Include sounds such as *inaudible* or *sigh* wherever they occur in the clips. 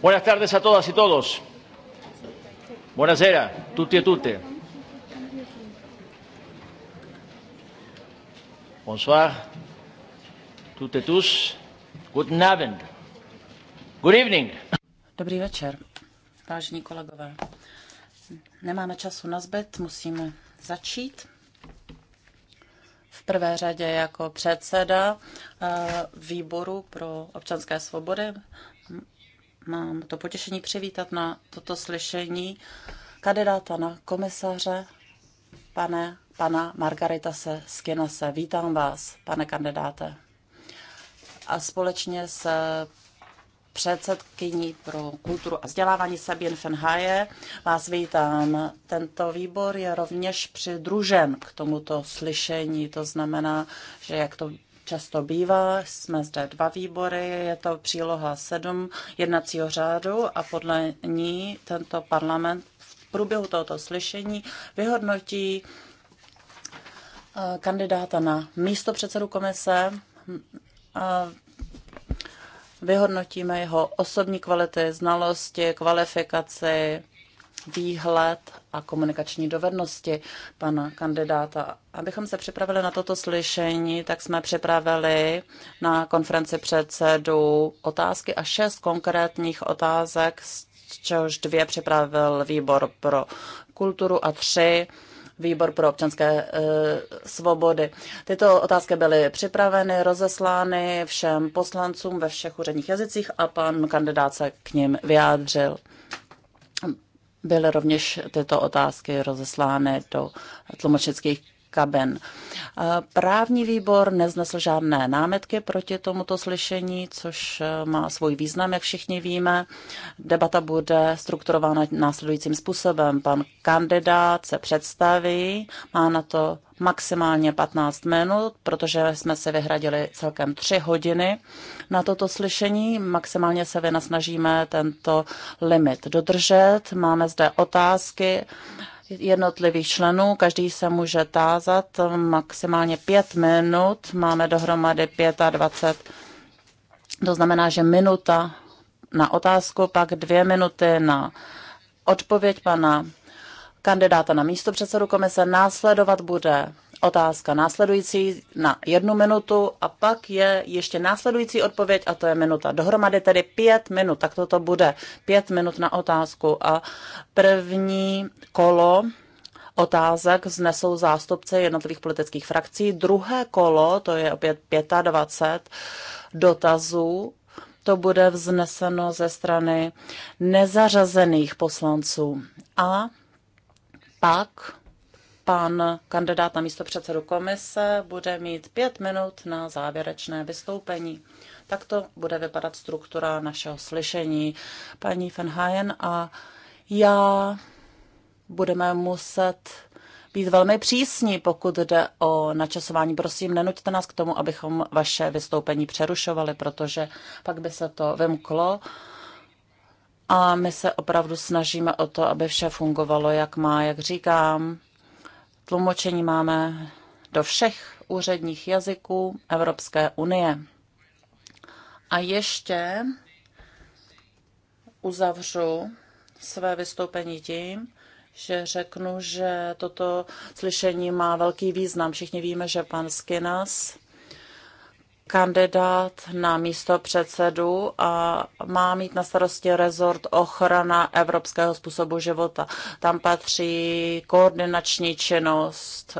Buenas tardes a todas y todos. Buenas Buonasera, tutti e tutte. Bonsoir, tutte e tous. Guten Abend. Good evening. Dobrý večer, vážení kolegové. Nemáme času na zbyt, musíme začít. V prvé řadě jako předseda eh, výboru pro občanské svobody mám to potěšení přivítat na toto slyšení kandidáta na komisaře, pane, pana Margarita se Skinase. Vítám vás, pane kandidáte. A společně s předsedkyní pro kulturu a vzdělávání Sabine Fenhaje. Vás vítám. Tento výbor je rovněž přidružen k tomuto slyšení, to znamená, že jak to často bývá. Jsme zde dva výbory, je to příloha 7 jednacího řádu a podle ní tento parlament v průběhu tohoto slyšení vyhodnotí eh, kandidáta na místo předsedu komise. A vyhodnotíme jeho osobní kvality, znalosti, kvalifikaci, výhled a komunikační dovednosti pana kandidáta. Abychom se připravili na toto slyšení, tak jsme připravili na konferenci předsedů otázky a šest konkrétních otázek, z čehož dvě připravil výbor pro kulturu a tři výbor pro občanské e, svobody. Tyto otázky byly připraveny, rozeslány všem poslancům ve všech úředních jazycích a pan kandidát se k ním vyjádřil byly rovněž tyto otázky rozeslány do tlumočnických Kaben. Právní výbor neznesl žádné námetky proti tomuto slyšení, což eh, má svůj význam, jak všichni víme. Debata bude strukturována následujícím způsobem. Pan kandidát se představí, má na to maximálně 15 minut, protože jsme se vyhradili celkem 3 hodiny na toto slyšení. Maximálně se vynasnažíme tento limit dodržet. Máme zde otázky jednotlivých členů. Každý se může tázat maximálně pět minut. Máme dohromady 25. To znamená, že minuta na otázku, pak dvě minuty na odpověď pana kandidáta na místo předsedu komise. Následovat bude otázka následující na jednu minutu a pak je ještě následující odpověď a to je minuta. Dohromady tedy pět minut, tak toto bude pět minut na otázku a první kolo otázek znesou zástupce jednotlivých politických frakcí. Druhé kolo, to je opět 25 dotazů, to bude vzneseno ze strany nezařazených poslanců. A pak Pan kandidát na místo předsedu komise bude mít pět minut na závěrečné vystoupení. Tak to bude vypadat struktura našeho slyšení. Paní Fenhajen a já budeme muset být velmi přísní, pokud jde o načasování. Prosím, nenuďte nás k tomu, abychom vaše vystoupení přerušovali, protože pak by se to vymklo. A my se opravdu snažíme o to, aby vše fungovalo, jak má, jak říkám. Tlumočení máme do všech úředních jazyků Evropské unie. A ještě uzavřu své vystoupení tím, že řeknu, že toto slyšení má velký význam. Všichni víme, že pan Skinas kandidát na místo předsedu a má mít na starosti rezort ochrana evropského způsobu života. Tam patří koordinační činnost.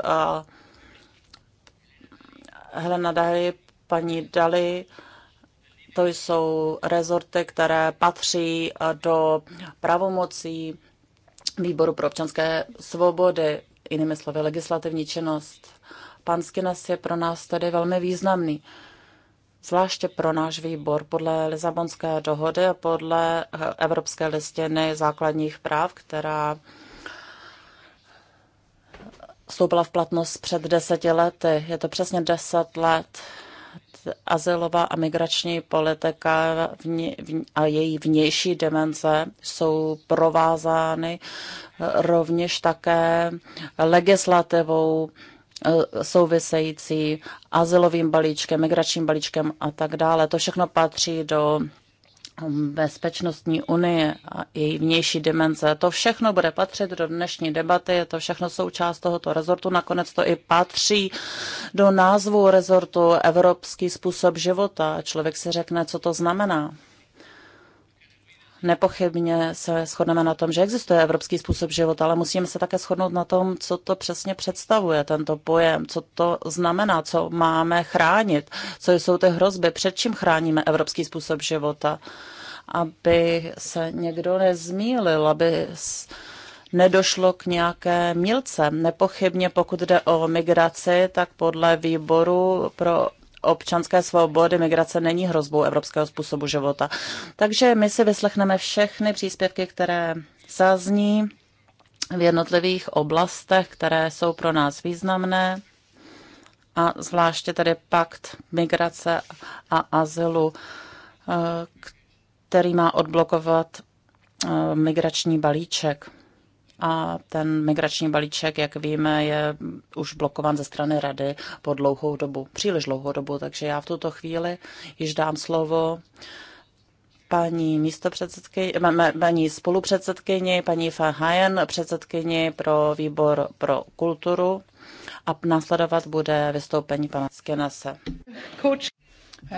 Helena Dali, paní Dali, to jsou rezorty, které patří do pravomocí Výboru pro občanské svobody, jinými slovy legislativní činnost. Pan Skinas je pro nás tady velmi významný zvláště pro náš výbor podle Lisabonské dohody a podle eh, Evropské listiny základních práv, která vstoupila v platnost před deseti lety. Je to přesně deset let azylová a migrační politika a její vnější dimenze jsou provázány eh, rovněž také legislativou Eh, související azylovým balíčkem, migračním balíčkem a tak dále. To všechno patří do mm, bezpečnostní unie a její vnější dimenze. To všechno bude patřit do dnešní debaty, je to všechno součást tohoto rezortu, nakonec to i patří do názvu rezortu Evropský způsob života. Člověk si řekne, co to znamená. Nepochybně se shodneme na tom, že existuje evropský způsob života, ale musíme se také shodnout na tom, co to přesně představuje, tento pojem, co to znamená, co máme chránit, co jsou ty hrozby, před čím chráníme evropský způsob života, aby se někdo nezmílil, aby nedošlo k nějaké milce. Nepochybně, pokud jde o migraci, tak podle výboru pro občanské svobody migrace není hrozbou evropského způsobu života. Takže my si vyslechneme všechny příspěvky, které zazní v jednotlivých oblastech, které jsou pro nás významné a zvláště tedy pakt migrace a azylu, eh, který má odblokovat eh, migrační balíček a ten migrační balíček, jak víme, je už blokovan ze strany rady po dlouhou dobu, příliš dlouhou dobu, takže já v tuto chvíli již dám slovo paní místopředsedkyni, paní spolupředsedkyni, paní Fahajen, předsedkyni pro výbor pro kulturu a následovat bude vystoupení pana Skenase.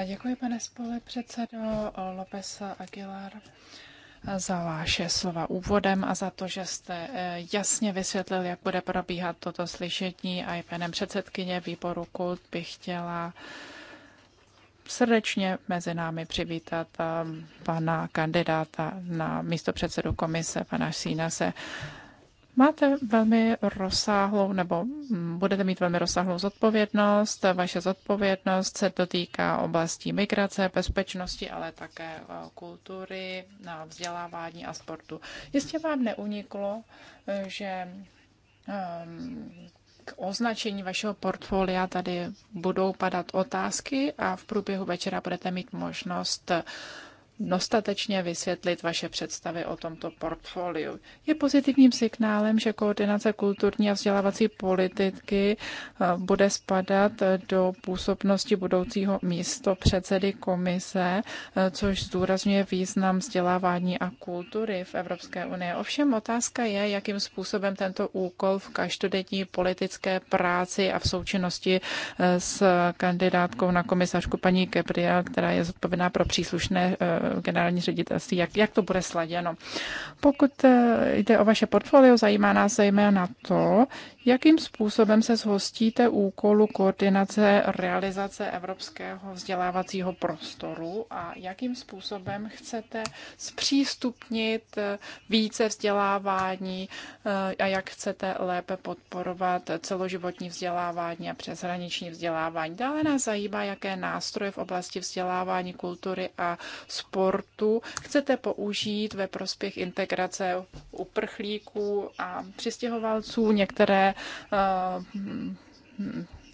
Děkuji, pane spolupředsedo Lopesa Aguilar za vaše slova úvodem a za to, že jste eh, jasně vysvětlil, jak bude probíhat toto slyšení. A panem předsedkyně výboru KULT bych chtěla srdečně mezi námi přivítat eh, pana kandidáta na místo předsedu komise, pana Sínase. Máte velmi rozsáhlou, nebo budete mít velmi rozsáhlou zodpovědnost. Vaše zodpovědnost se dotýká oblastí migrace, bezpečnosti, ale také eh, kultury, eh, vzdělávání a sportu. Jistě vám neuniklo, eh, že ehm, k označení vašeho portfolia tady budou padat otázky a v průběhu večera budete mít možnost dostatečně vysvětlit vaše představy o tomto portfoliu. Je pozitivním signálem, že koordinace kulturní a vzdělávací politiky eh, bude spadat do působnosti budoucího místo předsedy komise, eh, což zdůrazňuje význam vzdělávání a kultury v Evropské unii. Ovšem otázka je, jakým způsobem tento úkol v každodenní politické práci a v součinnosti eh, s kandidátkou na komisařku paní Gabriel, která je zodpovědná pro příslušné generální ředitelství, jak, jak to bude sladěno. Pokud eh, jde o vaše portfolio, zajímá nás zejména to, jakým způsobem se zhostíte úkolu koordinace realizace evropského vzdělávacího prostoru a jakým způsobem chcete zpřístupnit eh, více vzdělávání eh, a jak chcete lépe podporovat celoživotní vzdělávání a přeshraniční vzdělávání. Dále nás zajímá, jaké nástroje v oblasti vzdělávání, kultury a společnosti sportu chcete použít ve prospěch integrace uprchlíků a přistěhovalců. Některé eh,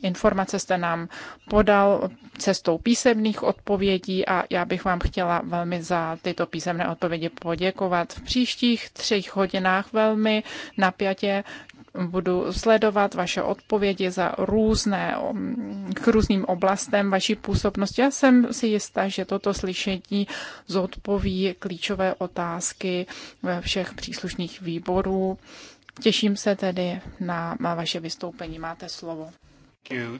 informace jste nám podal cestou písemných odpovědí a já bych vám chtěla velmi za tyto písemné odpovědi poděkovat. V příštích třech hodinách velmi napjatě budu sledovat vaše odpovědi za různé, k různým oblastem vaší působnosti. Já jsem si jistá, že toto slyšení zodpoví klíčové otázky ve všech příslušných výborů. Těším se tedy na, na vaše vystoupení. Máte slovo. Uh,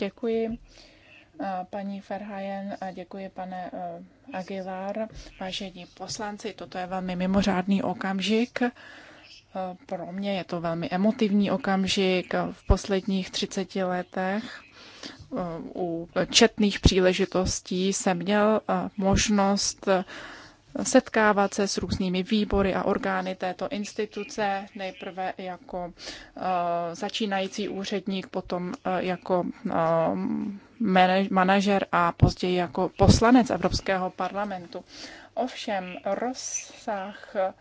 Děkuji. Paní Ferhajen, děkuji pane e, Aguilar. Vážení poslanci, toto je velmi mimořádný okamžik. E, pro mě je to velmi emotivní okamžik v posledních 30 letech. E, u četných příležitostí jsem měl možnost setkávat se s různými výbory a orgány této instituce, nejprve jako začínající úředník, potom jako manažer a později jako poslanec Evropského parlamentu. Ovšem rozsah eh,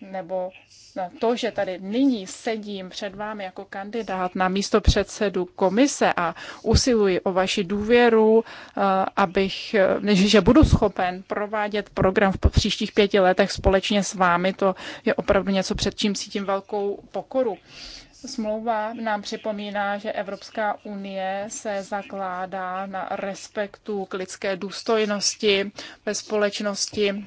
nebo eh, to, že tady nyní sedím před vámi jako kandidát na místo předsedu komise a usiluji o vaši důvěru, eh, abych, že budu schopen provádět program v příštích pěti letech společně s vámi, to je opravdu něco, před čím cítím velkou pokoru. Smlouva nám připomíná, že Evropská unie se zakládá na respektu k lidské důstojnosti ve společnosti,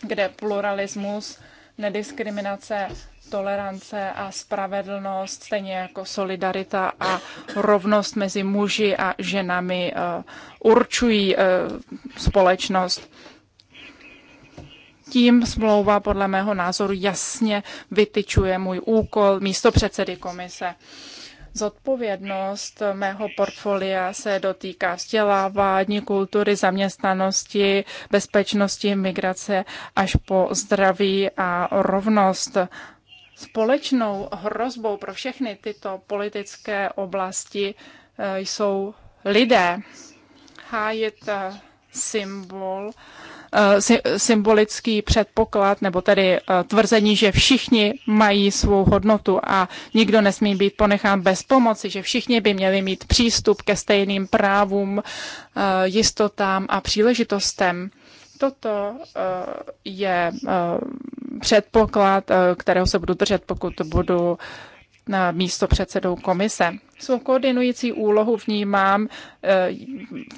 kde pluralismus, nediskriminace, tolerance a spravedlnost, stejně jako solidarita a rovnost mezi muži a ženami eh, určují eh, společnost. Tím smlouva podle mého názoru jasně vytyčuje můj úkol místo předsedy komise. Zodpovědnost mého portfolia se dotýká vzdělávání, kultury, zaměstnanosti, bezpečnosti, migrace až po zdraví a rovnost. Společnou hrozbou pro všechny tyto politické oblasti eh, jsou lidé. Hájit eh, symbol Eh, symbolický předpoklad, nebo tedy eh, tvrzení, že všichni mají svou hodnotu a nikdo nesmí být ponechán bez pomoci, že všichni by měli mít přístup ke stejným právům, eh, jistotám a příležitostem. Toto je předpoklad, kterého se budu držet, pokud budu místo předsedou komise. Svou koordinující úlohu vnímám e,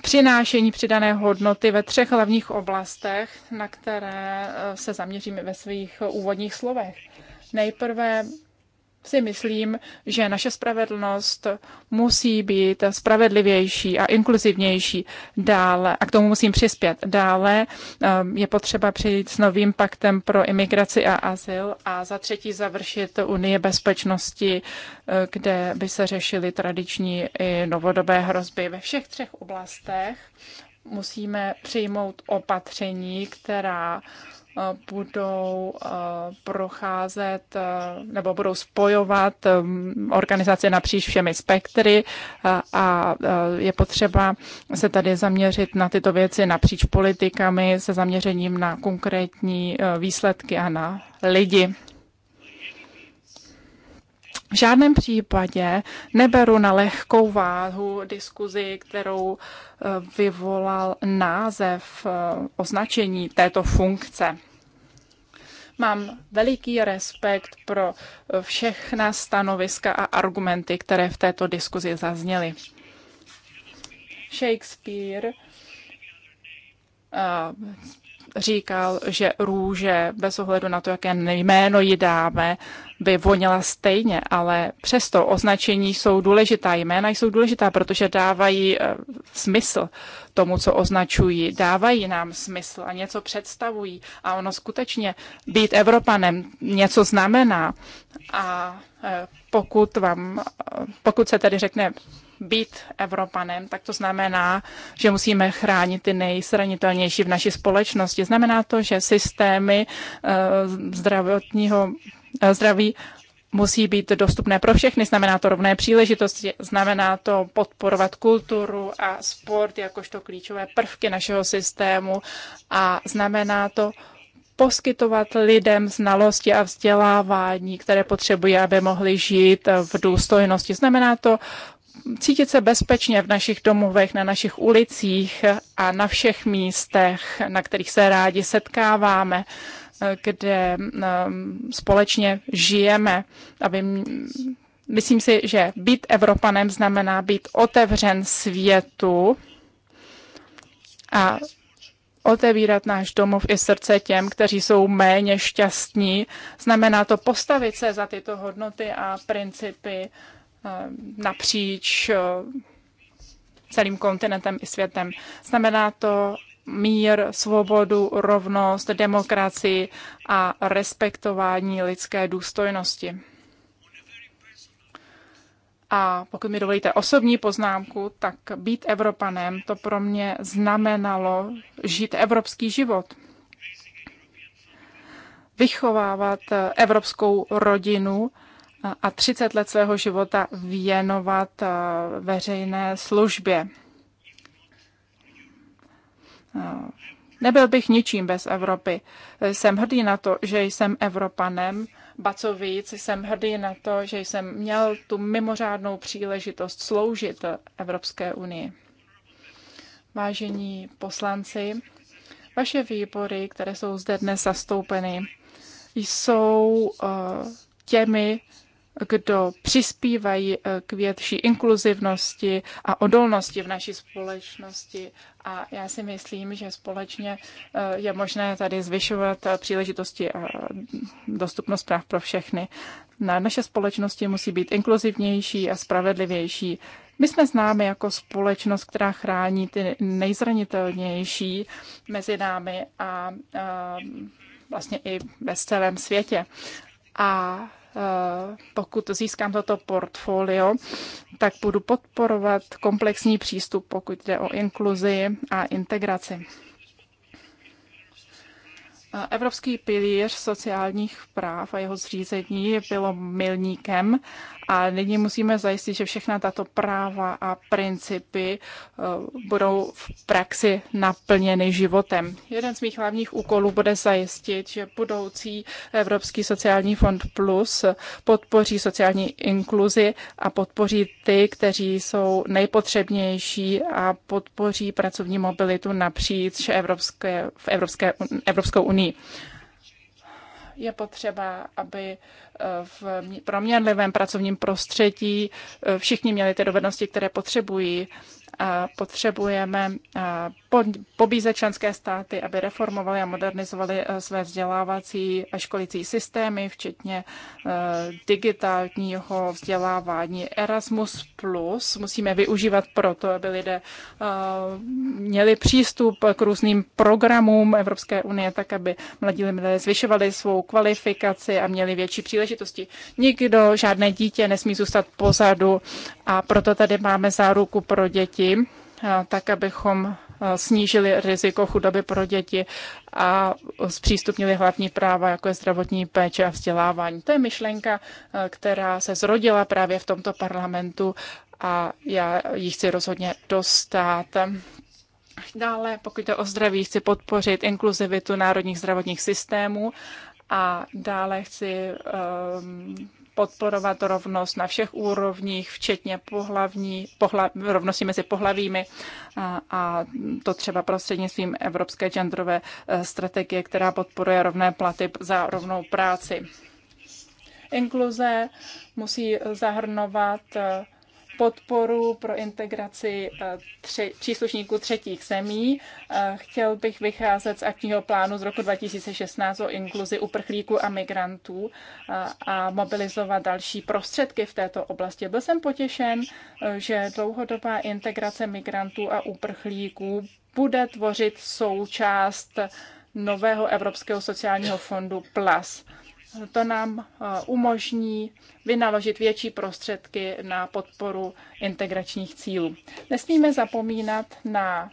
přinášení přidané hodnoty ve třech hlavních oblastech, na které e, se zaměříme ve svých úvodních slovech. Nejprve si myslím, že naše spravedlnost musí být spravedlivější a inkluzivnější dále, a k tomu musím přispět dále, ehm, je potřeba přijít s novým paktem pro imigraci a azyl a za třetí završit Unie bezpečnosti, eh, kde by se řešily tradiční i novodobé hrozby ve všech třech oblastech. Musíme přijmout opatření, která budou eh, procházet eh, nebo budou spojovat mm, organizace napříč všemi spektry eh, a je potřeba se tady zaměřit na tyto věci napříč politikami se zaměřením na konkrétní výsledky a na lidi. V žádném případě neberu na lehkou váhu diskuzi, kterou eh, vyvolal název eh, označení této funkce. Mám veliký respekt pro eh, všechna stanoviska a argumenty, které v této diskuzi zazněly. Shakespeare říkal, že růže, bez ohledu na to, jaké jméno ji dáme, by voněla stejně, ale přesto označení jsou důležitá, jména jsou důležitá, protože dávají eh, smysl tomu, co označují, dávají nám smysl a něco představují a ono skutečně být Evropanem něco znamená a eh, pokud, vám, eh, pokud se tedy řekne být Evropanem, tak to znamená, že musíme chránit ty nejsranitelnější v naší společnosti. Znamená to, že systémy eh, zdravotního eh, zdraví musí být dostupné pro všechny, znamená to rovné příležitosti, znamená to podporovat kulturu a sport jakožto klíčové prvky našeho systému a znamená to poskytovat lidem znalosti a vzdělávání, které potřebují, aby mohli žít v důstojnosti. Znamená to cítit se bezpečně v našich domovech, na našich ulicích a na všech místech, na kterých se rádi setkáváme, kde ehm, společně žijeme, aby Myslím si, že být Evropanem znamená být otevřen světu a otevírat náš domov i srdce těm, kteří jsou méně šťastní. Znamená to postavit se za tyto hodnoty a principy Eh, napříč eh, celým kontinentem i světem. Znamená to mír, svobodu, rovnost, demokracii a respektování lidské důstojnosti. A pokud mi dovolíte osobní poznámku, tak být Evropanem to pro mě znamenalo žít evropský život. Vychovávat eh, evropskou rodinu a 30 let svého života věnovat eh, veřejné službě. Eh, nebyl bych ničím bez Evropy. Jsem hrdý na to, že jsem Evropanem, víc, jsem hrdý na to, že jsem měl tu mimořádnou příležitost sloužit Evropské unii. Vážení poslanci, vaše výbory, které jsou zde dnes zastoupeny, jsou eh, těmi kdo přispívají eh, k větší inkluzivnosti a odolnosti v naší společnosti. A já si myslím, že společně eh, je možné tady zvyšovat eh, příležitosti a dostupnost práv pro všechny. Na naše společnosti musí být inkluzivnější a spravedlivější. My jsme známi jako společnost, která chrání ty nejzranitelnější mezi námi a, a vlastně i ve celém světě. A pokud získám toto portfolio, tak budu podporovat komplexní přístup, pokud jde o inkluzi a integraci. Evropský pilíř sociálních práv a jeho zřízení bylo milníkem a nyní musíme zajistit, že všechna tato práva a principy eh, budou v praxi naplněny životem. Jeden z mých hlavních úkolů bude zajistit, že budoucí Evropský sociální fond Plus podpoří sociální inkluzi a podpoří ty, kteří jsou nejpotřebnější a podpoří pracovní mobilitu napříč Evropské, v Evropské, Evropskou unii je potřeba, aby v proměnlivém pracovním prostředí všichni měli ty dovednosti, které potřebují. A potřebujeme pobízet členské státy, aby reformovali a modernizovali své vzdělávací a školicí systémy, včetně digitálního vzdělávání. Erasmus Plus musíme využívat proto, aby lidé měli přístup k různým programům Evropské unie, tak aby mladí lidé zvyšovali svou kvalifikaci a měli větší příležitosti příležitosti. Nikdo, žádné dítě nesmí zůstat pozadu a proto tady máme záruku pro děti, tak abychom snížili riziko chudoby pro děti a zpřístupnili hlavní práva, jako je zdravotní péče a vzdělávání. To je myšlenka, která se zrodila právě v tomto parlamentu a já ji chci rozhodně dostat. Dále, pokud jde o zdraví, chci podpořit inkluzivitu národních zdravotních systémů a dále chci um, podporovat rovnost na všech úrovních, včetně pohlavní, pohla, rovnosti mezi pohlavími a, a to třeba prostřednictvím Evropské genderové eh, strategie, která podporuje rovné platy za rovnou práci. Inkluze musí zahrnovat eh, podporu pro integraci eh, tři, příslušníků třetích zemí. Eh, chtěl bych vycházet z akčního plánu z roku 2016 o inkluzi uprchlíků a migrantů eh, a mobilizovat další prostředky v této oblasti. Byl jsem potěšen, že dlouhodobá integrace migrantů a uprchlíků bude tvořit součást nového Evropského sociálního fondu PLAS to nám eh, umožní vynaložit větší prostředky na podporu integračních cílů. Nesmíme zapomínat na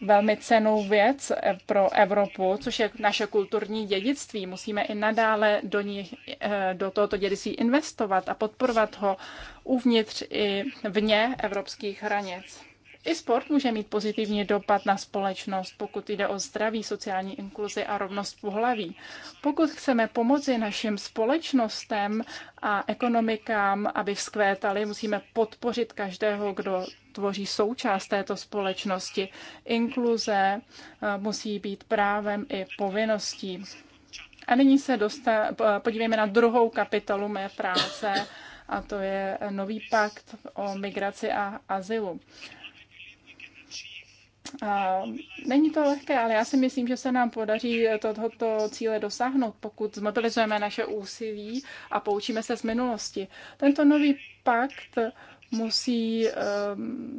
velmi cenou věc eh, pro Evropu, což je naše kulturní dědictví. Musíme i nadále do, ní, eh, do tohoto dědictví investovat a podporovat ho uvnitř i vně evropských hranic. I sport může mít pozitivní dopad na společnost, pokud jde o zdraví, sociální inkluzi a rovnost pohlaví. Pokud chceme pomoci našim společnostem a ekonomikám, aby vzkvétaly, musíme podpořit každého, kdo tvoří součást této společnosti. Inkluze eh, musí být právem i povinností. A nyní se dosta, podívejme na druhou kapitolu mé práce, a to je nový pakt o migraci a azylu. Není to lehké, ale já si myslím, že se nám podaří tohoto cíle dosáhnout, pokud zmobilizujeme naše úsilí a poučíme se z minulosti. Tento nový pakt musí ehm,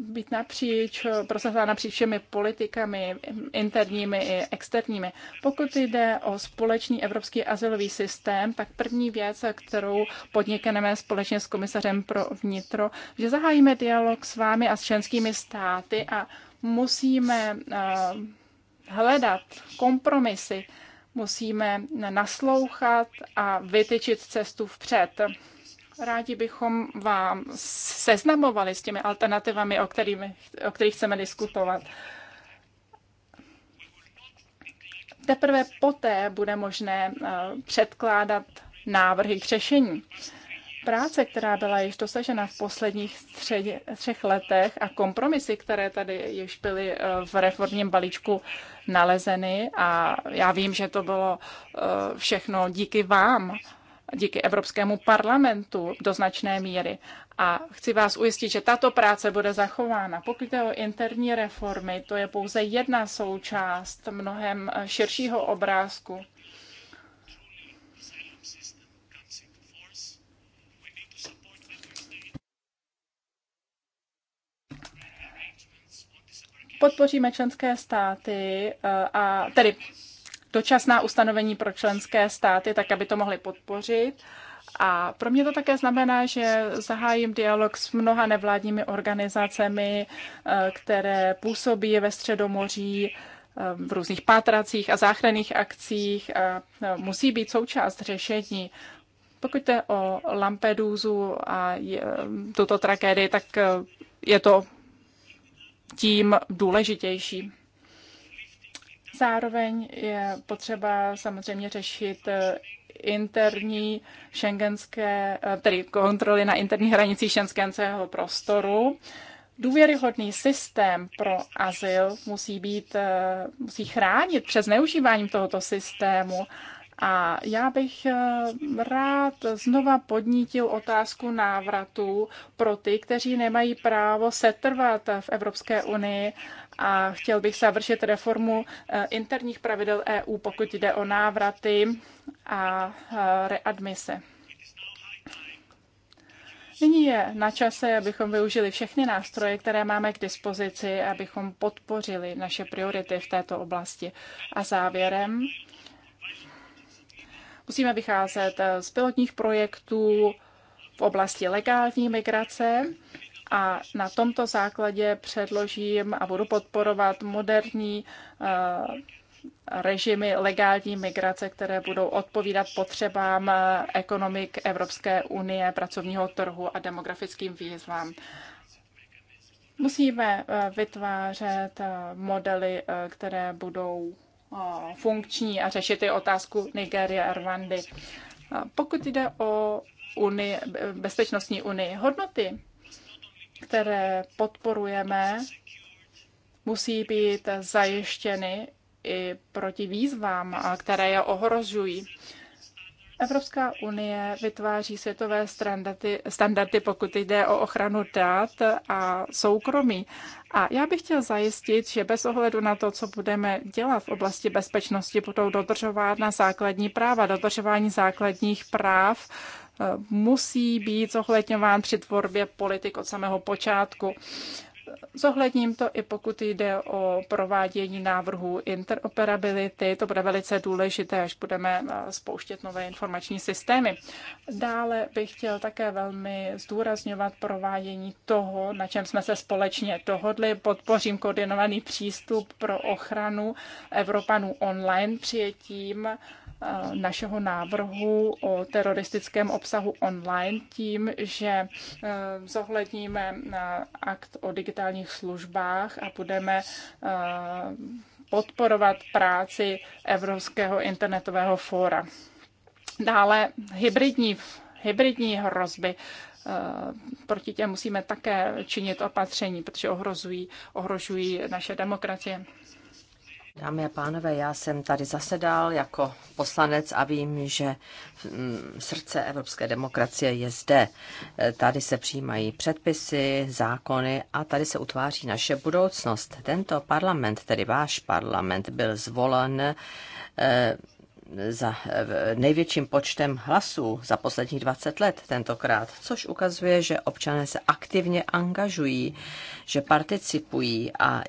být napříč, prosazován napříč všemi politikami, interními i externími. Pokud jde o společný evropský asilový systém, tak první věc, kterou podnikneme společně s komisařem pro vnitro, že zahájíme dialog s vámi a s členskými státy a musíme eh, hledat kompromisy, musíme naslouchat a vytyčit cestu vpřed. Rádi bychom vám seznamovali s těmi alternativami, o, kterými, o kterých chceme diskutovat. Teprve poté bude možné eh, předkládat návrhy k řešení práce, která byla již dosažena v posledních třech letech a kompromisy, které tady již byly eh, v reformním balíčku nalezeny a já vím, že to bylo eh, všechno díky vám, díky Evropskému parlamentu do značné míry. A chci vás ujistit, že tato práce bude zachována. Pokud je o interní reformy, to je pouze jedna součást mnohem širšího obrázku. Podpoříme členské státy eh, a tedy dočasná ustanovení pro členské státy, tak aby to mohli podpořit. A pro mě to také znamená, že zahájím dialog s mnoha nevládními organizacemi, eh, které působí ve Středomoří eh, v různých pátracích a záchranných akcích a musí být součást řešení. Pokud jde o Lampedusu a tuto tragédii, tak je to tím důležitější. Zároveň je potřeba samozřejmě řešit eh, interní šengenské, eh, tedy kontroly na interních hranicích šengenského prostoru. Důvěryhodný systém pro azyl musí, být, eh, musí chránit před zneužíváním tohoto systému a já bych eh, rád znova podnítil otázku návratu pro ty, kteří nemají právo setrvat v Evropské unii a chtěl bych završit reformu eh, interních pravidel EU, pokud jde o návraty a eh, readmise. Nyní je na čase, abychom využili všechny nástroje, které máme k dispozici, abychom podpořili naše priority v této oblasti. A závěrem Musíme vycházet eh, z pilotních projektů v oblasti legální migrace a na tomto základě předložím a budu podporovat moderní eh, režimy legální migrace, které budou odpovídat potřebám eh, ekonomik Evropské unie, pracovního trhu a demografickým výzvám. Musíme vytvářet modely, které budou Eh, funkční a řešit i otázku Nigerie a Rwandy. Eh, pokud jde o unii, bezpečnostní unii, hodnoty, které podporujeme, musí být zajištěny i proti výzvám, eh, které je ohrožují. Evropská unie vytváří světové standardy, standardy, pokud jde o ochranu dat a soukromí. A já bych chtěl zajistit, že bez ohledu na to, co budeme dělat v oblasti bezpečnosti, budou dodržována základní práva, dodržování základních práv eh, musí být zohledňován při tvorbě politik od samého počátku. Zohledním to i pokud jde o provádění návrhu interoperability. To bude velice důležité, až budeme eh, spouštět nové informační systémy. Dále bych chtěl také velmi zdůrazňovat provádění toho, na čem jsme se společně dohodli. Podpořím koordinovaný přístup pro ochranu Evropanů online přijetím Eh, našeho návrhu o teroristickém obsahu online tím, že eh, zohledníme eh, akt o digitálních službách a budeme podporovat práci Evropského internetového fóra. Dále hybridní, hybridní hrozby. Proti těm musíme také činit opatření, protože ohrozují, ohrožují naše demokracie. Dámy a pánové, já jsem tady zasedal jako poslanec a vím, že mm, srdce evropské demokracie je zde. E, tady se přijímají předpisy, zákony a tady se utváří naše budoucnost. Tento parlament, tedy váš parlament, byl zvolen e, za největším počtem hlasů za posledních 20 let tentokrát, což ukazuje, že občané se aktivně angažují, že participují a e,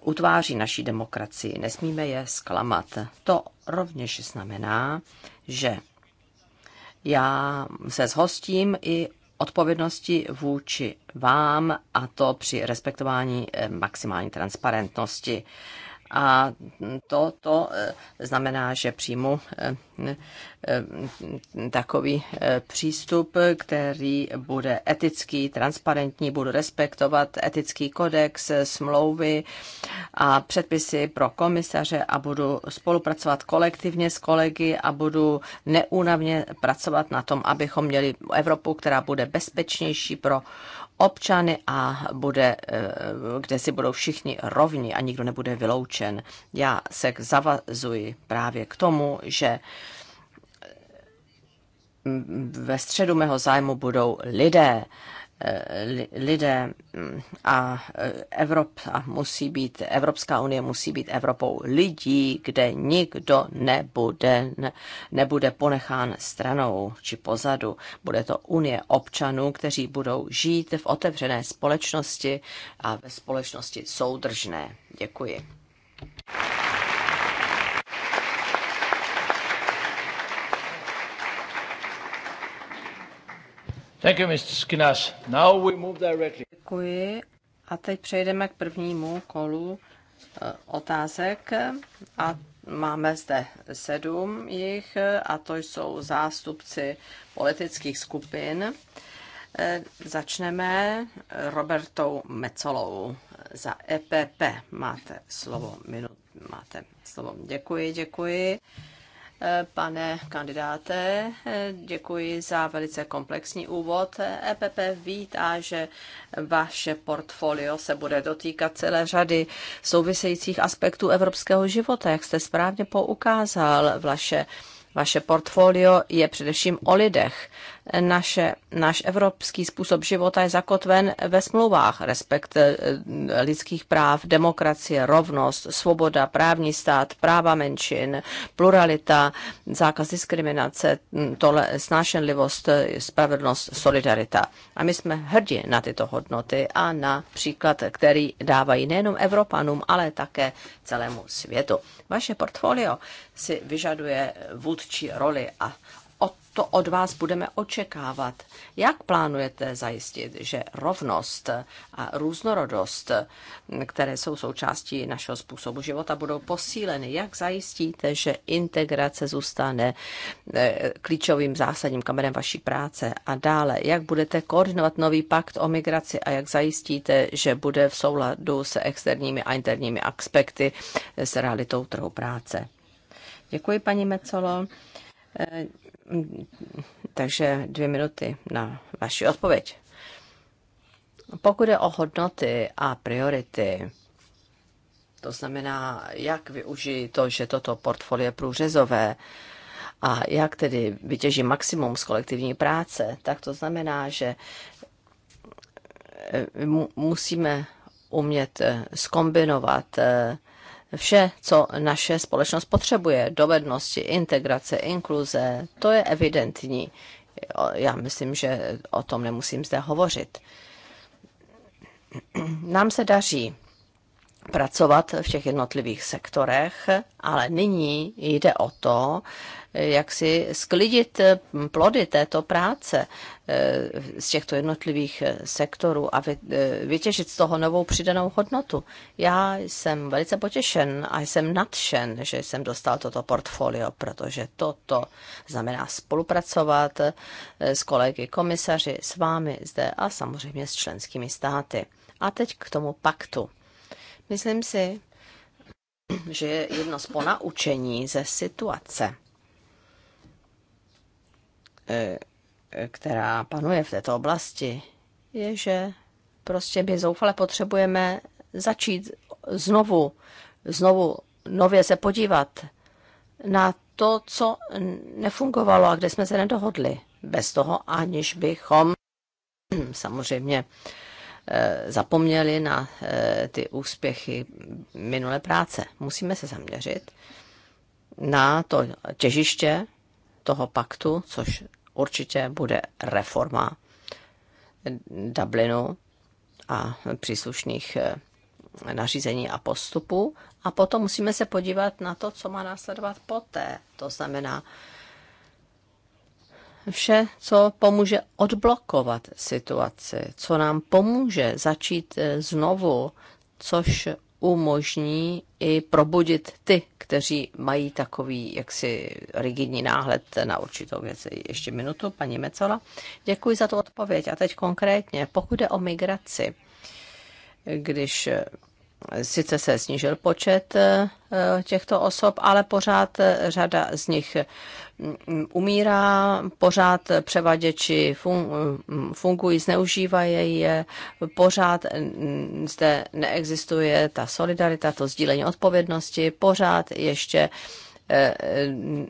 utváří naší demokracii. Nesmíme je zklamat. To rovněž znamená, že já se zhostím i odpovědnosti vůči vám a to při respektování e, maximální transparentnosti. A to, to eh, znamená, že přijmu eh, eh, takový přístup, který bude etický, transparentní, budu respektovat etický kodex, smlouvy a předpisy pro komisaře a budu spolupracovat kolektivně s kolegy a budu neúnavně pracovat na tom, abychom měli Evropu, která bude bezpečnější pro občany a bude, eh, kde si budou všichni rovni a nikdo nebude vyloučen. Já se zavazuji právě k tomu, že mm, ve středu mého zájmu budou lidé Eh, lidé mm, a eh, Evropa musí být, Evropská unie musí být Evropou lidí, kde nikdo nebude, nebude ponechán stranou či pozadu. Bude to unie občanů, kteří budou žít v otevřené společnosti a ve společnosti soudržné. Děkuji. Thank you, Mr. Skinas. Now we move directly. Děkuji. A teď přejdeme k prvnímu kolu eh, otázek a máme zde sedm jich a to jsou zástupci politických skupin. Eh, začneme Robertou Mecolou za EPP. Máte slovo, minut, máte slovo. Děkuji, děkuji. Pane kandidáte, děkuji za velice komplexní úvod. EPP vítá, že vaše portfolio se bude dotýkat celé řady souvisejících aspektů evropského života. Jak jste správně poukázal, vaše, vaše portfolio je především o lidech naše, náš evropský způsob života je zakotven ve smlouvách. Respekt eh, lidských práv, demokracie, rovnost, svoboda, právní stát, práva menšin, pluralita, zákaz diskriminace, hm, tole, snášenlivost, eh, spravedlnost, solidarita. A my jsme hrdí na tyto hodnoty a na příklad, který dávají nejenom Evropanům, ale také celému světu. Vaše portfolio si vyžaduje vůdčí roli a to od vás budeme očekávat. Jak plánujete zajistit, že rovnost a různorodost, které jsou součástí našeho způsobu života, budou posíleny? Jak zajistíte, že integrace zůstane eh, klíčovým zásadním kamenem vaší práce? A dále, jak budete koordinovat nový pakt o migraci a jak zajistíte, že bude v souladu se externími a interními aspekty s realitou trhu práce? Děkuji, paní Mecolo. Eh, takže dvě minuty na vaši odpověď. Pokud je o hodnoty a priority, to znamená, jak využijí to, že toto portfolio je průřezové a jak tedy vytěží maximum z kolektivní práce, tak to znamená, že eh, musíme umět eh, skombinovat eh, vše, co naše společnost potřebuje. Dovednosti, integrace, inkluze, to je evidentní. Já myslím, že o tom nemusím zde hovořit. Nám se daří pracovat v těch jednotlivých sektorech, ale nyní jde o to, jak si sklidit plody této práce eh, z těchto jednotlivých sektorů a eh, vytěžit z toho novou přidanou hodnotu. Já jsem velice potěšen a jsem nadšen, že jsem dostal toto portfolio, protože toto znamená spolupracovat eh, s kolegy komisaři, s vámi zde a samozřejmě s členskými státy. A teď k tomu paktu. Myslím si, že je jedno z ponaučení ze situace, e, která panuje v této oblasti, je, že prostě my zoufale potřebujeme začít znovu, znovu nově se podívat na to, co nefungovalo a kde jsme se nedohodli. Bez toho, aniž bychom samozřejmě Eh, zapomněli na eh, ty úspěchy minulé práce. Musíme se zaměřit na to těžiště toho paktu, což určitě bude reforma Dublinu a příslušných eh, nařízení a postupů, A potom musíme se podívat na to, co má následovat poté. To znamená, vše, co pomůže odblokovat situaci, co nám pomůže začít eh, znovu, což umožní i probudit ty, kteří mají takový jaksi rigidní náhled na určitou věc. Ještě minutu, paní Mecola. Děkuji za tu odpověď. A teď konkrétně, pokud je o migraci, když eh, sice se snížil počet eh, eh, těchto osob, ale pořád eh, řada z nich mm, mm, umírá, pořád převaděči mm, fungují, zneužívají je, pořád zde neexistuje ta solidarita, to sdílení odpovědnosti, pořád ještě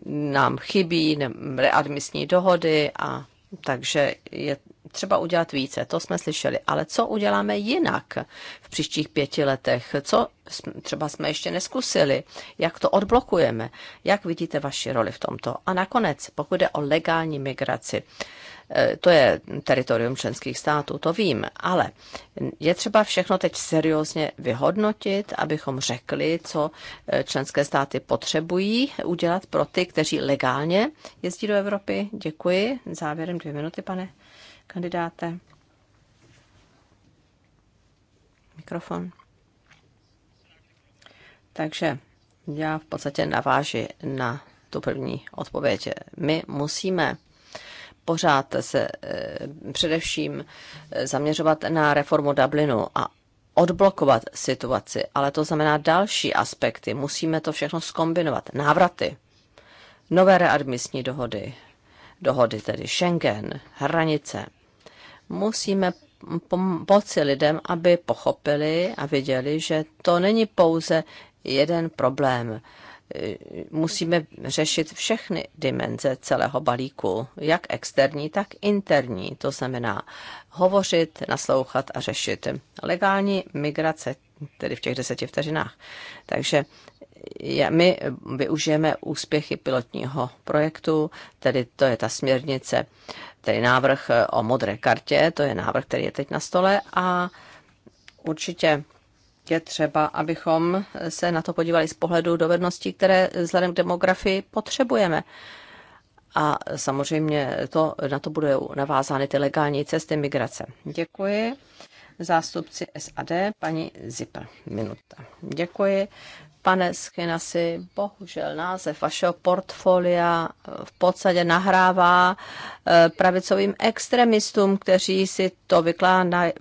nám chybí readmisní dohody a takže je třeba udělat více, to jsme slyšeli. Ale co uděláme jinak v příštích pěti letech? Co třeba jsme ještě neskusili? Jak to odblokujeme? Jak vidíte vaši roli v tomto? A nakonec, pokud jde o legální migraci, Eh, to je teritorium členských států, to vím, ale je třeba všechno teď seriózně vyhodnotit, abychom řekli, co eh, členské státy potřebují udělat pro ty, kteří legálně jezdí do Evropy. Děkuji. Závěrem dvě minuty, pane kandidáte. Mikrofon. Takže já v podstatě naváži na tu první odpověď. My musíme pořád se eh, především eh, zaměřovat na reformu Dublinu a odblokovat situaci, ale to znamená další aspekty. Musíme to všechno skombinovat. Návraty, nové readmisní dohody, dohody tedy Schengen, hranice. Musíme pomoci lidem, aby pochopili a viděli, že to není pouze jeden problém musíme řešit všechny dimenze celého balíku, jak externí, tak interní. To znamená hovořit, naslouchat a řešit. Legální migrace, tedy v těch deseti vteřinách. Takže my využijeme úspěchy pilotního projektu, tedy to je ta směrnice, tedy návrh o modré kartě, to je návrh, který je teď na stole a určitě je třeba, abychom se na to podívali z pohledu dovedností, které vzhledem k demografii potřebujeme. A samozřejmě to, na to budou navázány ty legální cesty migrace. Děkuji. Zástupci SAD, paní Zipr, minuta. Děkuji. Pane Skinasi, bohužel název vašeho portfolia eh, v podstatě nahrává eh, pravicovým extremistům, kteří si to vykládaj,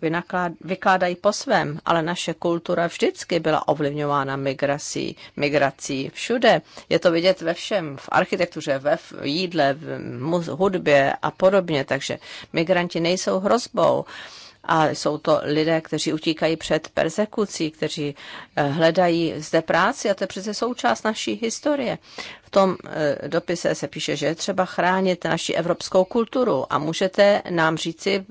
vykládají po svém, ale naše kultura vždycky byla ovlivňována migrací, migrací všude. Je to vidět ve všem, v architektuře, ve jídle, v hudbě a podobně, takže migranti nejsou hrozbou a jsou to lidé, kteří utíkají před persekucí, kteří eh, hledají zde práci a to je přece součást naší historie. V tom eh, dopise se píše, že je třeba chránit naši evropskou kulturu a můžete nám říci,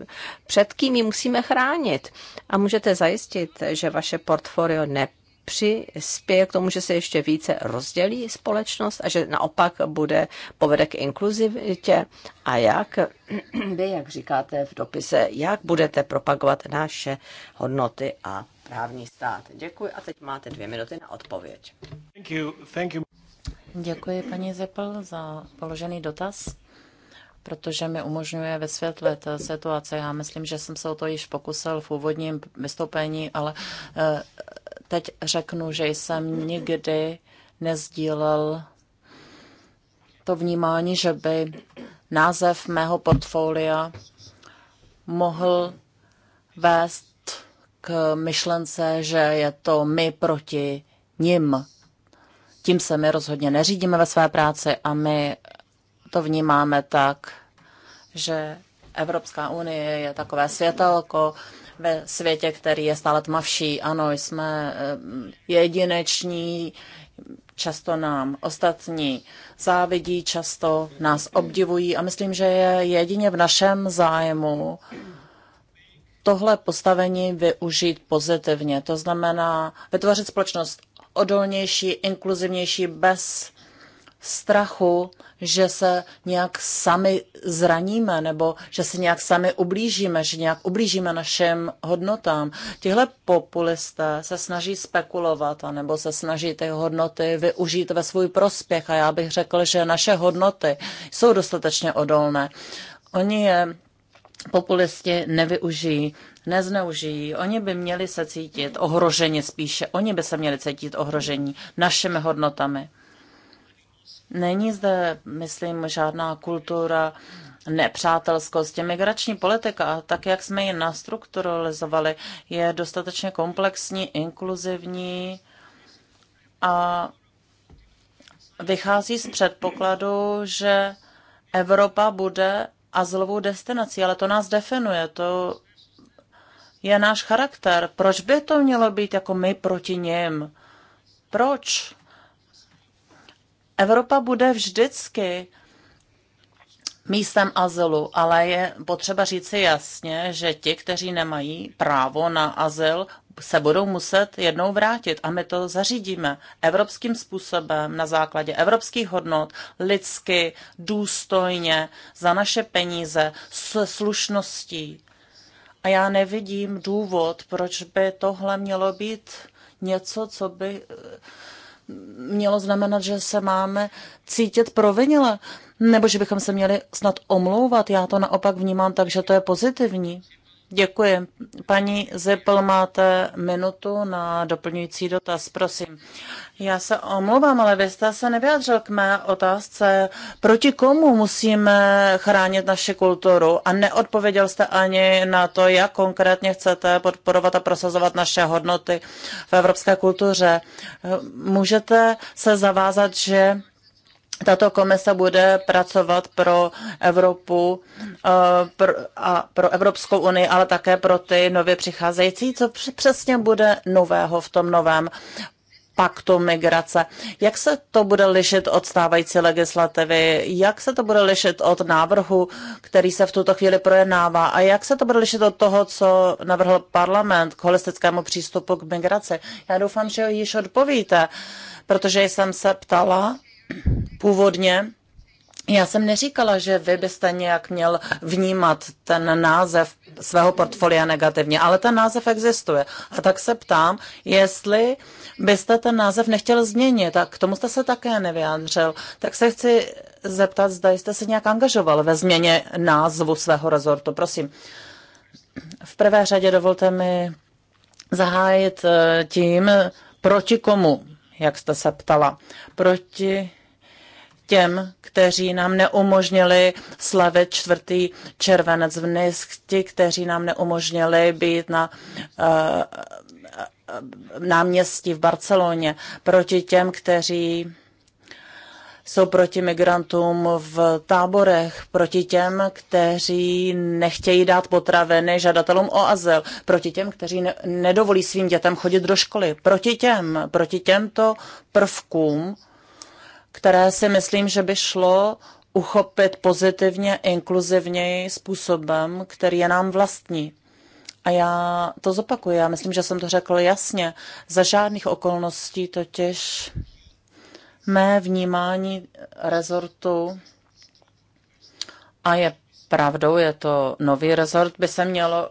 před kým ji musíme chránit a můžete zajistit, že vaše portfolio ne přispěje k tomu, že se ještě více rozdělí společnost a že naopak bude povede k inkluzivitě a jak *clears throat* vy, jak říkáte v dopise, jak budete propagovat naše hodnoty a právní stát. Děkuji a teď máte dvě minuty na odpověď. Thank you. Thank you. Děkuji paní Zepel za položený dotaz protože mi umožňuje vysvětlit eh, situaci. Já myslím, že jsem se o to již pokusil v úvodním vystoupení, ale eh, teď řeknu, že jsem nikdy nezdílel to vnímání, že by název mého portfolia mohl vést k myšlence, že je to my proti nim. Tím se my rozhodně neřídíme ve své práci a my to vnímáme tak, že Evropská unie je takové světelko, ve světě, který je stále tmavší. Ano, jsme eh, jedineční, často nám ostatní závidí, často nás obdivují a myslím, že je jedině v našem zájmu tohle postavení využít pozitivně. To znamená vytvořit společnost odolnější, inkluzivnější, bez strachu že se nějak sami zraníme nebo že se nějak sami ublížíme, že nějak ublížíme našim hodnotám. Tihle populisté se snaží spekulovat nebo se snaží ty hodnoty využít ve svůj prospěch a já bych řekl, že naše hodnoty jsou dostatečně odolné. Oni je populisti nevyužijí, nezneužijí. Oni by měli se cítit ohroženi spíše. Oni by se měli cítit ohrožení našimi hodnotami. Není zde, myslím, žádná kultura nepřátelskosti. Migrační politika, tak jak jsme ji nastrukturalizovali, je dostatečně komplexní, inkluzivní a vychází z předpokladu, že Evropa bude azylovou destinací, ale to nás definuje, to je náš charakter. Proč by to mělo být jako my proti něm? Proč? Evropa bude vždycky místem azylu, ale je potřeba říci jasně, že ti, kteří nemají právo na azyl, se budou muset jednou vrátit a my to zařídíme evropským způsobem na základě evropských hodnot, lidsky, důstojně, za naše peníze, s slušností. A já nevidím důvod, proč by tohle mělo být něco, co by mělo znamenat, že se máme cítit provinile, nebo že bychom se měli snad omlouvat. Já to naopak vnímám tak, že to je pozitivní. Děkuji. Paní Zepl, máte minutu na doplňující dotaz, prosím. Já se omlouvám, ale vy jste se nevyjádřil k mé otázce, proti komu musíme chránit naši kulturu a neodpověděl jste ani na to, jak konkrétně chcete podporovat a prosazovat naše hodnoty v evropské kultuře. Můžete se zavázat, že tato komise bude pracovat pro Evropu eh, a pro Evropskou unii, ale také pro ty nově přicházející, co přesně bude nového v tom novém paktu migrace. Jak se to bude lišit od stávající legislativy? Jak se to bude lišit od návrhu, který se v tuto chvíli projednává? A jak se to bude lišit od toho, co navrhl parlament k holistickému přístupu k migraci? Já doufám, že již odpovíte, protože jsem se ptala Původně já jsem neříkala, že vy byste nějak měl vnímat ten název svého portfolia negativně, ale ten název existuje. A tak se ptám, jestli byste ten název nechtěl změnit, tak k tomu jste se také nevyjádřil. Tak se chci zeptat, zda jste se nějak angažoval ve změně názvu svého rezortu. Prosím, v prvé řadě dovolte mi zahájit eh, tím, proti komu, jak jste se ptala. Proti těm, kteří nám neumožnili slavit čtvrtý červenec v Nysk, ti, kteří nám neumožnili být na uh, náměstí v Barceloně, proti těm, kteří jsou proti migrantům v táborech, proti těm, kteří nechtějí dát potraveny žadatelům o azyl, proti těm, kteří ne- nedovolí svým dětem chodit do školy, proti těm, proti těmto prvkům které si myslím, že by šlo uchopit pozitivně, inkluzivněji způsobem, který je nám vlastní. A já to zopakuju, já myslím, že jsem to řekl jasně. Za žádných okolností totiž mé vnímání rezortu a je pravdou, je to nový rezort, by se mělo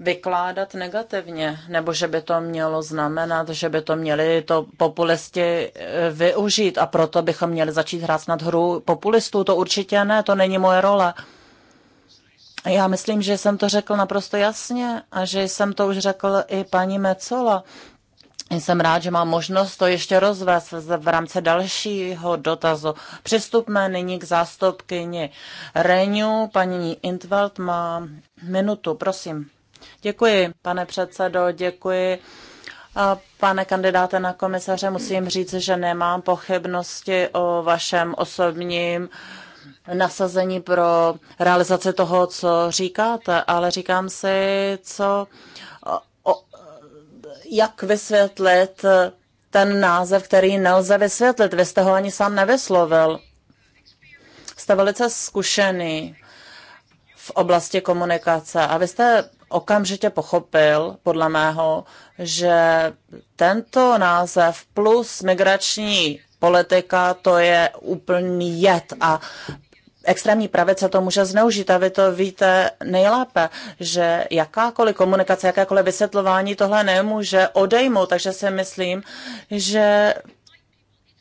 vykládat negativně, nebo že by to mělo znamenat, že by to měli to populisti e, využít a proto bychom měli začít hrát snad hru populistů. To určitě ne, to není moje role. Já myslím, že jsem to řekl naprosto jasně a že jsem to už řekl i paní Mecola. Jsem rád, že mám možnost to ještě rozvést v rámci dalšího dotazu. Přistupme nyní k zástupkyni Renu. Paní Intveld má minutu, prosím. Děkuji, pane předsedo, děkuji. Pane kandidáte na komisaře, musím říct, že nemám pochybnosti o vašem osobním nasazení pro realizaci toho, co říkáte, ale říkám si, co, o, jak vysvětlit ten název, který nelze vysvětlit. Vy jste ho ani sám nevyslovil. Jste velice zkušený v oblasti komunikace a vy jste okamžitě pochopil, podle mého, že tento název plus migrační politika, to je úplný jed a extrémní pravice to může zneužít a vy to víte nejlépe, že jakákoliv komunikace, jakékoliv vysvětlování tohle nemůže odejmout, takže si myslím, že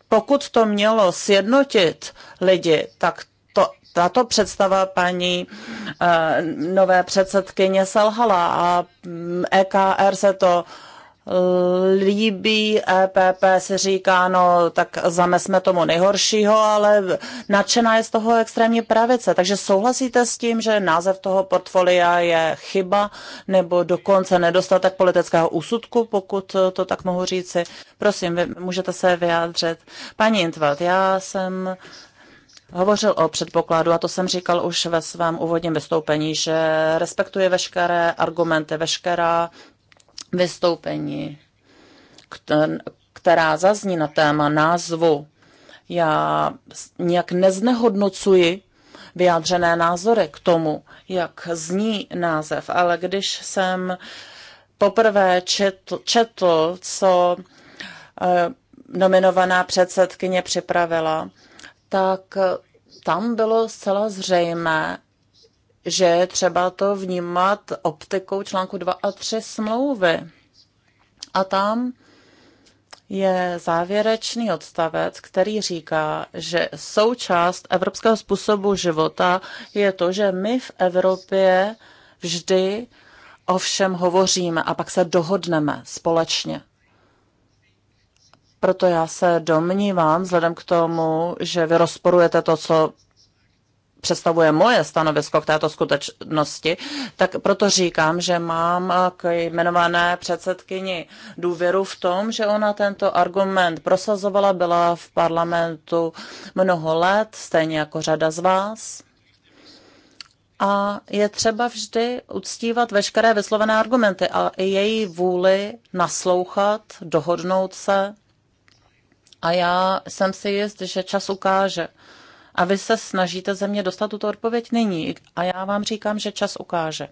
pokud to mělo sjednotit lidi, tak tato představa paní eh, nové předsedkyně selhala a mm, EKR se to líbí, EPP si říká, no tak zamesme tomu nejhoršího, ale nadšená je z toho extrémní pravice. Takže souhlasíte s tím, že název toho portfolia je chyba nebo dokonce nedostatek politického úsudku, pokud to tak mohu říci? Prosím, vy můžete se vyjádřit. Paní Intvald, já jsem hovořil o předpokladu, a to jsem říkal už ve svém úvodním vystoupení, že respektuje veškeré argumenty, veškerá vystoupení, která zazní na téma názvu. Já nějak neznehodnocuji vyjádřené názory k tomu, jak zní název, ale když jsem poprvé četl, četl co eh, nominovaná předsedkyně připravila, tak eh, tam bylo zcela zřejmé, že třeba to vnímat optikou článku 2 a 3 smlouvy. A tam je závěrečný odstavec, který říká, že součást evropského způsobu života je to, že my v Evropě vždy o všem hovoříme a pak se dohodneme společně. Proto já se domnívám, vzhledem k tomu, že vy rozporujete to, co představuje moje stanovisko k této skutečnosti, tak proto říkám, že mám k jmenované předsedkyni důvěru v tom, že ona tento argument prosazovala, byla v parlamentu mnoho let, stejně jako řada z vás. A je třeba vždy uctívat veškeré vyslovené argumenty a její vůli naslouchat, dohodnout se a já jsem si jist, že čas ukáže. A vy se snažíte ze mě dostat tuto odpověď nyní. A já vám říkám, že čas ukáže.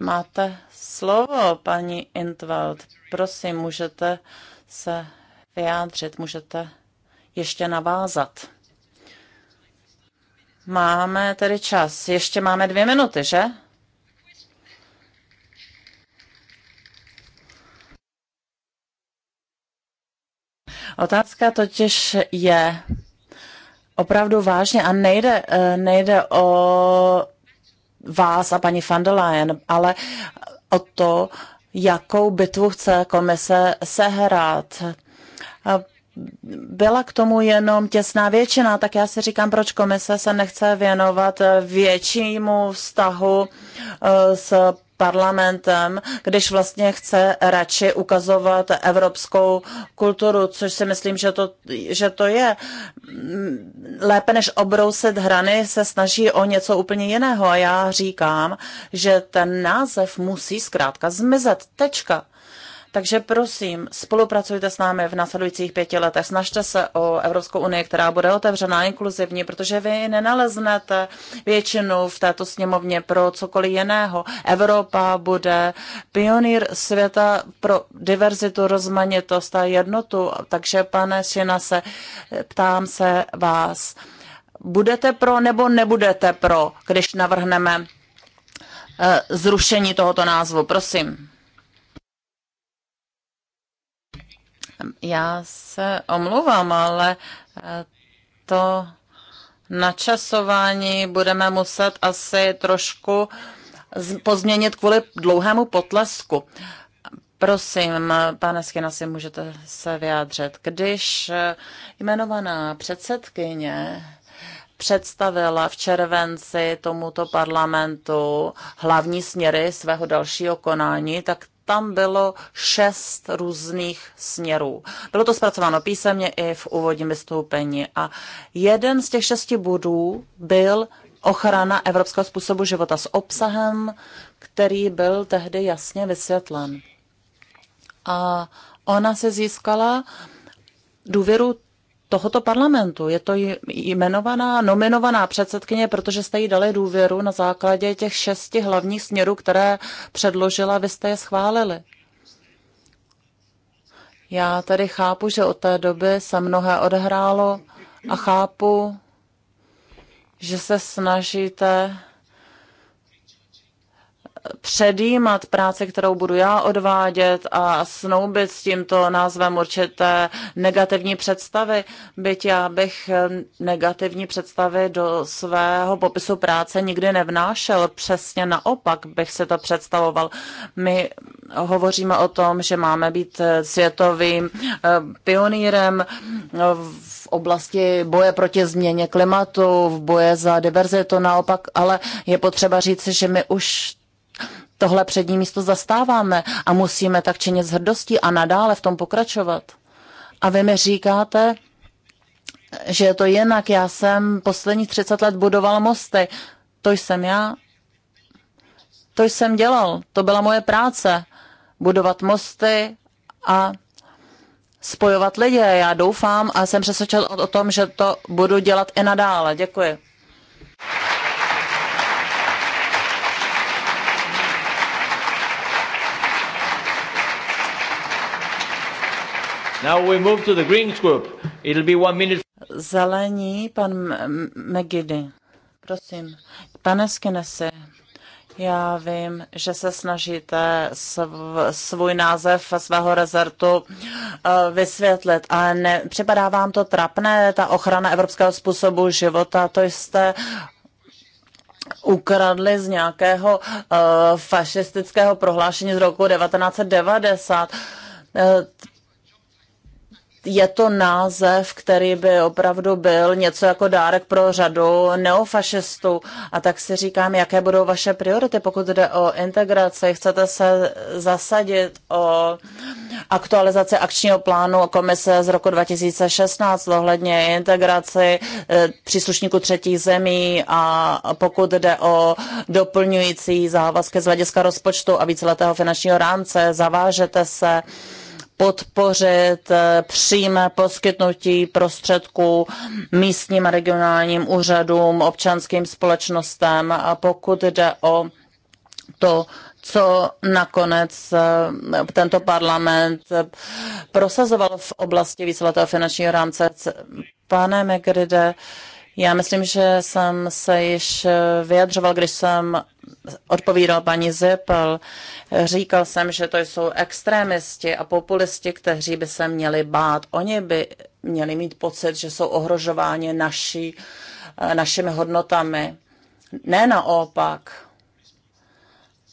Máte slovo, paní Intwald. Prosím, můžete se vyjádřit, můžete ještě navázat. Máme tedy čas. Ještě máme dvě minuty, že? Otázka totiž je opravdu vážně a nejde, eh, nejde o vás a paní van der Leyen, ale o to, jakou bitvu chce komise sehrát. Byla k tomu jenom těsná většina, tak já si říkám, proč komise se nechce věnovat většímu vztahu eh, s parlamentem, když vlastně chce radši ukazovat evropskou kulturu, což si myslím, že to, že to je. Lépe než obrousit hrany se snaží o něco úplně jiného a já říkám, že ten název musí zkrátka zmizet. Tečka. Takže prosím, spolupracujte s námi v následujících pěti letech. Snažte se o Evropskou unii, která bude otevřená, inkluzivní, protože vy nenaleznete většinu v této sněmovně pro cokoliv jiného. Evropa bude pionýr světa pro diverzitu, rozmanitost a jednotu. Takže, pane Šina, se ptám se vás, budete pro nebo nebudete pro, když navrhneme eh, zrušení tohoto názvu? Prosím. Já se omluvám, ale eh, to načasování budeme muset asi trošku pozměnit kvůli dlouhému potlesku. Prosím, pane Skina, si můžete se vyjádřit. Když eh, jmenovaná předsedkyně představila v červenci tomuto parlamentu hlavní směry svého dalšího konání, tak tam bylo šest různých směrů. Bylo to zpracováno písemně i v úvodním vystoupení. A jeden z těch šesti bodů byl ochrana evropského způsobu života s obsahem, který byl tehdy jasně vysvětlen. A ona se získala důvěru tohoto parlamentu. Je to jmenovaná, nominovaná předsedkyně, protože jste jí dali důvěru na základě těch šesti hlavních směrů, které předložila, vy jste je schválili. Já tady chápu, že od té doby se mnohé odehrálo a chápu, že se snažíte předjímat práci, kterou budu já odvádět a snoubit s tímto názvem určité negativní představy, byť já bych eh, negativní představy do svého popisu práce nikdy nevnášel. Přesně naopak bych se to představoval. My hovoříme o tom, že máme být eh, světovým eh, pionýrem v oblasti boje proti změně klimatu, v boje za diverzitu naopak, ale je potřeba říct, že my už Tohle přední místo zastáváme a musíme tak činit s hrdostí a nadále v tom pokračovat. A vy mi říkáte, že je to jinak. Já jsem posledních 30 let budoval mosty. To jsem já. To jsem dělal. To byla moje práce. Budovat mosty a spojovat lidi. Já doufám a jsem přesvědčen o tom, že to budu dělat i nadále. Děkuji. Now we move to the Greens group. It'll be one minute. Zelení, pan Megidy. Prosím. Pane Skinesi, já vím, že se snažíte svůj název svého rezertu eh, vysvětlit, ale ne, připadá vám to trapné, ta ochrana evropského způsobu života, to jste ukradli z nějakého uh, fašistického prohlášení z roku 1990 je to název, který by opravdu byl něco jako dárek pro řadu neofašistů. A tak si říkám, jaké budou vaše priority, pokud jde o integraci. Chcete se zasadit o aktualizaci akčního plánu komise z roku 2016 ohledně integraci eh, příslušníků třetích zemí a pokud jde o doplňující závazky z hlediska rozpočtu a víceletého finančního rámce, zavážete se podpořit eh, přímé poskytnutí prostředků místním a regionálním úřadům, občanským společnostem. A pokud jde o to, co nakonec eh, tento parlament eh, prosazoval v oblasti výsledného finančního rámce. Pane Megride, já myslím, že jsem se již eh, vyjadřoval, když jsem odpovídal paní Zippel. Říkal jsem, že to jsou extrémisti a populisti, kteří by se měli bát. Oni by měli mít pocit, že jsou ohrožováni naší, eh, našimi hodnotami. Ne naopak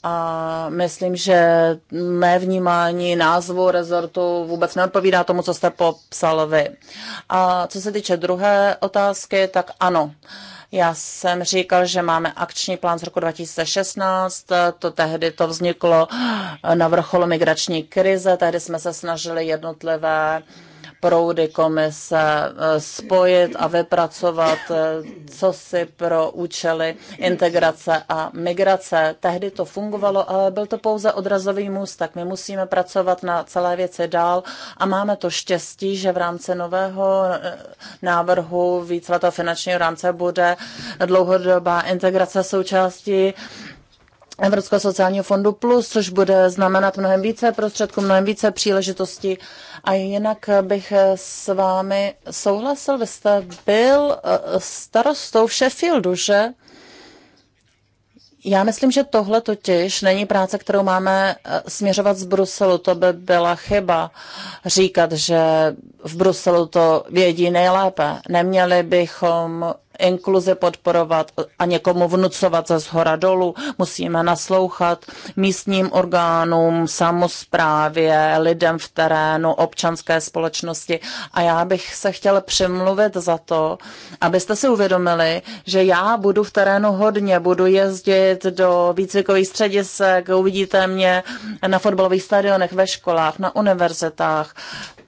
a myslím, že mé vnímání názvu rezortu vůbec neodpovídá tomu, co jste popsal vy. A co se týče druhé otázky, tak ano. Já jsem říkal, že máme akční plán z roku 2016, to tehdy to vzniklo na vrcholu migrační krize, tehdy jsme se snažili jednotlivé uh, proudy komise eh, spojit a vypracovat eh, co si pro účely integrace a migrace. Tehdy to fungovalo, ale byl to pouze odrazový Tak My musíme pracovat na celé věci dál a máme to štěstí, že v rámci nového eh, návrhu víc finančního rámce bude dlouhodobá integrace součástí Evropského sociálního fondu plus, což bude znamenat mnohem více prostředků, mnohem více příležitostí. A jinak bych s vámi souhlasil, vy jste byl eh, starostou v Sheffieldu, že? Já myslím, že tohle totiž není práce, kterou máme eh, směřovat z Bruselu. To by byla chyba říkat, že v Bruselu to vědí nejlépe. Neměli bychom inkluzi podporovat a někomu vnucovat ze zhora dolů. Musíme naslouchat místním orgánům, samozprávě, lidem v terénu, občanské společnosti. A já bych se chtěla přemluvit za to, abyste si uvědomili, že já budu v terénu hodně, budu jezdit do výcvikových středisek, uvidíte mě na fotbalových stadionech, ve školách, na univerzitách.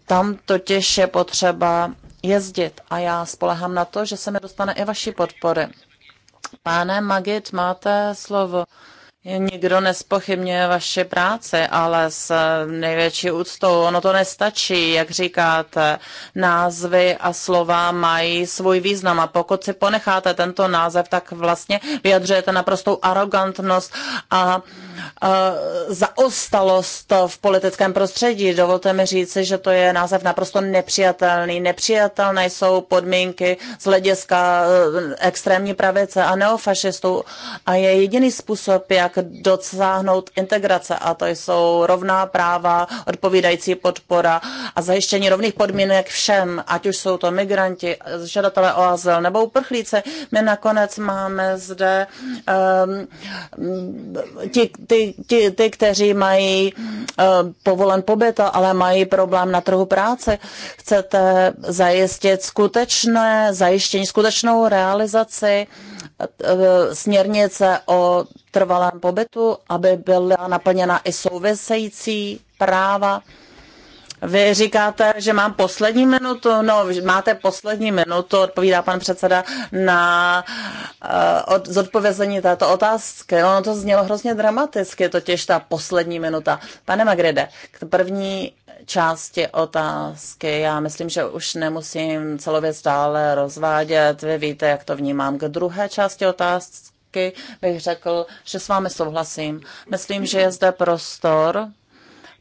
Tam totiž je potřeba jezdit a já spolehám na to, že se mi dostane i vaší podpory. Pane Magit, máte slovo. Nikdo nespochybňuje vaše práce, ale s největší úctou ono to nestačí. Jak říkáte, názvy a slova mají svůj význam a pokud si ponecháte tento název, tak vlastně vyjadřujete naprostou arrogantnost a, a zaostalost v politickém prostředí. Dovolte mi říci, že to je název naprosto nepřijatelný. Nepřijatelné jsou podmínky z hlediska e, extrémní pravice a neofašistů a je jediný způsob, jak jak dosáhnout integrace a to jsou rovná práva, odpovídající podpora a zajištění rovných podmínek všem, ať už jsou to migranti, žadatelé o azyl nebo uprchlíci. My nakonec máme zde um, ti, ty, ti, ty, kteří mají um, povolen pobyt, ale mají problém na trhu práce. Chcete zajistit skutečné zajištění, skutečnou realizaci E, směrnice o trvalém pobytu, aby byla naplněna i související práva. Vy říkáte, že mám poslední minutu. No, máte poslední minutu, odpovídá pan předseda na uh, od, zodpovězení této otázky. Ono to znělo hrozně dramaticky, totiž ta poslední minuta. Pane Magride, k první části otázky. Já myslím, že už nemusím celou věc dále rozvádět. Vy víte, jak to vnímám. K druhé části otázky bych řekl, že s vámi souhlasím. Myslím, že je zde prostor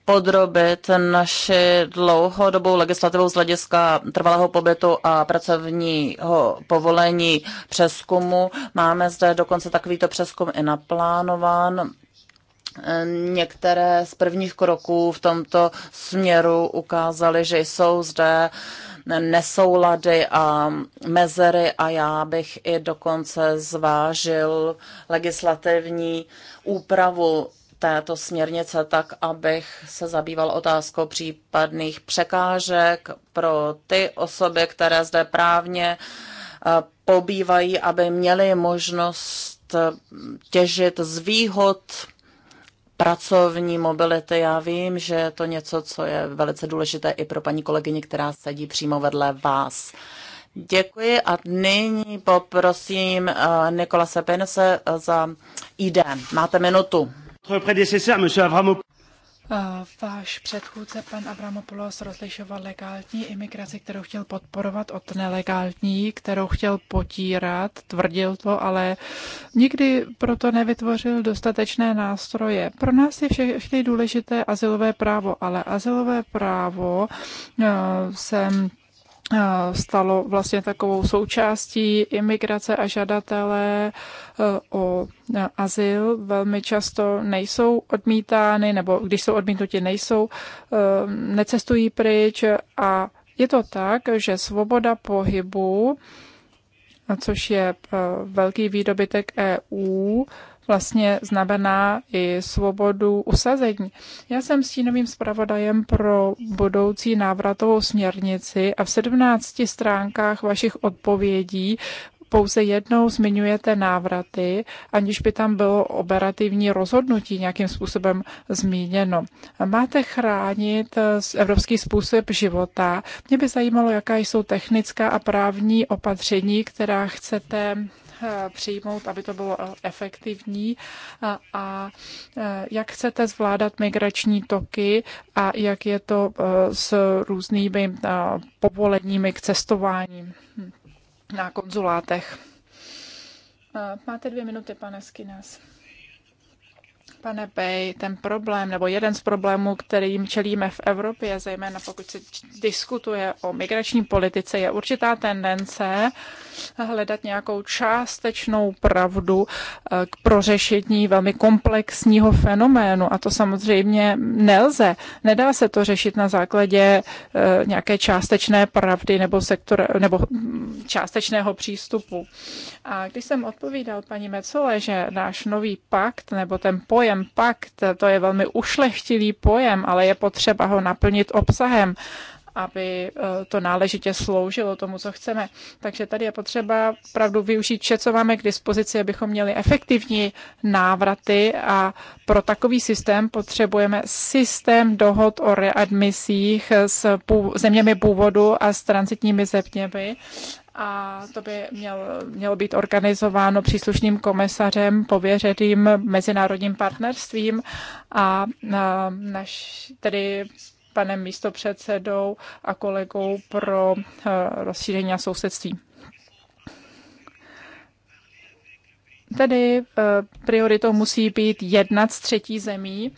podrobit naši dlouhodobou legislativou z hlediska trvalého pobytu a pracovního povolení přeskumu. Máme zde dokonce takovýto přeskum i naplánován některé z prvních kroků v tomto směru ukázaly, že jsou zde nesoulady a mezery a já bych i dokonce zvážil legislativní úpravu této směrnice tak, abych se zabýval otázkou případných překážek pro ty osoby, které zde právně eh, pobývají, aby měly možnost těžit z výhod pracovní mobility. Já vím, že je to něco, co je velice důležité i pro paní kolegyni, která sedí přímo vedle vás. Děkuji a nyní poprosím eh, Nikola uh, eh, za idem. Máte minutu. Eh, váš předchůdce, pan Abramopoulos, rozlišoval legální imigraci, kterou chtěl podporovat od nelegální, kterou chtěl potírat, tvrdil to, ale nikdy proto nevytvořil dostatečné nástroje. Pro nás je všechny důležité azylové právo, ale azylové právo eh, se Eh, stalo vlastně takovou součástí imigrace a žadatelé eh, o eh, azyl velmi často nejsou odmítány, nebo když jsou odmítnuti, nejsou, necestují pryč a je to tak, že svoboda pohybu, což je velký výdobytek EU, vlastně znamená i svobodu usazení. Já jsem stínovým zpravodajem pro budoucí návratovou směrnici a v 17 stránkách vašich odpovědí pouze jednou zmiňujete návraty, aniž by tam bylo operativní rozhodnutí nějakým způsobem zmíněno. Máte chránit eh, evropský způsob života. Mě by zajímalo, jaká jsou technická a právní opatření, která chcete Eh, přijmout, aby to bylo eh, efektivní a eh, jak chcete zvládat migrační toky a jak je to s různými povoleními k cestování hm, na konzulátech. Máte dvě minuty, pane Skinas. Pane Pej, ten problém, nebo jeden z problémů, kterým čelíme v Evropě, zejména pokud se diskutuje o migrační politice, je určitá tendence hledat nějakou částečnou pravdu eh, k prořešení velmi komplexního fenoménu. A to samozřejmě nelze. Nedá se to řešit na základě eh, nějaké částečné pravdy nebo, sektor, nebo hm, částečného přístupu. A když jsem odpovídal paní Mecole, že náš nový pakt nebo ten pojem, pojem pakt, to je velmi ušlechtilý pojem, ale je potřeba ho naplnit obsahem aby eh, to náležitě sloužilo tomu, co chceme. Takže tady je potřeba opravdu využít vše, co máme k dispozici, abychom měli efektivní návraty a pro takový systém potřebujeme systém dohod o readmisích s zeměmi původu a s transitními zeměmi a to by mělo, mělo být organizováno příslušným komisařem pověřeným mezinárodním partnerstvím a na, naš, tedy panem místopředsedou a kolegou pro rozšíření a sousedství. Tedy prioritou musí být jedna z třetí zemí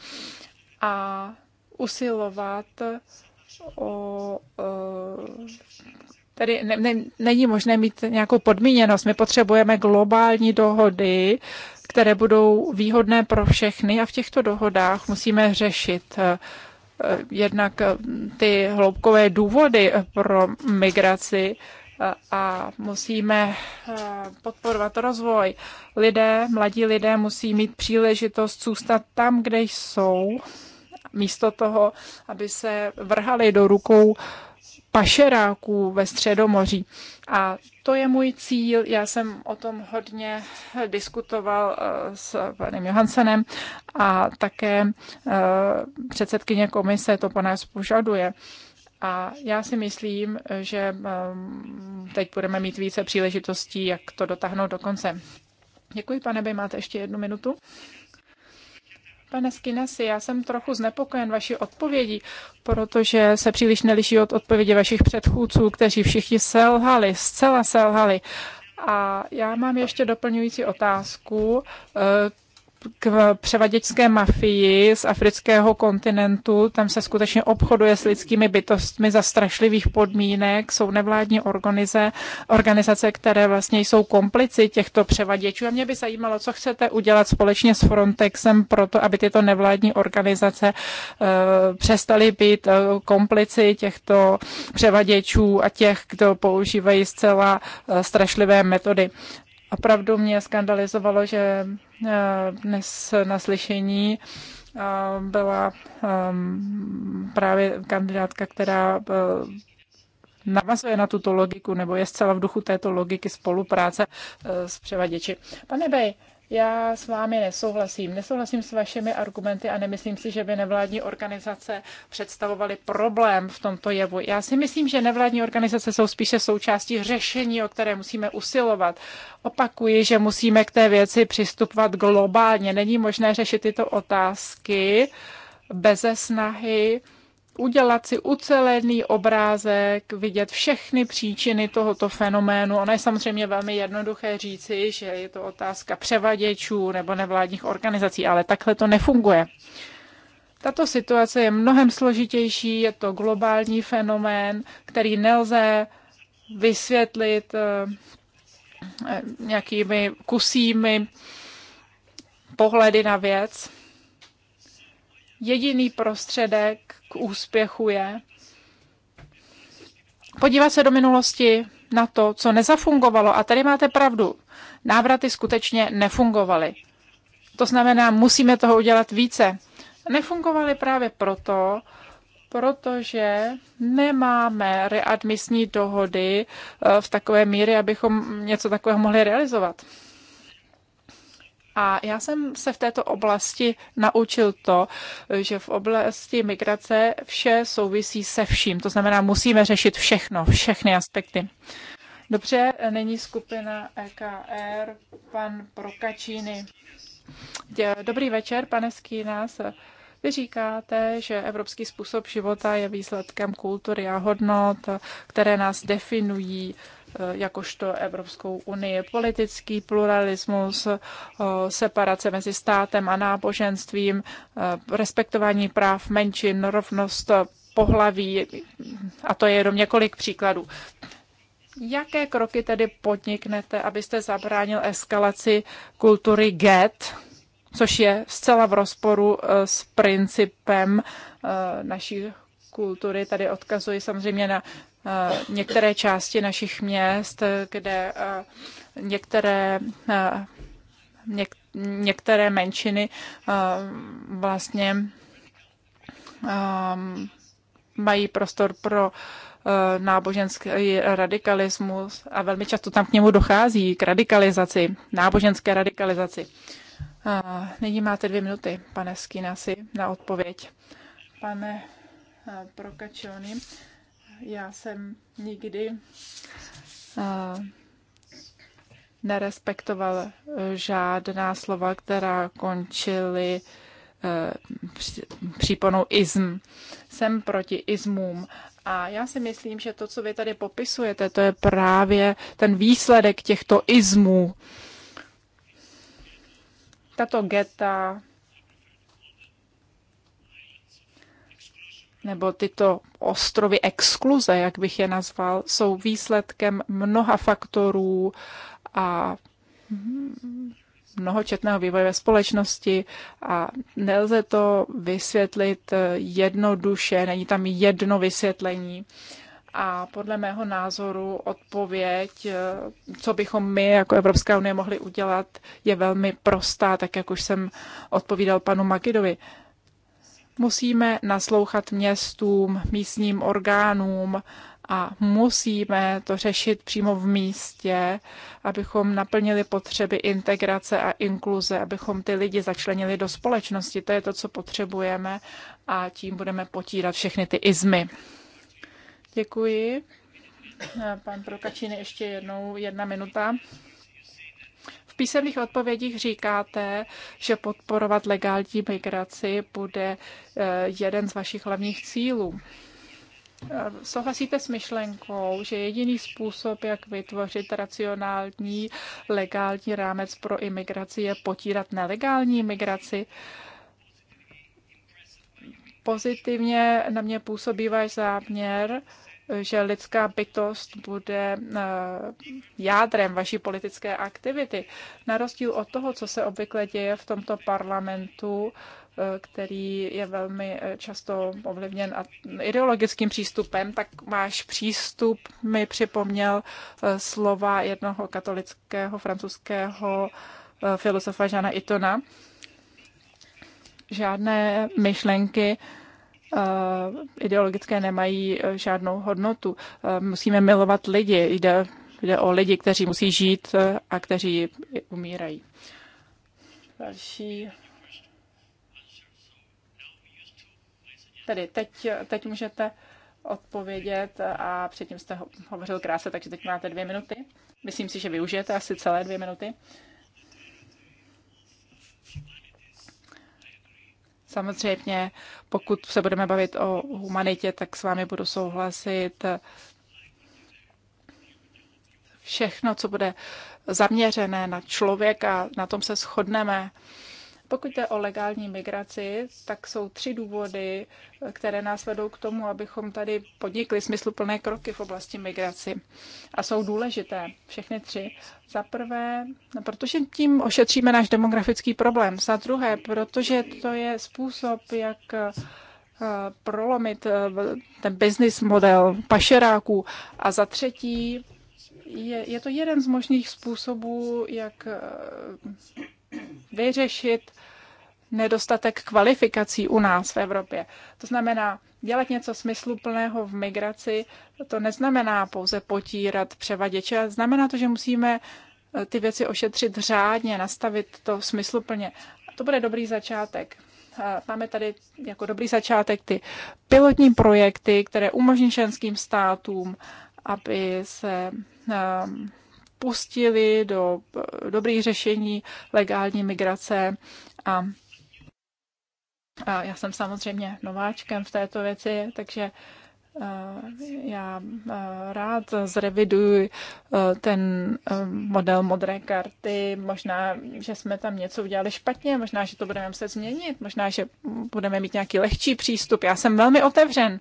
a usilovat o Tady ne, ne, není možné mít nějakou podmíněnost. My potřebujeme globální dohody, které budou výhodné pro všechny a v těchto dohodách musíme řešit eh, eh, jednak eh, ty hloubkové důvody pro migraci a musíme podporovat rozvoj. Lidé, mladí lidé musí mít příležitost zůstat tam, kde jsou, místo toho, aby se vrhali do rukou pašeráků ve Středomoří. A to je můj cíl. Já jsem o tom hodně diskutoval eh, s panem Johansenem a také eh, předsedkyně komise to po nás požaduje. A já si myslím, že eh, teď budeme mít více příležitostí, jak to dotáhnout do konce. Děkuji, pane by máte ještě jednu minutu. Pane Skinesi, já jsem trochu znepokojen vaší odpovědí, protože se příliš neliší od odpovědi vašich předchůdců, kteří všichni selhali, zcela selhali. A já mám ještě doplňující otázku eh, k převaděčské mafii z afrického kontinentu. Tam se skutečně obchoduje s lidskými bytostmi za strašlivých podmínek. Jsou nevládní organize, organizace, které vlastně jsou komplici těchto převaděčů. A mě by zajímalo, co chcete udělat společně s Frontexem pro to, aby tyto nevládní organizace uh, přestaly být uh, komplici těchto převaděčů a těch, kdo používají zcela uh, strašlivé metody. Opravdu mě skandalizovalo, že Eh, dnes na slyšení eh, byla ehm, právě kandidátka, která eh, navazuje na tuto logiku, nebo je zcela v duchu této logiky spolupráce s převaděči. Pane Bej, já s vámi nesouhlasím. Nesouhlasím s vašimi argumenty a nemyslím si, že by nevládní organizace představovaly problém v tomto jevu. Já si myslím, že nevládní organizace jsou spíše součástí řešení, o které musíme usilovat. Opakuji, že musíme k té věci přistupovat globálně. Není možné řešit tyto otázky beze snahy udělat si ucelený obrázek, vidět všechny příčiny tohoto fenoménu. Ono je samozřejmě velmi jednoduché říci, že je to otázka převaděčů nebo nevládních organizací, ale takhle to nefunguje. Tato situace je mnohem složitější, je to globální fenomén, který nelze vysvětlit eh, nějakými kusími pohledy na věc. Jediný prostředek, k úspěchu je podívat se do minulosti na to, co nezafungovalo. A tady máte pravdu, návraty skutečně nefungovaly. To znamená, musíme toho udělat více. Nefungovaly právě proto, protože nemáme readmisní dohody eh, v takové míře, abychom něco takového mohli realizovat. A já jsem se v této oblasti naučil to, že v oblasti migrace vše souvisí se vším. To znamená, musíme řešit všechno, všechny aspekty. Dobře, není skupina EKR, pan Prokačíny. Dobrý večer, pane Skýnas. Vy říkáte, že evropský způsob života je výsledkem kultury a hodnot, které nás definují Eh, jakožto Evropskou unii. Politický pluralismus, eh, separace mezi státem a náboženstvím, eh, respektování práv menšin, rovnost pohlaví, a to je jenom několik příkladů. Jaké kroky tedy podniknete, abyste zabránil eskalaci kultury GET, což je zcela v rozporu s principem naší kultury. Tady odkazuji samozřejmě na Eh, některé části našich měst, kde eh, některé, eh, něk, některé menšiny vlastně mají prostor pro náboženský radikalismus a velmi často tam k němu dochází, k radikalizaci, náboženské radikalizaci. Nyní máte dvě minuty, pane Skinasi, na odpověď. Pane Prokačony, já jsem nikdy nerespektoval žádná slova, která končily e, příponou ism. Jsem proti izmům. A já si myslím, že to, co vy tady popisujete, to je právě ten výsledek těchto izmů. Tato geta, nebo tyto ostrovy exkluze, jak bych je nazval, jsou výsledkem mnoha faktorů a hm, mnohočetného vývoje ve společnosti a nelze to vysvětlit eh, jednoduše, není tam jedno vysvětlení. A podle mého názoru odpověď, eh, co bychom my jako Evropská unie mohli udělat, je velmi prostá, tak jak už jsem odpovídal panu Magidovi. Musíme naslouchat městům, místním orgánům a musíme to řešit přímo v místě, abychom naplnili potřeby integrace a inkluze, abychom ty lidi začlenili do společnosti. To je to, co potřebujeme a tím budeme potírat všechny ty izmy. Děkuji. Pan Prokačín ještě jednou jedna minuta písemných odpovědích říkáte, že podporovat legální migraci bude eh, jeden z vašich hlavních cílů. Eh, souhlasíte s myšlenkou, že jediný způsob, jak vytvořit racionální legální rámec pro imigraci, je potírat nelegální imigraci? Pozitivně na mě působí váš záměr že lidská bytost bude eh, jádrem vaší politické aktivity. Na rozdíl od toho, co se obvykle děje v tomto parlamentu, eh, který je velmi eh, často ovlivněn ideologickým přístupem, tak váš přístup mi připomněl slova jednoho katolického francouzského filozofa Žana Itona. Žádné myšlenky Eh, ideologické nemají eh, žádnou hodnotu. Eh, musíme milovat lidi. Jde, jde o lidi, kteří musí žít a kteří umírají. Další tady teď, teď můžete odpovědět a předtím jste hovořil krásně, takže teď máte dvě minuty. Myslím si, že využijete asi celé dvě minuty. Samozřejmě, pokud se budeme bavit o humanitě, tak s vámi budu souhlasit. Všechno, co bude zaměřené na člověka, na tom se shodneme. Pokud jde o legální migraci, tak jsou tři důvody, které nás vedou k tomu, abychom tady podnikli smysluplné kroky v oblasti migraci. A jsou důležité, všechny tři. Za prvé, protože tím ošetříme náš demografický problém. Za druhé, protože to je způsob, jak eh, prolomit eh, ten business model pašeráků. A za třetí, je, je to jeden z možných způsobů, jak eh, vyřešit nedostatek kvalifikací u nás v Evropě. To znamená, dělat něco smysluplného v migraci, to neznamená pouze potírat převaděče, ale znamená to, že musíme eh, ty věci ošetřit řádně, nastavit to smysluplně. To bude dobrý začátek. Eh, máme tady jako dobrý začátek ty pilotní projekty, které umožní členským státům, aby se um, pustili do dobrých řešení legální migrace a a já jsem samozřejmě nováčkem v této věci, takže eh, já eh, rád zreviduji eh, ten model modré karty. Možná, že jsme tam něco udělali špatně, možná, že to budeme muset změnit, možná, že budeme mít nějaký lehčí přístup. Já jsem velmi otevřen,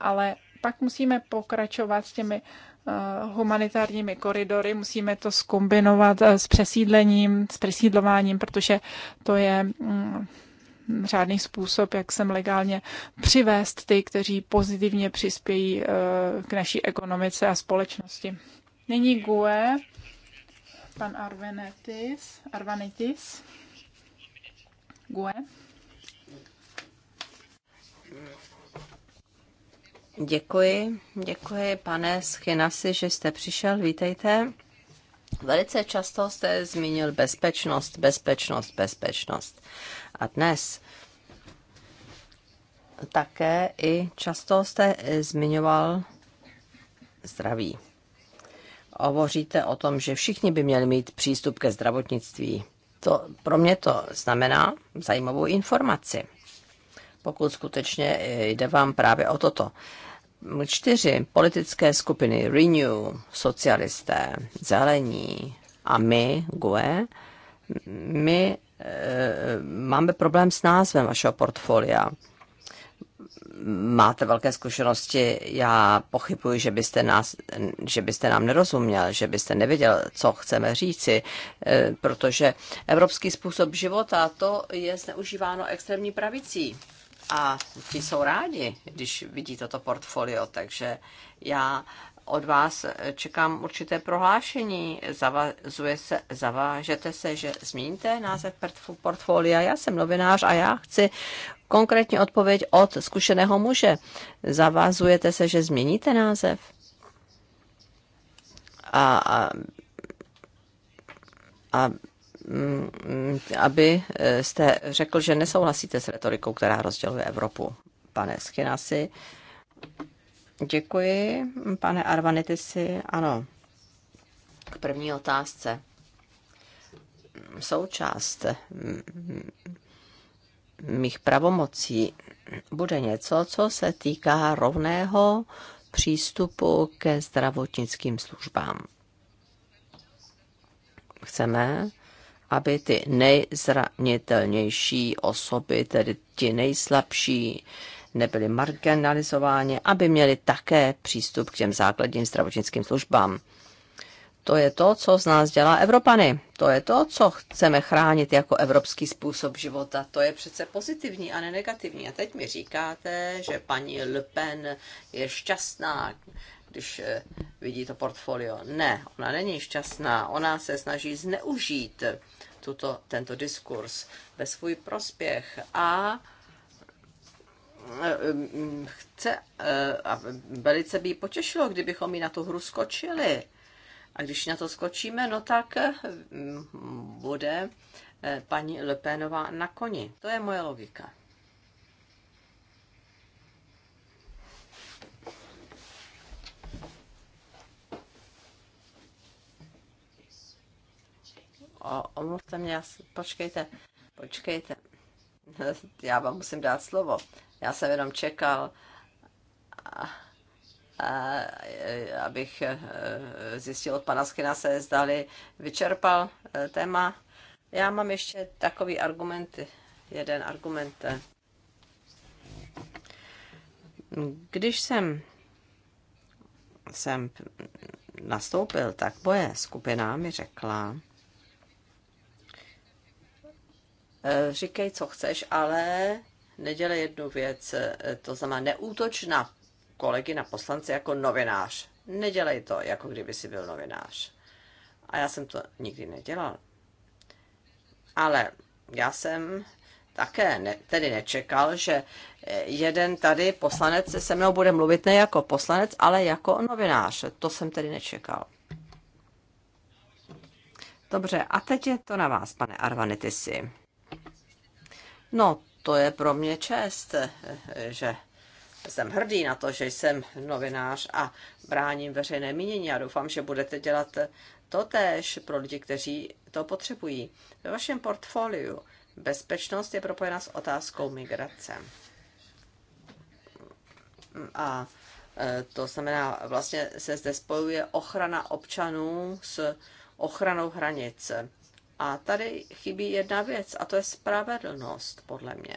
ale pak musíme pokračovat s těmi Eh, humanitárními koridory, musíme to skombinovat eh, s přesídlením, s přesídlováním, protože to je mm, řádný způsob, jak sem legálně přivést ty, kteří pozitivně přispějí eh, k naší ekonomice a společnosti. Nyní GUE, pan Arvenetis, Arvanitis, GUE. Děkuji, děkuji pane Schinasi, že jste přišel, vítejte. Velice často jste zmínil bezpečnost, bezpečnost, bezpečnost. A dnes také i často jste zmiňoval zdraví. Hovoříte o tom, že všichni by měli mít přístup ke zdravotnictví. To, pro mě to znamená zajímavou informaci, pokud skutečně jde vám právě o toto čtyři politické skupiny Renew, socialisté, zelení a my, GUE, my e, máme problém s názvem vašeho portfolia. Máte velké zkušenosti, já pochybuji, že byste, nás, že byste nám nerozuměl, že byste nevěděl, co chceme říci, e, protože evropský způsob života, to je zneužíváno extrémní pravicí a ti jsou rádi, když vidí toto portfolio, takže já od vás čekám určité prohlášení. Zavazuje se, zavážete se, že změníte název portfolia. Já jsem novinář a já chci konkrétní odpověď od zkušeného muže. Zavazujete se, že změníte název? A, a, a Mm, aby eh, jste řekl, že nesouhlasíte s retorikou, která rozděluje Evropu. Pane Schinasi, děkuji. Pane Arvanitisi, ano. K první otázce. Součást mm, mých pravomocí bude něco, co se týká rovného přístupu ke zdravotnickým službám. Chceme aby ty nejzranitelnější osoby, tedy ti nejslabší, nebyli marginalizováni, aby měli také přístup k těm základním zdravotnickým službám. To je to, co z nás dělá Evropany. To je to, co chceme chránit jako evropský způsob života. To je přece pozitivní a ne negativní. A teď mi říkáte, že paní Le Pen je šťastná, když eh, vidí to portfolio. Ne, ona není šťastná, ona se snaží zneužít tuto, tento diskurs ve svůj prospěch a eh, mm, chce eh, a velice by jí potěšilo, kdybychom jí na tu hru skočili. A když na to skočíme, no tak mm, bude paní Lepénová na koni. To je moje logika. omluvte mě, já počkejte, počkejte. *laughs* Já vám musím dát slovo. Já jsem jenom čekal, a, a, abych e, zjistil od pana Skina se zdali vyčerpal e, téma. Já mám ještě takový argument, jeden argument. Když jsem jsem nastoupil, tak moje skupina mi řekla, Eh, říkej, co chceš, ale nedělej jednu věc, eh, to znamená neútoč na kolegy, na poslance jako novinář. Nedělej to, jako kdyby si byl novinář. A já jsem to nikdy nedělal. Ale já jsem také ne, tedy nečekal, že eh, jeden tady poslanec se mnou bude mluvit ne jako poslanec, ale jako novinář. To jsem tedy nečekal. Dobře, a teď je to na vás, pane Arvanitisi. No, to je pro mě čest, že jsem hrdý na to, že jsem novinář a bráním veřejné mínění a doufám, že budete dělat to též pro lidi, kteří to potřebují. Ve vašem portfoliu bezpečnost je propojena s otázkou migrace. A e, to znamená, vlastně se zde spojuje ochrana občanů s ochranou hranic. A tady chybí jedna věc, a to je spravedlnost, podle mě.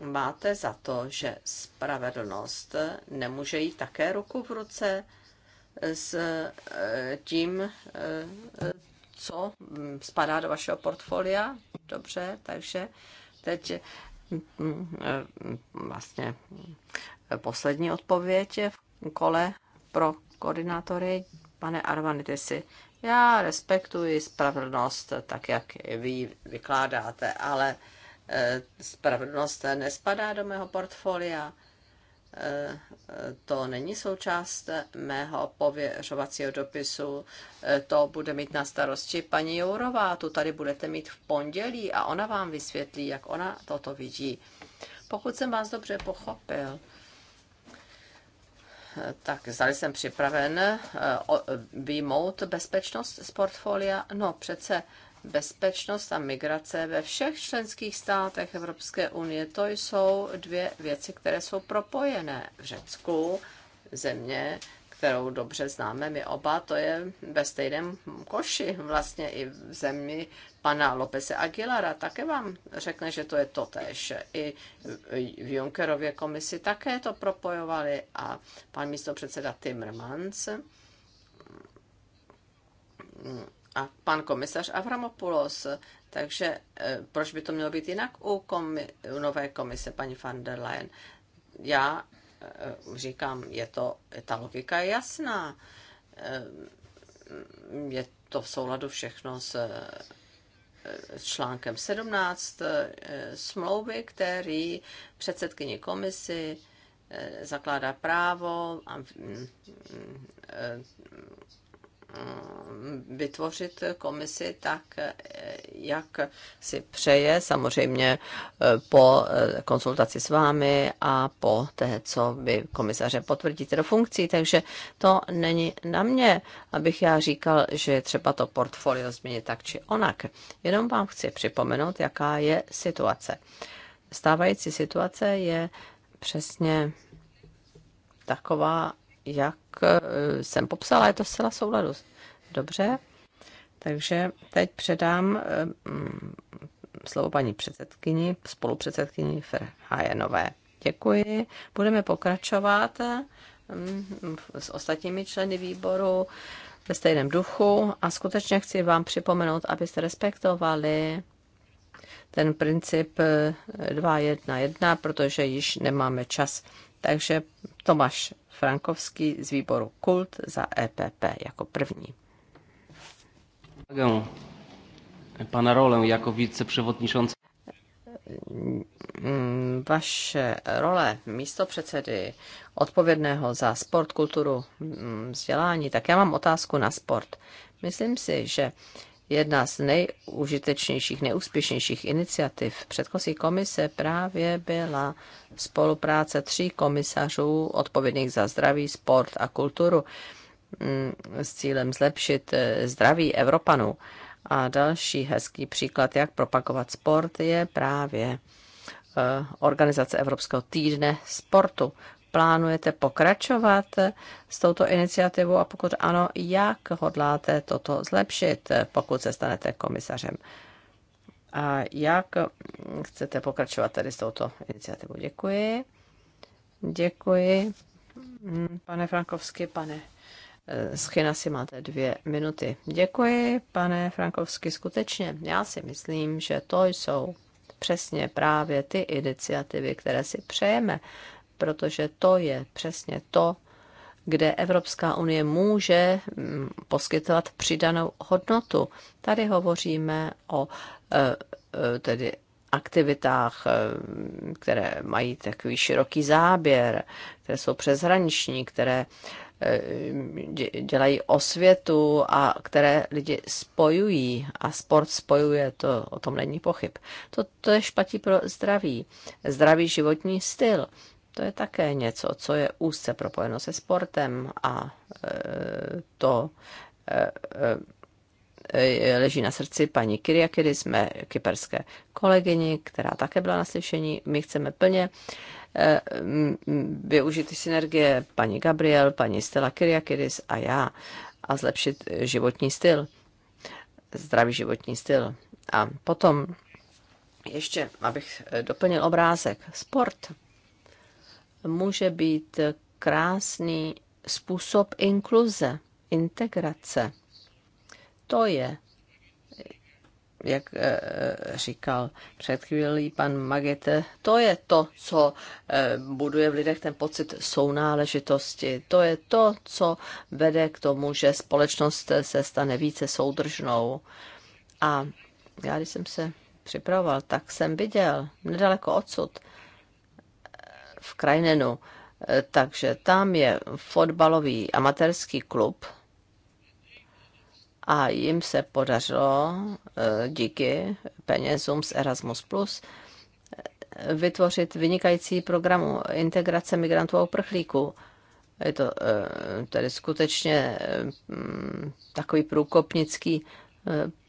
Máte za to, že spravedlnost nemůže jít také ruku v ruce s eh, tím, eh, co spadá do vašeho portfolia? Dobře, takže teď mm, mm, vlastně poslední odpověď je v kole pro koordinátory. Pane Arvanity, si já respektuji spravedlnost, tak jak vy vykládáte, ale eh, spravedlnost nespadá do mého portfolia. Eh, to není součást mého pověřovacího dopisu. Eh, to bude mít na starosti paní Jourová. Tu tady budete mít v pondělí a ona vám vysvětlí, jak ona toto vidí. Pokud jsem vás dobře pochopil, tak zdali jsem připraven eh, výjmout bezpečnost z portfolia? No přece bezpečnost a migrace ve všech členských státech Evropské unie, to jsou dvě věci, které jsou propojené. V Řecku země kterou dobře známe my oba, to je ve stejném koši, vlastně i v zemi pana Lopese Aguilara. Také vám řekne, že to je totéž. I v Junckerově komisi také to propojovali a pan místo předseda Timmermans a pan komisař Avramopoulos. Takže eh, proč by to mělo být jinak u komi- u nové komise, paní van der Leyen? Já Eh, říkám, je to, ta logika je jasná. Eh, je to v souladu všechno s eh, článkem 17 smlouvy, který předsedkyně komisi zakládá právo a mm, mm, Eh, vytvořit komisi tak, eh, jak si přeje, samozřejmě eh, po konsultaci s vámi a po té, co vy komisaře potvrdíte do funkcí. Takže to není na mě, abych já říkal, že je třeba to portfolio změnit tak či onak. Jenom vám chci připomenout, jaká je situace. Stávající situace je přesně taková, jak eh, jsem popsala, je to zcela souladu. Dobře, takže teď předám eh, mm, slovo paní předsedkyni, spolupředsedkyni Ferhajenové. Děkuji. Budeme pokračovat mm, s ostatními členy výboru ve stejném duchu a skutečně chci vám připomenout, abyste respektovali ten princip 2.1.1, eh, protože již nemáme čas. Takže Tomáš Frankovský z výboru Kult za EPP jako první. Pana rolę jako wiceprzewodniczący. Mm, vaše role místo předsedy odpovědného za sport, kulturu, mm, vzdělání, tak já mám otázku na sport. Myslím si, že jedna z nejúžitečnějších nejúspěšnějších iniciativ předchozí komise právě byla spolupráce tří komisařů odpovědných za zdraví, sport a kulturu mm, s cílem zlepšit eh, zdraví Evropanů. A další hezký příklad, jak propagovat sport, je právě eh, organizace Evropského týdne sportu, plánujete pokračovat s touto iniciativou a pokud ano, jak hodláte toto zlepšit, pokud se stanete komisařem? A jak chcete pokračovat tady s touto iniciativou? Děkuji. Děkuji. Pane Frankovsky, pane eh, Schina si máte dvě minuty. Děkuji, pane Frankovsky, skutečně. Já si myslím, že to jsou přesně právě ty iniciativy, které si přejeme protože to je přesně to, kde Evropská unie může mm, poskytovat přidanou hodnotu. Tady hovoříme o e, e, tedy aktivitách, e, které mají takový široký záběr, které jsou přeshraniční, které dělají osvětu a které lidi spojují a sport spojuje, to o tom není pochyb. To je špatí pro zdraví, zdravý životní styl to je také něco, co je úzce propojeno se sportem a e, to e, e, leží na srdci paní Kyriakidy, jsme kyperské kolegyni, která také byla na slyšení. My chceme plně využít synergie paní Gabriel, paní Stella Kyriakidis a já a zlepšit životní styl, zdravý životní styl. A potom ještě, abych doplnil obrázek, sport – může být krásný způsob inkluze, integrace. To je, jak eh, říkal před chvílí pan Magete, to je to, co eh, buduje v lidech ten pocit sounáležitosti. To je to, co vede k tomu, že společnost se stane více soudržnou. A já, když jsem se připravoval, tak jsem viděl nedaleko odsud, v Krajnenu, eh, takže tam je fotbalový amatérský klub a jim se podařilo eh, díky penězům z Erasmus+, Plus, eh, vytvořit vynikající program integrace migrantů a uprchlíků. Je to tedy skutečně takový průkopnický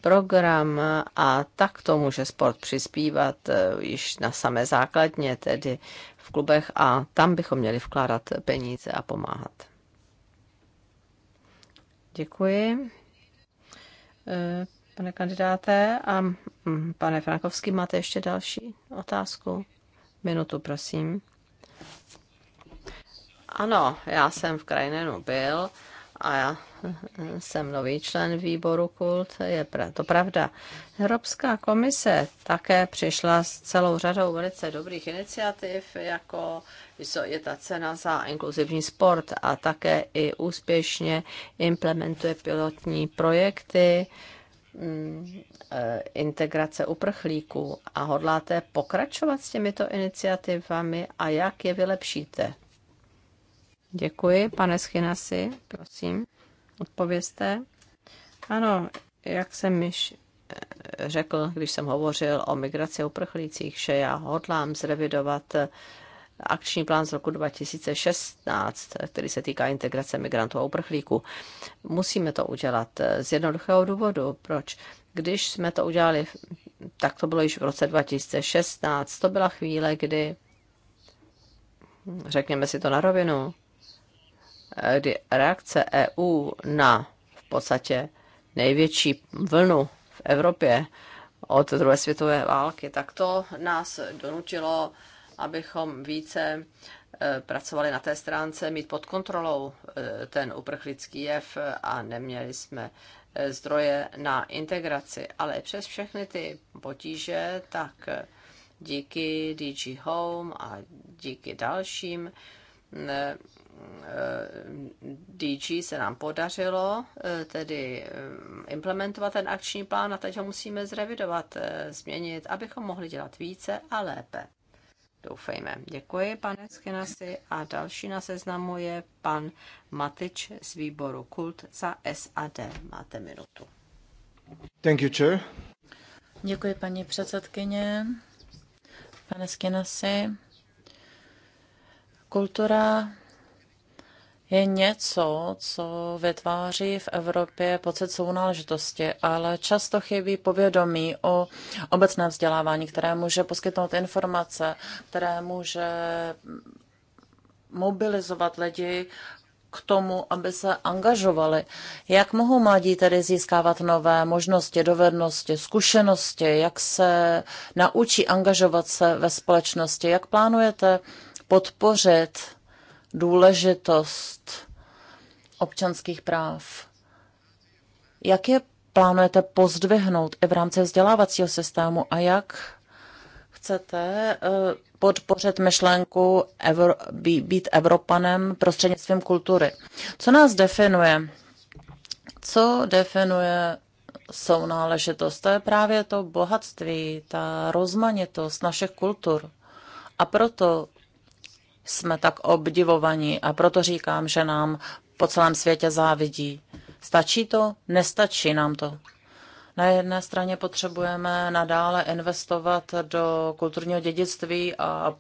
program a tak to může sport přispívat eh, již na samé základně, tedy v klubech a tam bychom měli vkládat peníze a pomáhat. Děkuji. Eh, pane kandidáte a mm, pane Frankovský, máte ještě další otázku? Minutu, prosím. Ano, já jsem v Krajnenu byl a já jsem nový člen výboru KULT, je to pravda. Evropská komise také přišla s celou řadou velice dobrých iniciativ, jako je ta cena za inkluzivní sport a také i úspěšně implementuje pilotní projekty mm, eh, integrace uprchlíků a hodláte pokračovat s těmito iniciativami a jak je vylepšíte? Děkuji, pane Schinasi, prosím, odpovězte. Ano, jak jsem již eh, řekl, když jsem hovořil o migraci a uprchlících, že já hodlám zrevidovat eh, akční plán z roku 2016, který se týká integrace migrantů a uprchlíků. Musíme to udělat eh, z jednoduchého důvodu. Proč? Když jsme to udělali, tak to bylo již v roce 2016. To byla chvíle, kdy, hm, řekněme si to na rovinu, kdy reakce EU na v podstatě největší vlnu v Evropě od druhé světové války, tak to nás donutilo, abychom více e, pracovali na té stránce, mít pod kontrolou e, ten uprchlický jev a neměli jsme e, zdroje na integraci. Ale přes všechny ty potíže, tak díky DG Home a díky dalším, Eh, DG se nám podařilo eh, tedy eh, implementovat ten akční plán a teď ho musíme zrevidovat, změnit, abychom mohli dělat více a lépe. Doufejme. Děkuji, pane Skinasi. A další na seznamu je pan Matič z výboru Kult za SAD. Máte minutu. Thank you, chair. Děkuji, paní předsedkyně. Pane Skinasi, Kultura je něco, co vytváří v Evropě pocit sounáležitosti, ale často chybí povědomí o obecném vzdělávání, které může poskytnout informace, které může mobilizovat lidi k tomu, aby se angažovali. Jak mohou mladí tedy získávat nové možnosti, dovednosti, zkušenosti, jak se naučí angažovat se ve společnosti, jak plánujete podpořit důležitost občanských práv. Jak je plánujete pozdvihnout i v rámci vzdělávacího systému a jak chcete eh, podpořit myšlenku evro, být Evropanem prostřednictvím kultury? Co nás definuje? Co definuje náležitost. To je právě to bohatství, ta rozmanitost našich kultur. A proto jsme tak obdivovaní a proto říkám, že nám po celém světě závidí. Stačí to? Nestačí nám to. Na jedné straně potřebujeme nadále investovat do kulturního dědictví a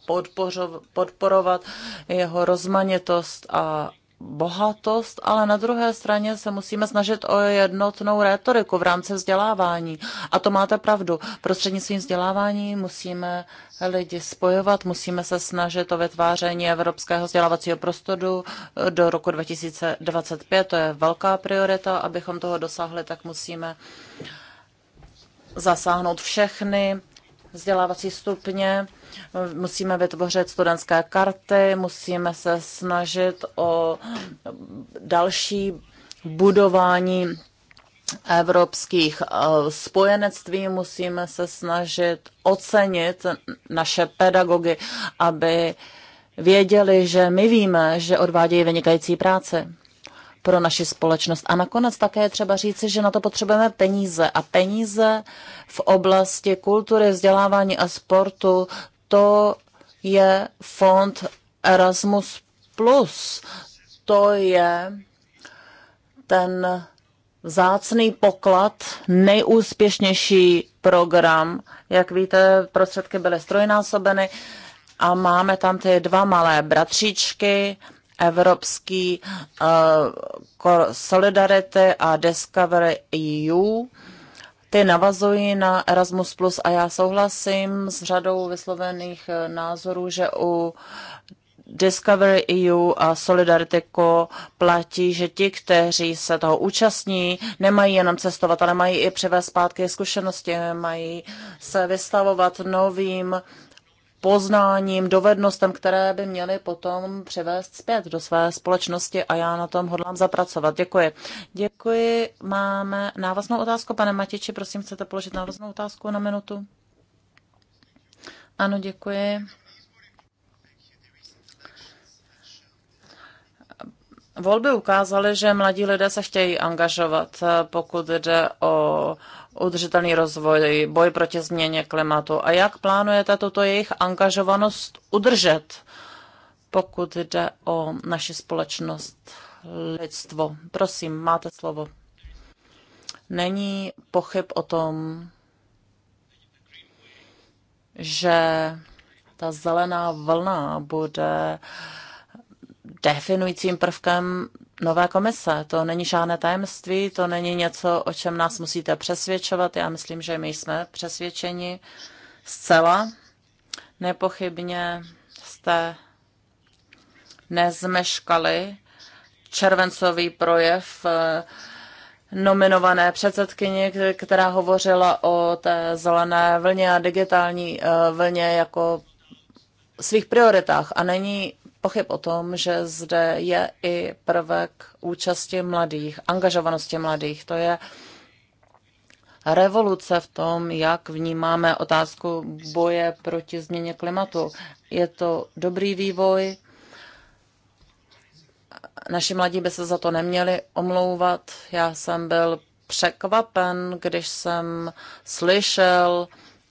podporovat jeho rozmanitost a bohatost, ale na druhé straně se musíme snažit o jednotnou rétoriku v rámci vzdělávání. A to máte pravdu. Prostřednictvím vzdělávání musíme lidi spojovat, musíme se snažit o vytváření evropského vzdělávacího prostoru do roku 2025. To je velká priorita. Abychom toho dosáhli, tak musíme zasáhnout všechny vzdělávací stupně musíme vytvořit studentské karty, musíme se snažit o další budování evropských eh, spojenectví musíme se snažit ocenit naše pedagogy, aby věděli, že my víme, že odvádějí vynikající práci pro naši společnost. A nakonec také je třeba říci, že na to potřebujeme peníze. A peníze v oblasti kultury, vzdělávání a sportu to je fond Erasmus+. plus. To je ten vzácný poklad, nejúspěšnější program. Jak víte, prostředky byly strojnásobeny a máme tam ty dva malé bratříčky, Evropský uh, Solidarity a Discovery EU ty navazují na Erasmus+, a já souhlasím s řadou vyslovených eh, názorů, že u Discovery EU a Solidarity Co platí, že ti, kteří se toho účastní, nemají jenom cestovat, ale mají i přivést zpátky zkušenosti, mají se vystavovat novým poznáním, dovednostem, které by měli potom přivést zpět do své společnosti a já na tom hodlám zapracovat. Děkuji. Děkuji. Máme návaznou otázku. Pane Matiči, prosím, chcete položit návaznou otázku na minutu? Ano, děkuji. Volby ukázaly, že mladí lidé se chtějí angažovat, pokud jde o udržitelný rozvoj, boj proti změně klimatu a jak plánujete tuto jejich angažovanost udržet, pokud jde o naši společnost, lidstvo. Prosím, máte slovo. Není pochyb o tom, že ta zelená vlna bude definujícím prvkem nové komise. To není žádné tajemství, to není něco, o čem nás musíte přesvědčovat. Já myslím, že my jsme přesvědčeni zcela. Nepochybně jste nezmeškali červencový projev eh, nominované předsedkyně, která hovořila o té zelené vlně a digitální eh, vlně jako svých prioritách. A není pochyb o tom, že zde je i prvek účasti mladých, angažovanosti mladých. To je revoluce v tom, jak vnímáme otázku boje proti změně klimatu. Je to dobrý vývoj, naši mladí by se za to neměli omlouvat. Já jsem byl překvapen, když jsem slyšel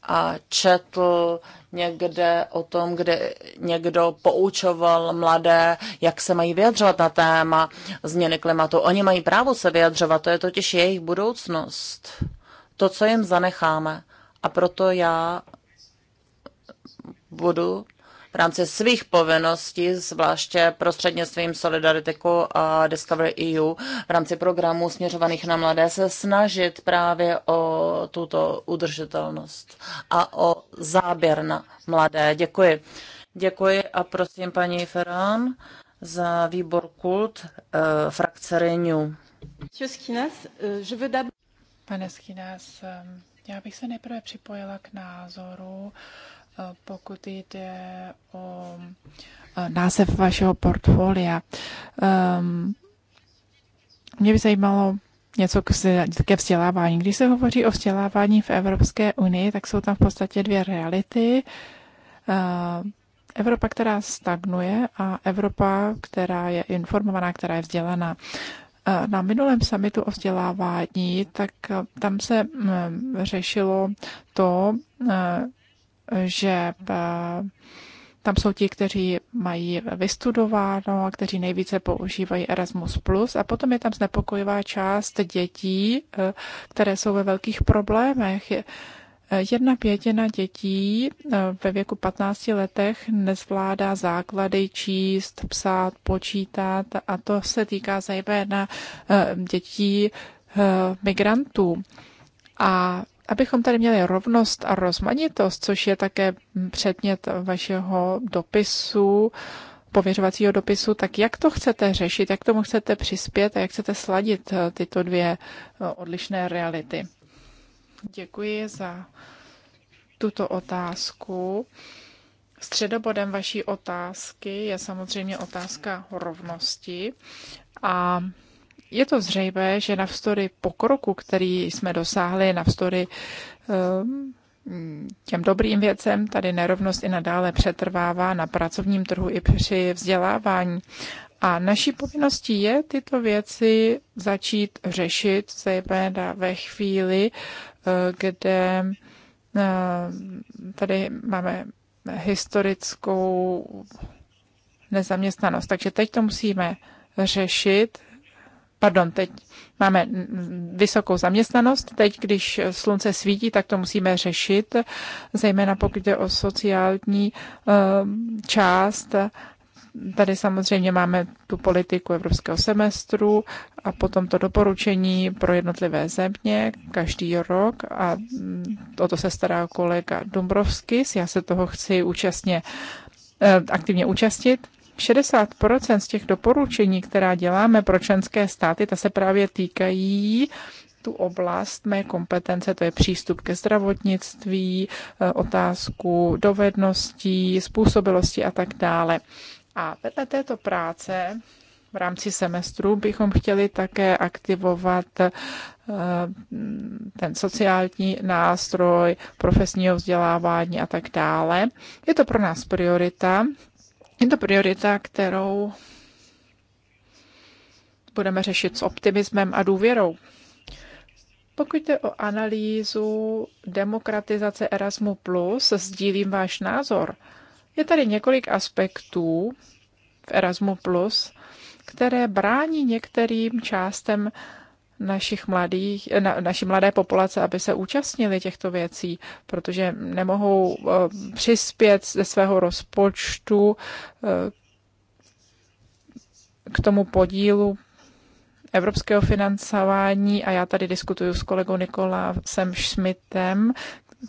a četl někde o tom, kde někdo poučoval mladé, jak se mají vyjadřovat na téma změny klimatu. Oni mají právo se vyjadřovat, to je totiž jejich budoucnost. To, co jim zanecháme. A proto já budu v rámci svých povinností, zvláště prostřednictvím Solidarityku a Discovery EU v rámci programů směřovaných na mladé, se snažit právě o tuto udržitelnost a o záběr na mladé. Děkuji. Děkuji a prosím paní Ferran za výbor kult eh, frakce Renew. Eh, Pane Skinas, eh, já bych se nejprve připojila k názoru pokud jde o e, název vašeho portfolia. Ehm, mě by zajímalo něco ke vzdělávání. Když se hovoří o vzdělávání v Evropské unii, tak jsou tam v podstatě dvě reality. Ehm, Evropa, která stagnuje a Evropa, která je informovaná, která je vzdělaná. Ehm, na minulém samitu o vzdělávání, tak tam se mm, řešilo to, že eh, tam jsou ti, kteří mají vystudováno a kteří nejvíce používají Erasmus+. A potom je tam znepokojivá část dětí, eh, které jsou ve velkých problémech. Eh, jedna pětina dětí ve věku 15 letech nezvládá základy číst, psát, počítat a to se týká zejména dětí migrantů. A abychom tady měli rovnost a rozmanitost, což je také předmět vašeho dopisu, pověřovacího dopisu, tak jak to chcete řešit, jak tomu chcete přispět a jak chcete sladit eh, tyto dvě eh, odlišné reality? Děkuji za tuto otázku. Středobodem vaší otázky je samozřejmě otázka rovnosti a je to zřejmé, že navzdory pokroku, který jsme dosáhli, navzdory ehm, těm dobrým věcem, tady nerovnost i nadále přetrvává na pracovním trhu i při vzdělávání. A naší povinností je tyto věci začít řešit, zejména ve chvíli, eh, kde eh, tady máme historickou nezaměstnanost. Takže teď to musíme řešit pardon, teď máme vysokou zaměstnanost, teď, když slunce svítí, tak to musíme řešit, zejména pokud jde o sociální ehm, část Tady samozřejmě máme tu politiku evropského semestru a potom to doporučení pro jednotlivé země každý rok a mm, o to se stará kolega Dumbrovskis. Já se toho chci účastně, eh, aktivně účastnit. 60% z těch doporučení, která děláme pro členské státy, ta se právě týkají tu oblast mé kompetence, to je přístup ke zdravotnictví, eh, otázku dovedností, způsobilosti a tak dále. A vedle této práce v rámci semestru bychom chtěli také aktivovat eh, ten sociální nástroj profesního vzdělávání a tak dále. Je to pro nás priorita. Je to priorita, kterou budeme řešit s optimismem a důvěrou. Pokud jde o analýzu demokratizace Erasmu+, sdílím váš názor. Je tady několik aspektů v Erasmu+, které brání některým částem našich mladých, na, naši mladé populace, aby se účastnili těchto věcí, protože nemohou uh, přispět ze svého rozpočtu uh, k tomu podílu evropského financování a já tady diskutuju s kolegou Nikolásem Schmidtem,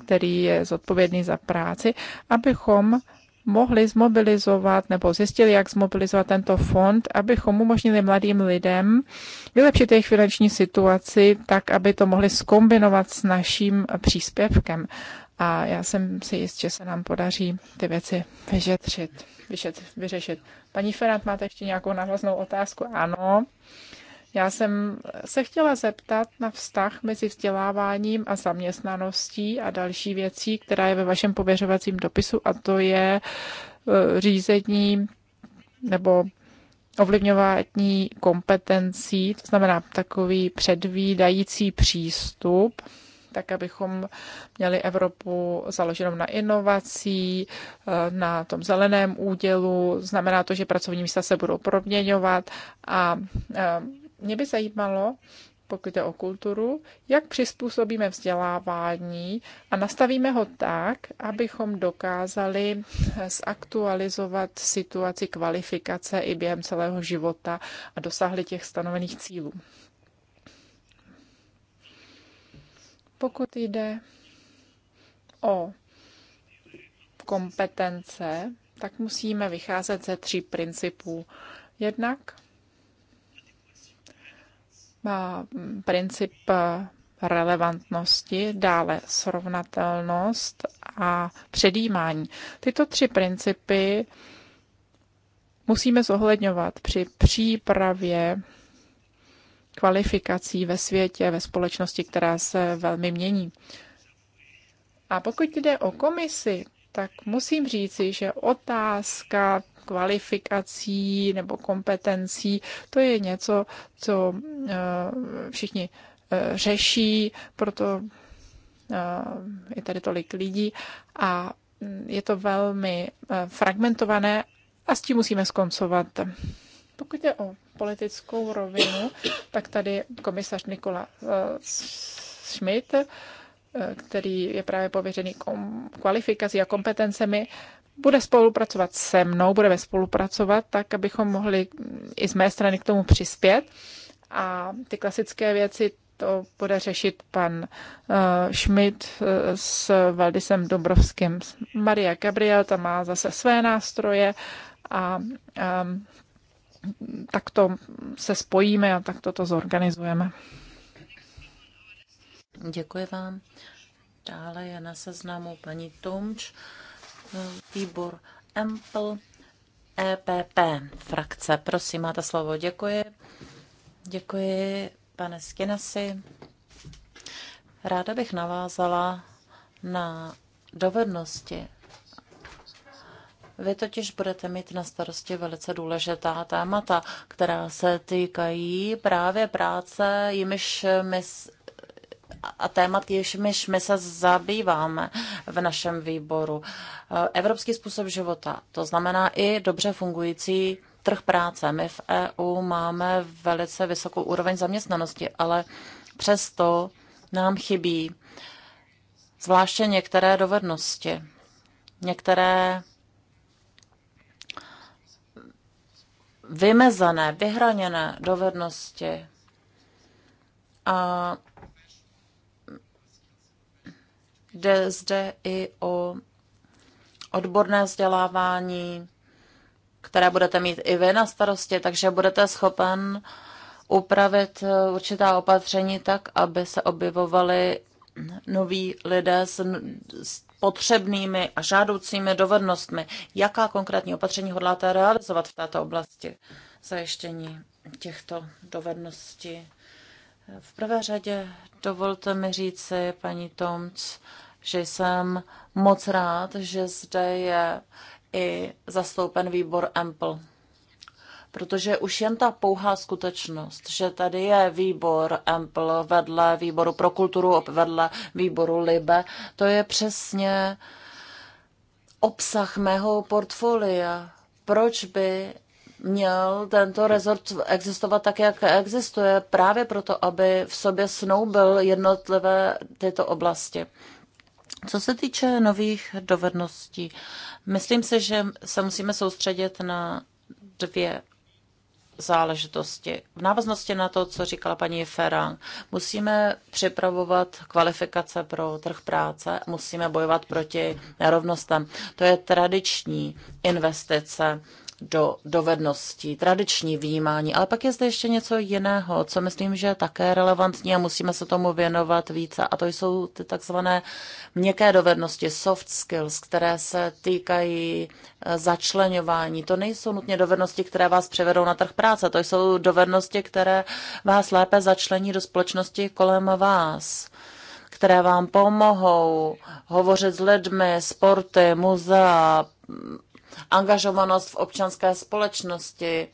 který je zodpovědný za práci, abychom mohli zmobilizovat nebo zjistili, jak zmobilizovat tento fond, abychom umožnili mladým lidem vylepšit jejich finanční situaci tak, aby to mohli skombinovat s naším příspěvkem. A já jsem si jist, že se nám podaří ty věci vyšetřit. vyšetřit vyřešit. Paní Ferrat, máte ještě nějakou návaznou otázku? Ano. Já jsem se chtěla zeptat na vztah mezi vzděláváním a zaměstnaností a další věcí, která je ve vašem pověřovacím dopisu, a to je e, řízení nebo ovlivňování kompetencí, to znamená takový předvídající přístup, tak abychom měli Evropu založenou na inovací, e, na tom zeleném údělu. Znamená to, že pracovní místa se budou proměňovat a e, mě by zajímalo, pokud jde o kulturu, jak přizpůsobíme vzdělávání a nastavíme ho tak, abychom dokázali zaktualizovat situaci kvalifikace i během celého života a dosáhli těch stanovených cílů. Pokud jde o kompetence, tak musíme vycházet ze tří principů. Jednak Mm, princip eh, relevantnosti, dále srovnatelnost a předjímání. Tyto tři principy musíme zohledňovat při přípravě kvalifikací ve světě, ve společnosti, která se velmi mění. A pokud jde o komisi, tak musím říci, že otázka kvalifikací nebo kompetencí, to je něco, co eh, všichni eh, řeší, proto eh, je tady tolik lidí a mm, je to velmi fragmentované a s tím musíme skoncovat. Pokud je o politickou rovinu, tak tady komisař Nikola Schmidt Eh, který je právě pověřený kvalifikací a kompetencemi, bude spolupracovat se mnou, budeme spolupracovat tak, abychom mohli mm, i z mé strany k tomu přispět. A ty klasické věci to bude řešit pan uh, Schmidt eh, s Valdisem Dobrovským. Maria Gabriel tam má zase své nástroje a um, tak to se spojíme a tak to zorganizujeme. Děkuji vám. Dále je na seznamu paní Tomč, eh, výbor Empl, EPP, frakce. Prosím, máte slovo. Děkuji. Děkuji, pane Skinasi. Ráda bych navázala na dovednosti. Vy totiž budete mít na starosti velice důležitá témata, která se týkají právě práce, jimiž my a témat, jimiž my se zabýváme v našem výboru. Evropský způsob života, to znamená i dobře fungující trh práce. My v EU máme velice vysokou úroveň zaměstnanosti, ale přesto nám chybí zvláště některé dovednosti, některé vymezené, vyhraněné dovednosti. A Jde zde i o odborné vzdělávání, které budete mít i vy na starosti, takže budete schopen upravit eh, určitá opatření tak, aby se objevovali noví lidé s, s potřebnými a žádoucími dovednostmi. Jaká konkrétní opatření hodláte realizovat v této oblasti zajištění těchto dovedností? V prvé řadě dovolte mi říci, paní Tomc, že jsem moc rád, že zde je i zastoupen výbor EMPL. Protože už jen ta pouhá skutečnost, že tady je výbor EMPL vedle výboru pro kulturu, vedle výboru LIBE, to je přesně obsah mého portfolia. Proč by měl tento rezort existovat tak, jak existuje, právě proto, aby v sobě snoubil jednotlivé tyto oblasti. Co se týče nových dovedností, myslím si, že se musíme soustředit na dvě záležitosti. V návaznosti na to, co říkala paní Ferang, musíme připravovat kvalifikace pro trh práce, musíme bojovat proti nerovnostem. To je tradiční investice do dovedností, tradiční vnímání, ale pak je zde ještě něco jiného, co myslím, že je také relevantní a musíme se tomu věnovat více a to jsou ty takzvané měkké dovednosti, soft skills, které se týkají eh, začlenování. To nejsou nutně dovednosti, které vás přivedou na trh práce, to jsou dovednosti, které vás lépe začlení do společnosti kolem vás které vám pomohou hovořit s lidmi, sporty, muzea, angažovanost v občanské společnosti,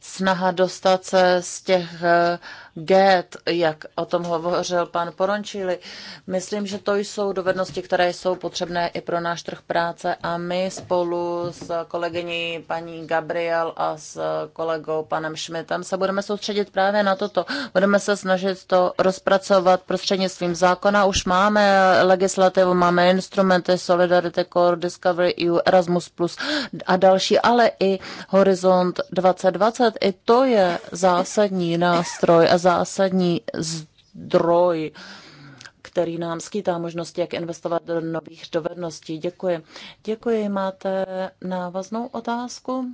snaha dostat se z těch eh, get, jak o tom hovořil pan Porončili. Myslím, že to jsou dovednosti, které jsou potřebné i pro náš trh práce a my spolu s kolegyní paní Gabriel a s kolegou panem Schmidtem se budeme soustředit právě na toto. Budeme se snažit to rozpracovat prostřednictvím zákona. Už máme legislativu, máme instrumenty Solidarity Core, Discovery EU, Erasmus+, a další, ale i Horizont 2020. I to je zásadní nástroj a zásadní zdroj, který nám skýtá možnost, jak investovat do nových dovedností. Děkuji. Děkuji. Máte návaznou otázku?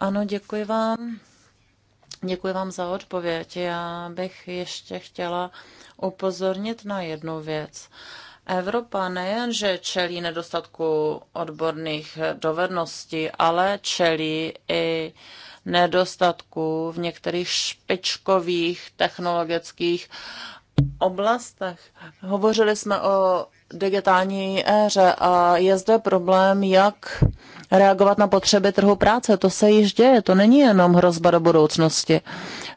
Ano, děkuji vám. Děkuji vám za odpověď. Já bych ještě chtěla upozornit na jednu věc. Uh, Evropa nejenže čelí nedostatku odborných dovedností, ale čelí i nedostatku v některých špičkových technologických oblastech. Hovořili jsme o digitální éře a je zde problém, jak reagovat na potřeby trhu práce. To se již děje, to není jenom hrozba do budoucnosti.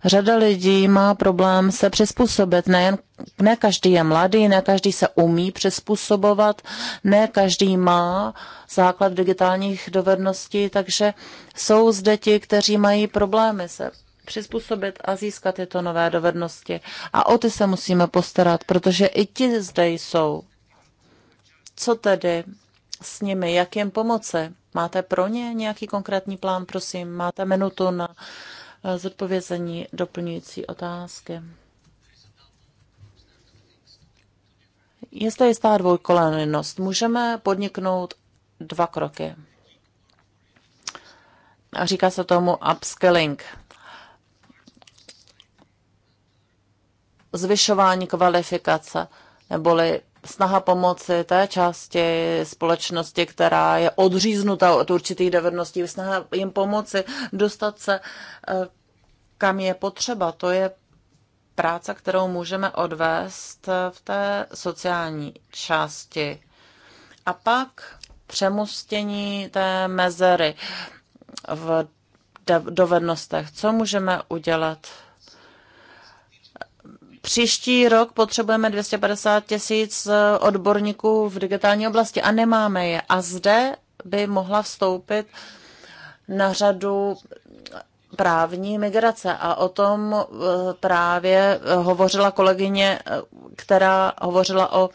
Řada lidí má problém se přizpůsobit. Ne, ne každý je mladý, ne každý se umí přizpůsobovat, ne každý má základ digitálních dovedností, takže jsou zde ti, kteří mají problémy se přizpůsobit a získat tyto nové dovednosti. A o ty se musíme postarat, protože i ti zde jsou. Co tedy s nimi? Jak jim pomoci? Máte pro ně nějaký konkrétní plán, prosím? Máte minutu na eh, zodpovězení doplňující otázky? Je zde jistá dvojkolejnost. Můžeme podniknout dva kroky. A říká se tomu upskilling. Zvyšování kvalifikace, neboli snaha pomoci té části společnosti, která je odříznuta od určitých dovedností, snaha jim pomoci dostat se eh, kam je potřeba. To je práce, kterou můžeme odvést eh, v té sociální části. A pak přemustění té mezery v dovednostech. Co můžeme udělat? Příští rok potřebujeme 250 tisíc eh, odborníků v digitální oblasti a nemáme je. A zde by mohla vstoupit na řadu právní migrace a o tom eh, právě eh, hovořila kolegyně, která hovořila o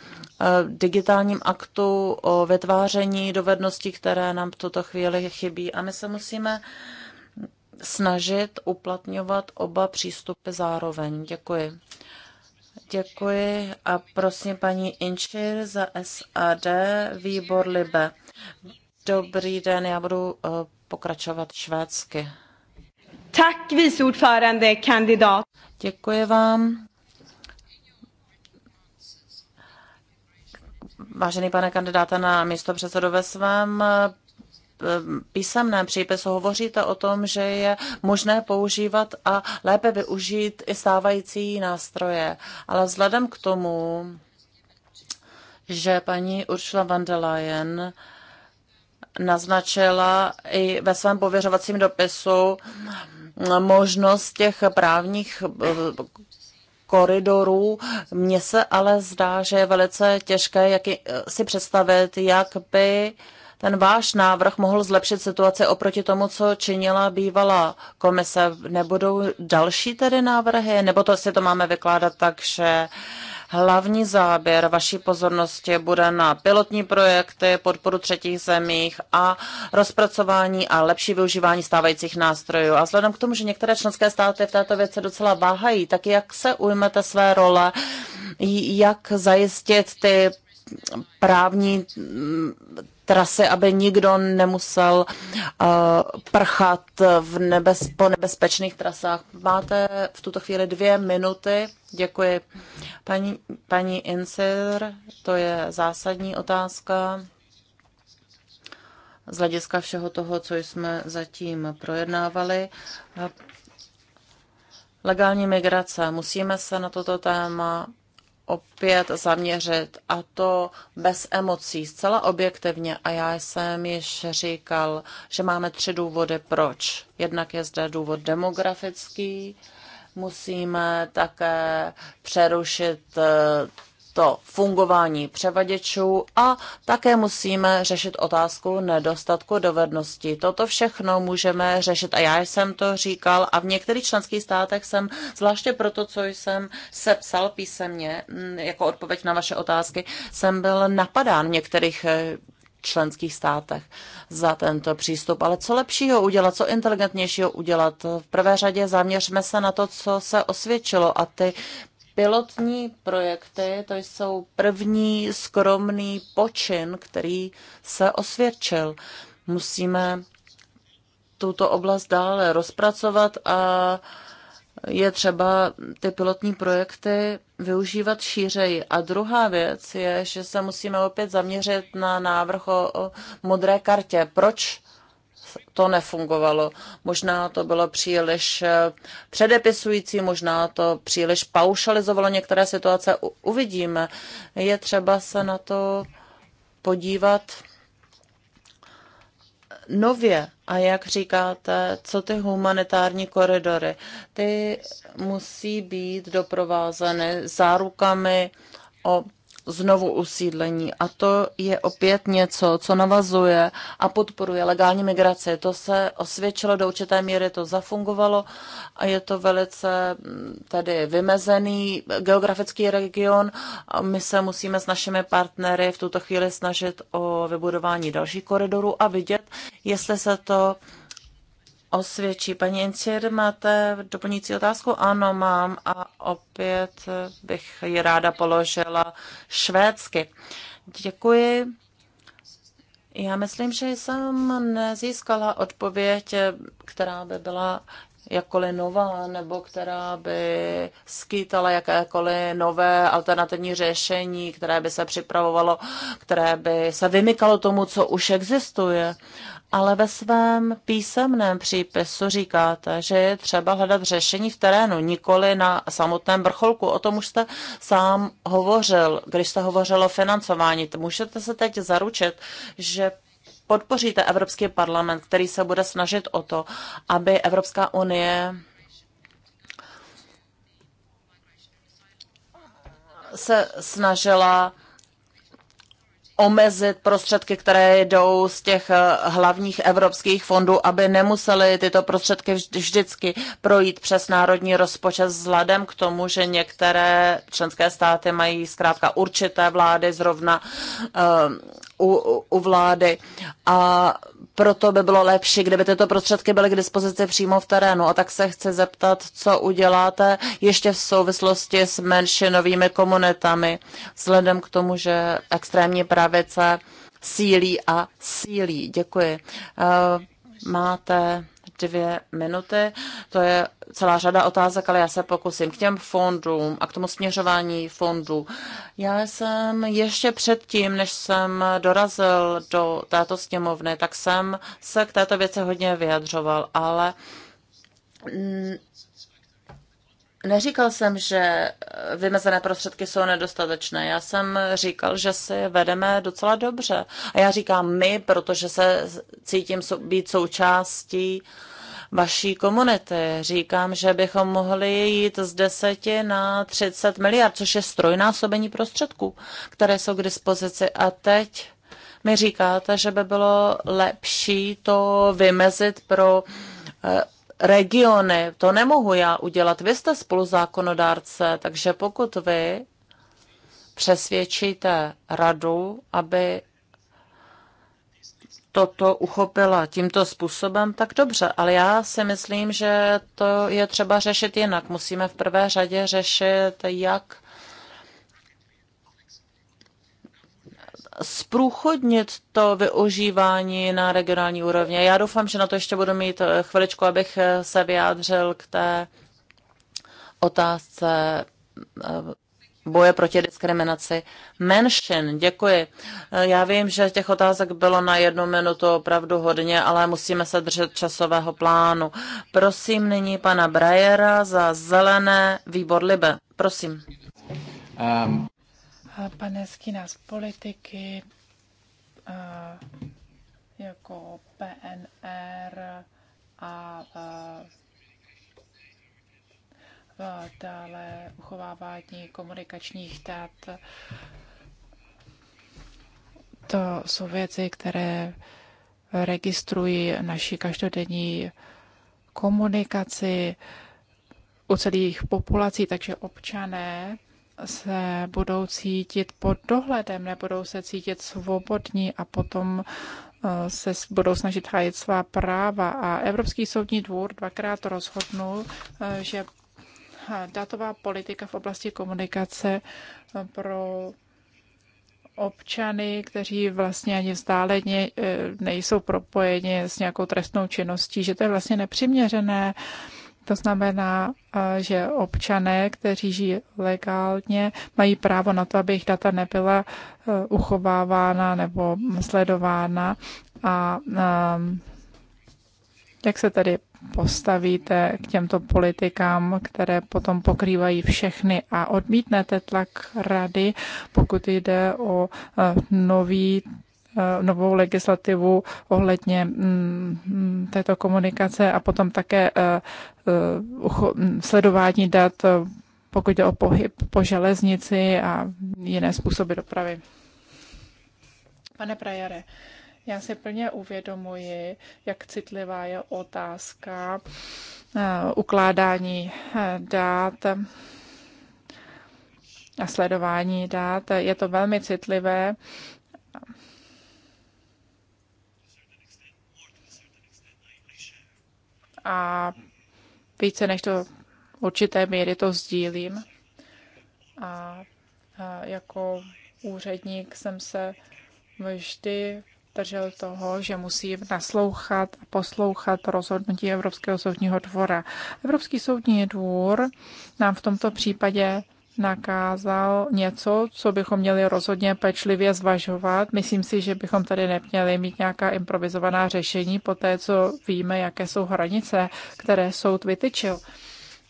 digitálním aktu, o vytváření dovedností, které nám v tuto chvíli chybí. A my se musíme snažit uplatňovat oba přístupy zároveň. Děkuji. Děkuji a prosím paní Inčir za SAD, výbor Libe. Dobrý den, já budu eh, pokračovat švédsky. Tak, vice kandidát. Děkuji vám. Vážený pane kandidáta na místo předsedu ve svém písemném přípisu hovoříte o tom, že je možné používat a lépe využít i stávající nástroje. Ale vzhledem k tomu, že paní Ursula Van der Leyen naznačila i ve svém pověřovacím dopisu možnost těch právních eh, koridorů. Mně se ale zdá, že je velice těžké jak eh, si představit, jak by uh, ten váš návrh mohl zlepšit situaci oproti tomu, co činila bývalá komise. Nebudou další tedy návrhy, nebo to si to máme vykládat tak, že hlavní záběr vaší pozornosti bude na pilotní projekty, podporu třetích zemích a rozpracování a lepší využívání stávajících nástrojů. A vzhledem k tomu, že některé členské státy v této věci docela váhají, tak jak se ujmete své role, jak zajistit ty právní trasy, aby nikdo nemusel uh, prchat v nebez, po nebezpečných trasách. Máte v tuto chvíli dvě minuty. Děkuji. Paní, paní Insir, to je zásadní otázka z hlediska všeho toho, co jsme zatím projednávali. Legální migrace. Musíme se na toto téma opět zaměřit a to bez emocí, zcela objektivně. A já jsem již říkal, že máme tři důvody, proč. Jednak je zde důvod demografický, musíme také přerušit eh, to fungování převaděčů a také musíme řešit otázku nedostatku dovedností. Toto všechno můžeme řešit a já jsem to říkal a v některých členských státech jsem, zvláště proto, co jsem sepsal písemně, jako odpověď na vaše otázky, jsem byl napadán v některých eh, členských státech za tento přístup. Ale co lepšího udělat, co inteligentnějšího udělat? V prvé řadě zaměřme se na to, co se osvědčilo a ty Pilotní projekty to jsou první skromný počin, který se osvědčil. Musíme tuto oblast dále rozpracovat a je třeba ty pilotní projekty využívat šířeji. A druhá věc je, že se musíme opět zaměřit na návrh o, o modré kartě. Proč to nefungovalo. Možná to bylo příliš eh, předepisující, možná to příliš paušalizovalo některé situace. Uvidíme. Je třeba se na to podívat nově a jak říkáte, co ty humanitární koridory, ty musí být doprovázeny zárukami o znovu usídlení. A to je opět něco, co navazuje a podporuje legální migraci. To se osvědčilo do určité míry, to zafungovalo a je to velice mm, tady vymezený geografický region. A my se musíme s našimi partnery v tuto chvíli snažit o vybudování dalších koridorů a vidět, jestli se to osvědčí. Paní Incier, máte doplňující otázku? Ano, mám a opět bych ji ráda položila švédsky. Děkuji. Já myslím, že jsem nezískala odpověď, která by byla jakkoliv nová, nebo která by skýtala jakékoliv nové alternativní řešení, které by se připravovalo, které by se vymykalo tomu, co už existuje ale ve svém písemném přípisu říkáte, že je třeba hledat řešení v terénu, nikoli na samotném vrcholku. O tom už jste sám hovořil, když jste hovořil o financování. Můžete se teď zaručit, že podpoříte Evropský parlament, který se bude snažit o to, aby Evropská unie se snažila omezit prostředky, které jdou z těch eh, hlavních evropských fondů, aby nemuseli tyto prostředky vždycky projít přes národní rozpočet vzhledem k tomu, že některé členské státy mají zkrátka určité vlády, zrovna eh, u, u vlády a proto by bylo lepší, kdyby tyto prostředky byly k dispozici přímo v terénu. A tak se chci zeptat, co uděláte ještě v souvislosti s menšinovými komunitami, vzhledem k tomu, že extrémní pravice sílí a sílí. Děkuji. Eh, máte dvě minuty. To je celá řada otázek, ale já se pokusím k těm fondům a k tomu směřování fondů. Já jsem ještě předtím, než jsem dorazil do této sněmovny, tak jsem se k této věci hodně vyjadřoval, ale Neříkal jsem, že eh, vymezené prostředky jsou nedostatečné. Já jsem říkal, že si vedeme docela dobře. A já říkám my, protože se cítím být součástí vaší komunity. Říkám, že bychom mohli jít z 10 na 30 miliard, což je strojnásobení prostředků, které jsou k dispozici. A teď mi říkáte, že by bylo lepší to vymezit pro eh, regiony. To nemohu já udělat. Vy jste spoluzákonodárce, takže pokud vy přesvědčíte radu, aby toto uchopila tímto způsobem, tak dobře, ale já si myslím, že to je třeba řešit jinak. Musíme v prvé řadě řešit, jak zprůchodnit to využívání na regionální úrovně. Já doufám, že na to ještě budu mít eh, chviličku, abych eh, se vyjádřil k té otázce eh, boje proti diskriminaci menšin. Děkuji. Já vím, že těch otázek bylo na jednu minutu opravdu hodně, ale musíme se držet časového plánu. Prosím nyní pana Brajera za zelené výbor Libe. Prosím. Um pane Skina z politiky, jako PNR a dále uchovávání komunikačních dat. To jsou věci, které registrují naši každodenní komunikaci u celých populací, takže občané se budou cítit pod dohledem, nebudou se cítit svobodní a potom uh, se budou snažit hájit svá práva. A Evropský soudní dvůr dvakrát rozhodnul, uh, že datová politika v oblasti komunikace uh, pro občany, kteří vlastně ani vzdáleně nejsou propojeni s nějakou trestnou činností, že to je vlastně nepřiměřené to znamená, že občané, kteří žijí legálně, mají právo na to, aby jejich data nebyla e, uchovávána nebo sledována. A jak se tedy postavíte k těmto politikám, které potom pokrývají všechny a odmítnete tlak rady, pokud jde o e, nový Eh, novou legislativu ohledně mm, mm, této komunikace a potom také eh, eh, mm, sledování dat, pokud jde o pohyb po železnici a jiné způsoby dopravy. Pane Prajare, já si plně uvědomuji, jak citlivá je otázka ukládání dát a sledování dát. Je to velmi citlivé a více než to určité míry to sdílím. A, a jako úředník jsem se vždy držel toho, že musím naslouchat a poslouchat rozhodnutí Evropského soudního dvora. Evropský soudní dvůr nám v tomto případě nakázal něco, co bychom měli rozhodně pečlivě zvažovat. Myslím si, že bychom tady neměli mít nějaká improvizovaná řešení po té, co víme, jaké jsou hranice, které soud vytyčil.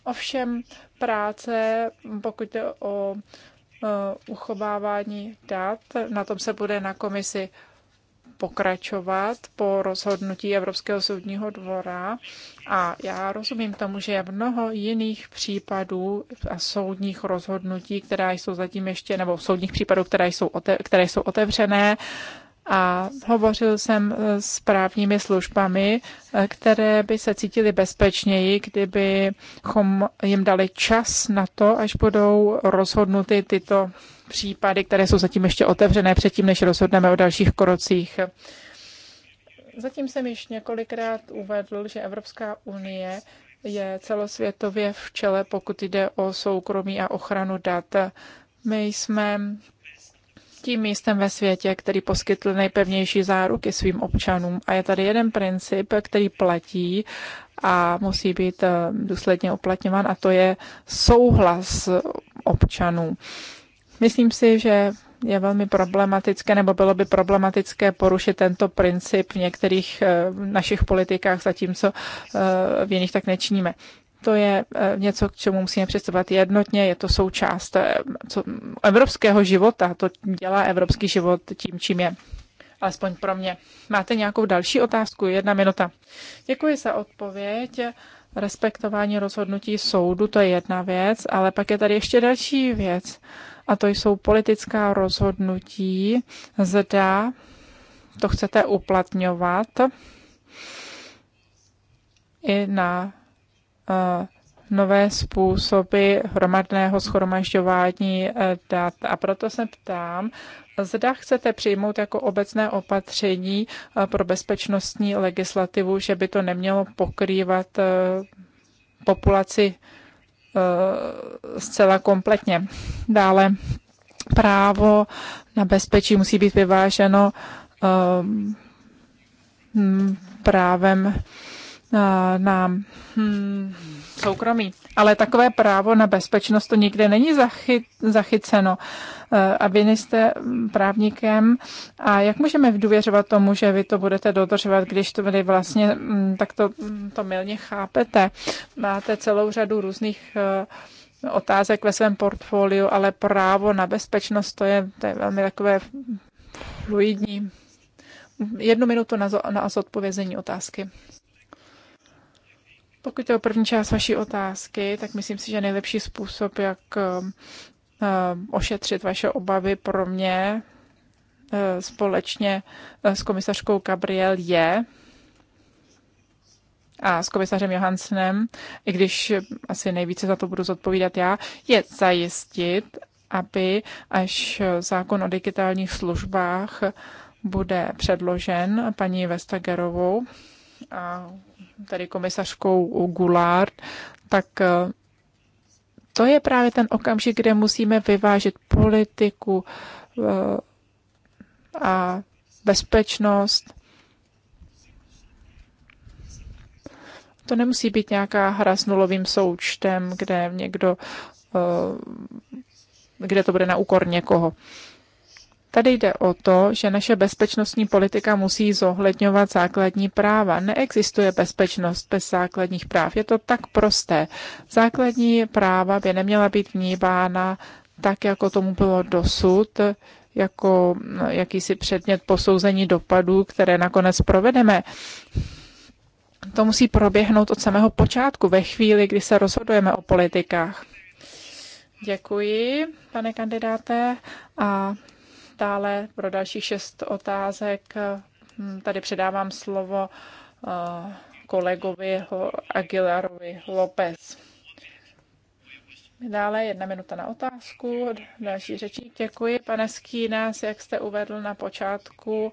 Ovšem práce, pokud jde o e, uchovávání dat, na tom se bude na komisi pokračovat po rozhodnutí Evropského soudního dvora a já rozumím tomu, že je mnoho jiných případů a soudních rozhodnutí, která jsou zatím ještě, nebo soudních případů, které jsou, ote, které jsou otevřené, a hovořil jsem eh, s právními službami, eh, které by se cítili bezpečněji, kdybychom jim dali čas na to, až budou rozhodnuty tyto případy, které jsou zatím ještě otevřené předtím, než rozhodneme o dalších krocích. Zatím jsem již několikrát uvedl, že Evropská unie je celosvětově v čele, pokud jde o soukromí a ochranu dat. My jsme tím místem ve světě, který poskytl nejpevnější záruky svým občanům. A je tady jeden princip, který platí a musí být eh, důsledně uplatňován, a to je souhlas občanů. Myslím si, že je velmi problematické, nebo bylo by problematické porušit tento princip v některých eh, našich politikách, zatímco eh, v jiných tak nečiníme to je eh, něco, k čemu musíme přistupovat jednotně, je to součást eh, evropského života, to dělá evropský život tím, čím je. Alespoň pro mě. Máte nějakou další otázku? Jedna minuta. Děkuji za odpověď. Respektování rozhodnutí soudu, to je jedna věc, ale pak je tady ještě další věc, a to jsou politická rozhodnutí, zda to chcete uplatňovat i na Eh, nové způsoby hromadného schromažďování eh, dat. A proto se ptám, zda chcete přijmout jako obecné opatření eh, pro bezpečnostní legislativu, že by to nemělo pokrývat populaci zcela kompletně. Dále právo na bezpečí musí být vyváženo právem na hmm, soukromí. Ale takové právo na bezpečnost to nikde není zachy, zachyceno. Eh, a vy nejste hm, právníkem. A jak můžeme důvěřovat tomu, že vy to budete dodržovat, když to byli vlastně, hm, tak to, hm, to milně chápete. Máte celou řadu různých eh, otázek ve svém portfoliu, ale právo na bezpečnost, to je, to je velmi takové fluidní. Jednu minutu na, na zodpovězení otázky. Pokud je o první část vaší otázky, tak myslím si, že nejlepší způsob, jak eh, eh, ošetřit vaše obavy pro mě eh, společně s komisařkou Gabriel je a s komisařem Johansnem, i když asi nejvíce za to budu zodpovídat já, je zajistit, aby až zákon o digitálních službách bude předložen paní Vestagerovou a tady komisařkou Goulart, tak eh, to je právě ten okamžik, kde musíme vyvážit politiku eh, a bezpečnost. To nemusí být nějaká hra s nulovým součtem, kde někdo, eh, kde to bude na úkor někoho. Tady jde o to, že naše bezpečnostní politika musí zohledňovat základní práva. Neexistuje bezpečnost bez základních práv. Je to tak prosté. Základní práva by neměla být vnímána tak, jako tomu bylo dosud, jako jakýsi předmět posouzení dopadů, které nakonec provedeme. To musí proběhnout od samého počátku, ve chvíli, kdy se rozhodujeme o politikách. Děkuji, pane kandidáte. A stále pro dalších šest otázek hm, tady předávám slovo eh, kolegovi Aguilarovi López. Dále jedna minuta na otázku. Další řečí. Děkuji, pane Skýnes, jak jste uvedl na počátku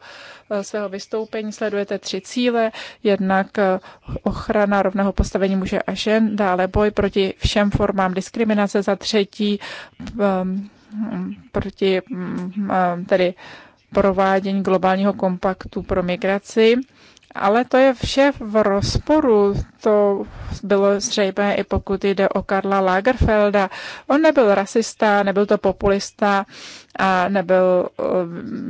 eh, svého vystoupení. Sledujete tři cíle. Jednak eh, ochrana rovného postavení muže a žen, dále boj proti všem formám diskriminace, za třetí Mm, proti mm, tedy provádění globálního kompaktu pro migraci. Ale to je vše v rozporu. To bylo zřejmé i pokud jde o Karla Lagerfelda. On nebyl rasista, nebyl to populista a nebyl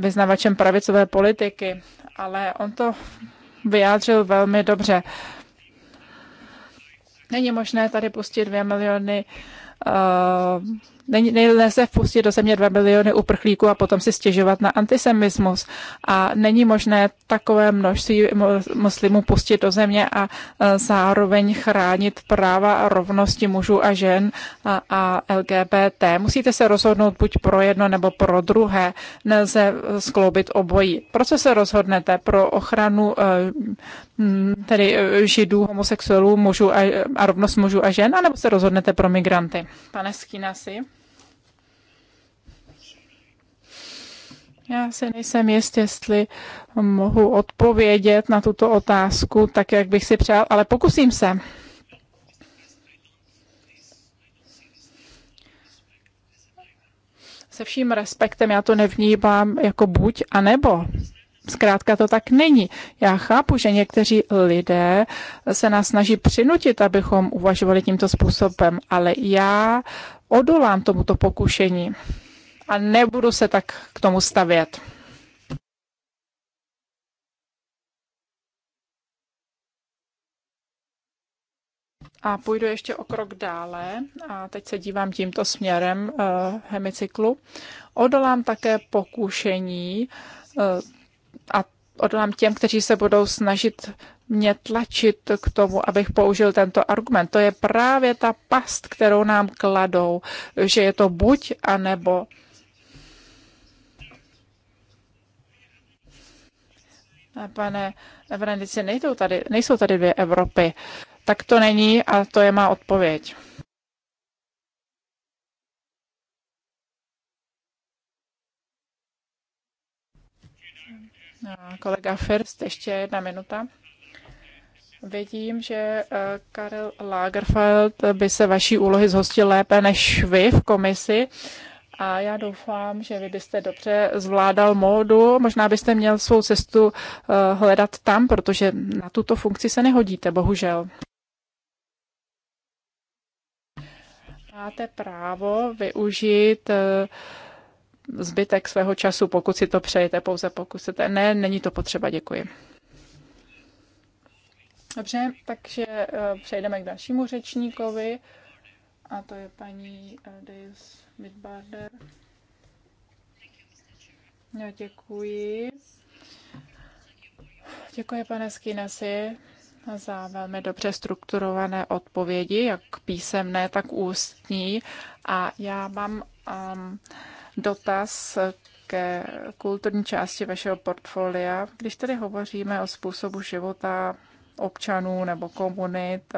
vyznavačem pravicové politiky, ale on to vyjádřil velmi dobře. Není možné tady pustit dvě miliony uh, se vpustit do země 2 miliony uprchlíků a potom si stěžovat na antisemismus. A není možné takové množství muslimů pustit do země a e, zároveň chránit práva a rovnosti mužů a žen a, a LGBT. Musíte se rozhodnout buď pro jedno nebo pro druhé. Nelze e, skloubit obojí. Pro co se rozhodnete? Pro ochranu e, tedy židů, homosexuálů, mužů a, a rovnost mužů a žen, anebo se rozhodnete pro migranty? Pane Skinasi. Já se nejsem jist, jestli mohu odpovědět na tuto otázku tak, jak bych si přál, ale pokusím se. Se vším respektem já to nevnímám jako buď a nebo. Zkrátka to tak není. Já chápu, že někteří lidé se nás snaží přinutit, abychom uvažovali tímto způsobem, ale já odolám tomuto pokušení a nebudu se tak k tomu stavět. A půjdu ještě o krok dále, a teď se dívám tímto směrem uh, hemicyklu. Odolám také pokušení uh, a odolám těm, kteří se budou snažit mě tlačit k tomu, abych použil tento argument. To je právě ta past, kterou nám kladou, že je to buď a nebo pane Evrendici, nejsou tady, nejsou tady dvě Evropy. Tak to není a to je má odpověď. No, kolega First, ještě jedna minuta. Vidím, že eh, Karel Lagerfeld by se vaší úlohy zhostil lépe než vy v komisi a já doufám, že vy byste dobře zvládal módu. Možná byste měl svou cestu eh, hledat tam, protože na tuto funkci se nehodíte, bohužel. Máte právo využít eh, zbytek svého času, pokud si to přejete, pouze pokud chcete. Ne, není to potřeba, děkuji. Dobře, takže eh, přejdeme k dalšímu řečníkovi a to je paní eh, Deus Midbarder. Já děkuji. Děkuji, pane Skinesi, za velmi dobře strukturované odpovědi, jak písemné, tak ústní. A já mám um, dotaz ke kulturní části vašeho portfolia. Když tedy hovoříme o způsobu života občanů nebo komunit,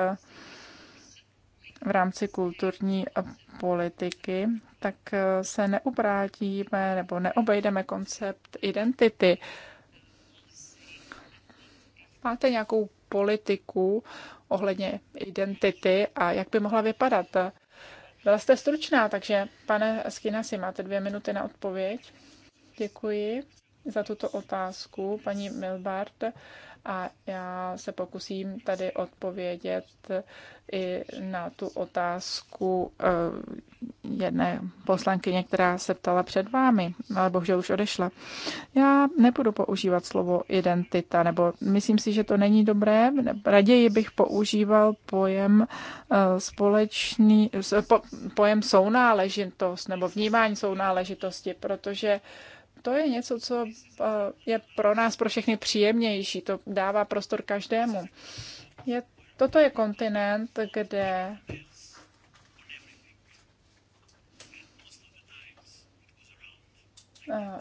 v rámci kulturní politiky, tak eh, se neubrátíme nebo neobejdeme koncept identity. Máte nějakou politiku ohledně identity a jak by mohla vypadat? Byla jste stručná, takže pane Skinasi, máte dvě minuty na odpověď. Děkuji za tuto otázku, paní Milbard a já se pokusím tady odpovědět i na tu otázku eh, jedné poslankyně, která se ptala před vámi, ale bohužel už odešla. Já nebudu používat slovo identita, nebo myslím si, že to není dobré. Raději bych používal pojem eh, společný, pojem sounáležitost nebo vnímání sounáležitosti, protože to je něco, co eh, je pro nás, pro všechny příjemnější. To dává prostor každému. Je, toto je kontinent, kde eh,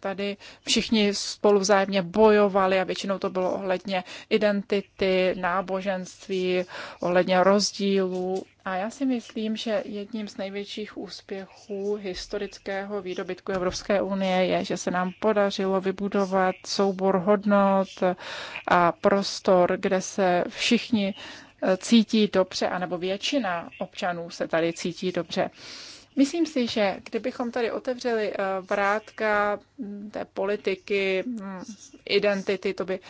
tady všichni spolu vzájemně bojovali a většinou to bylo ohledně identity, náboženství, ohledně rozdílů a já si myslím, že jedním z největších úspěchů historického výdobytku Evropské unie je, že se nám podařilo vybudovat soubor hodnot a prostor, kde se všichni eh, cítí dobře, anebo většina občanů se tady cítí dobře. Myslím si, že kdybychom tady otevřeli eh, vrátka mm, té politiky, mm, identity, to by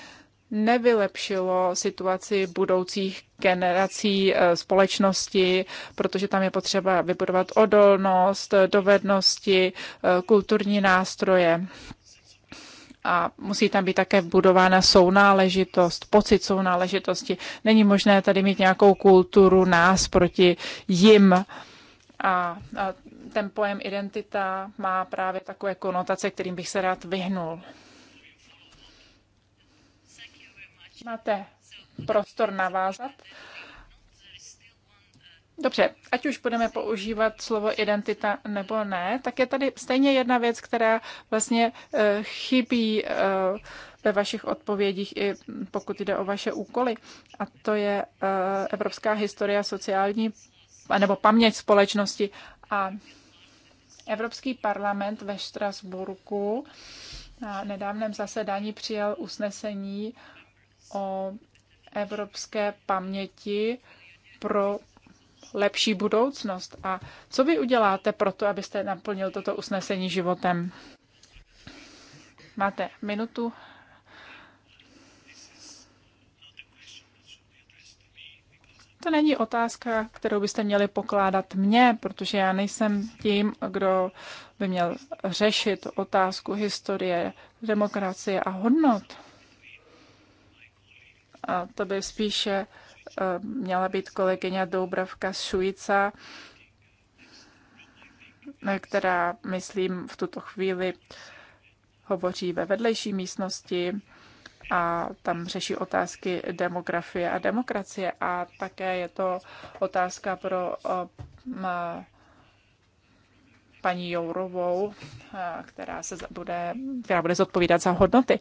nevylepšilo situaci budoucích generací eh, společnosti, protože tam je potřeba vybudovat odolnost, dovednosti, eh, kulturní nástroje. A musí tam být také vbudována sounáležitost, pocit sounáležitosti. Není možné tady mít nějakou kulturu nás proti jim. A, a ten pojem identita má právě takové konotace, kterým bych se rád vyhnul. Máte prostor navázat. Dobře, ať už budeme používat slovo identita nebo ne, tak je tady stejně jedna věc, která vlastně eh, chybí eh, ve vašich odpovědích, i pokud jde o vaše úkoly, a to je eh, evropská historie sociální nebo paměť společnosti. A Evropský parlament ve Štrasburku na nedávném zasedání přijal usnesení o evropské paměti pro lepší budoucnost. A co vy uděláte pro to, abyste naplnil toto usnesení životem? Máte minutu. To není otázka, kterou byste měli pokládat mně, protože já nejsem tím, kdo by měl řešit otázku historie, demokracie a hodnot. A to by spíše eh, měla být kolegyně Doubravka z Šujica, eh, která, myslím, v tuto chvíli hovoří ve vedlejší místnosti a tam řeší otázky demografie a demokracie. A také je to otázka pro eh, paní Jourovou, která se bude, která bude zodpovídat za hodnoty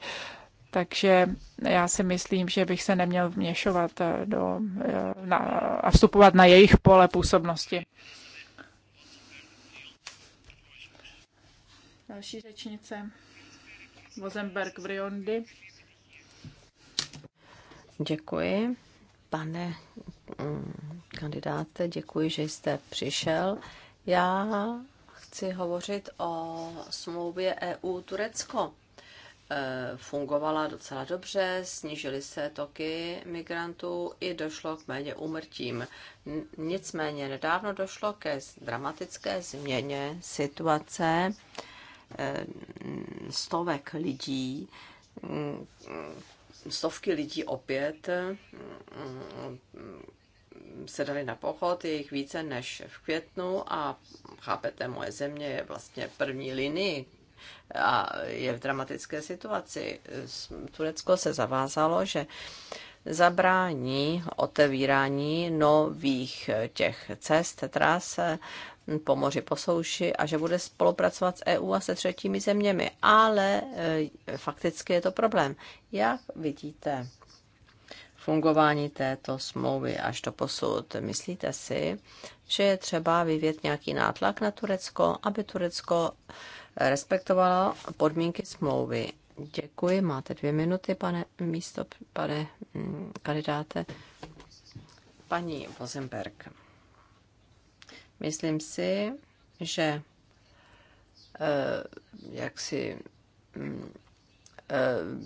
takže já si myslím, že bych se neměl vměšovat eh, do, eh, na, a vstupovat na jejich pole působnosti. Další řečnice. Vozemberg v Děkuji. Pane mm, kandidáte, děkuji, že jste přišel. Já chci hovořit o smlouvě EU-Turecko. Eh, fungovala docela dobře, snížily se toky migrantů i došlo k méně umrtím. Nicméně nedávno došlo ke dramatické změně situace eh, stovek lidí, mm, stovky lidí opět mm, se dali na pochod, je jich více než v květnu a chápete, moje země je vlastně první linii a je v dramatické situaci. Turecko se zavázalo, že zabrání otevírání nových eh, těch cest, tras eh, po moři, po souši a že bude spolupracovat s EU a se třetími zeměmi. Ale eh, fakticky je to problém. Jak vidíte fungování této smlouvy až do posud? Myslíte si, že je třeba vyvět nějaký nátlak na Turecko, aby Turecko respektovala podmínky smlouvy. Děkuji, máte dvě minuty, pane místo, pane mm, kandidáte. Paní Vozenberg, myslím si, že eh, jak si mm, eh,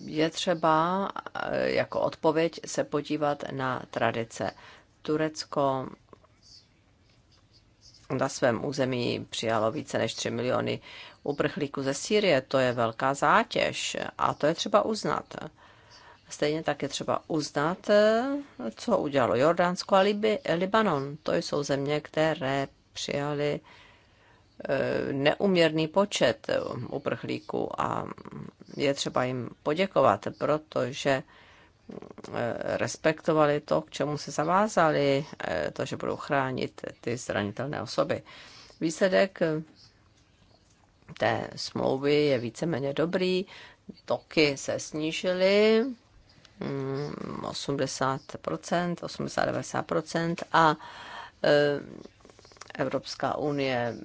je třeba eh, jako odpověď se podívat na tradice. Turecko na svém území přijalo více než 3 miliony uprchlíků ze Sýrie, to je velká zátěž a to je třeba uznat. Stejně tak je třeba uznat, co udělalo Jordánsko a Liby, Libanon. To jsou země, které přijali eh, neuměrný počet uprchlíků a je třeba jim poděkovat, protože eh, respektovali to, k čemu se zavázali, eh, to, že budou chránit ty zranitelné osoby. Výsledek té smlouvy je víceméně dobrý. Toky se snížily 80%, mm, 80-90% a e, Evropská unie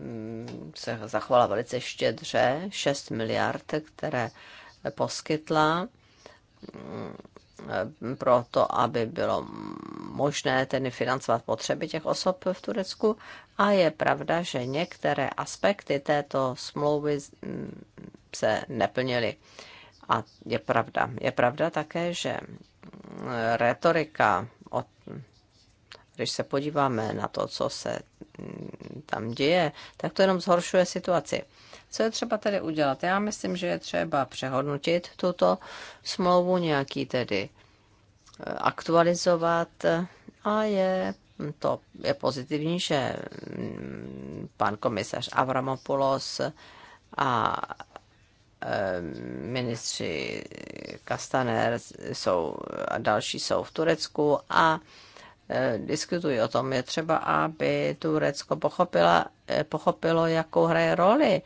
mm, se zachovala velice štědře, 6 miliard, které poskytla mm, Eh, pro to, aby bylo možné tedy financovat potřeby těch osob v Turecku. A je pravda, že některé aspekty této smlouvy mm, se neplnily. A je pravda. Je pravda také, že mm, retorika, od, když se podíváme na to, co se mm, tam děje, tak to jenom zhoršuje situaci. Co je třeba tedy udělat? Já myslím, že je třeba přehodnotit tuto smlouvu nějaký tedy eh, aktualizovat a je to je pozitivní, že mm, pan komisař Avramopoulos a eh, ministři Kastaner jsou, a další jsou v Turecku a eh, diskutují o tom. Je třeba, aby Turecko pochopila, pochopilo, jakou hraje roli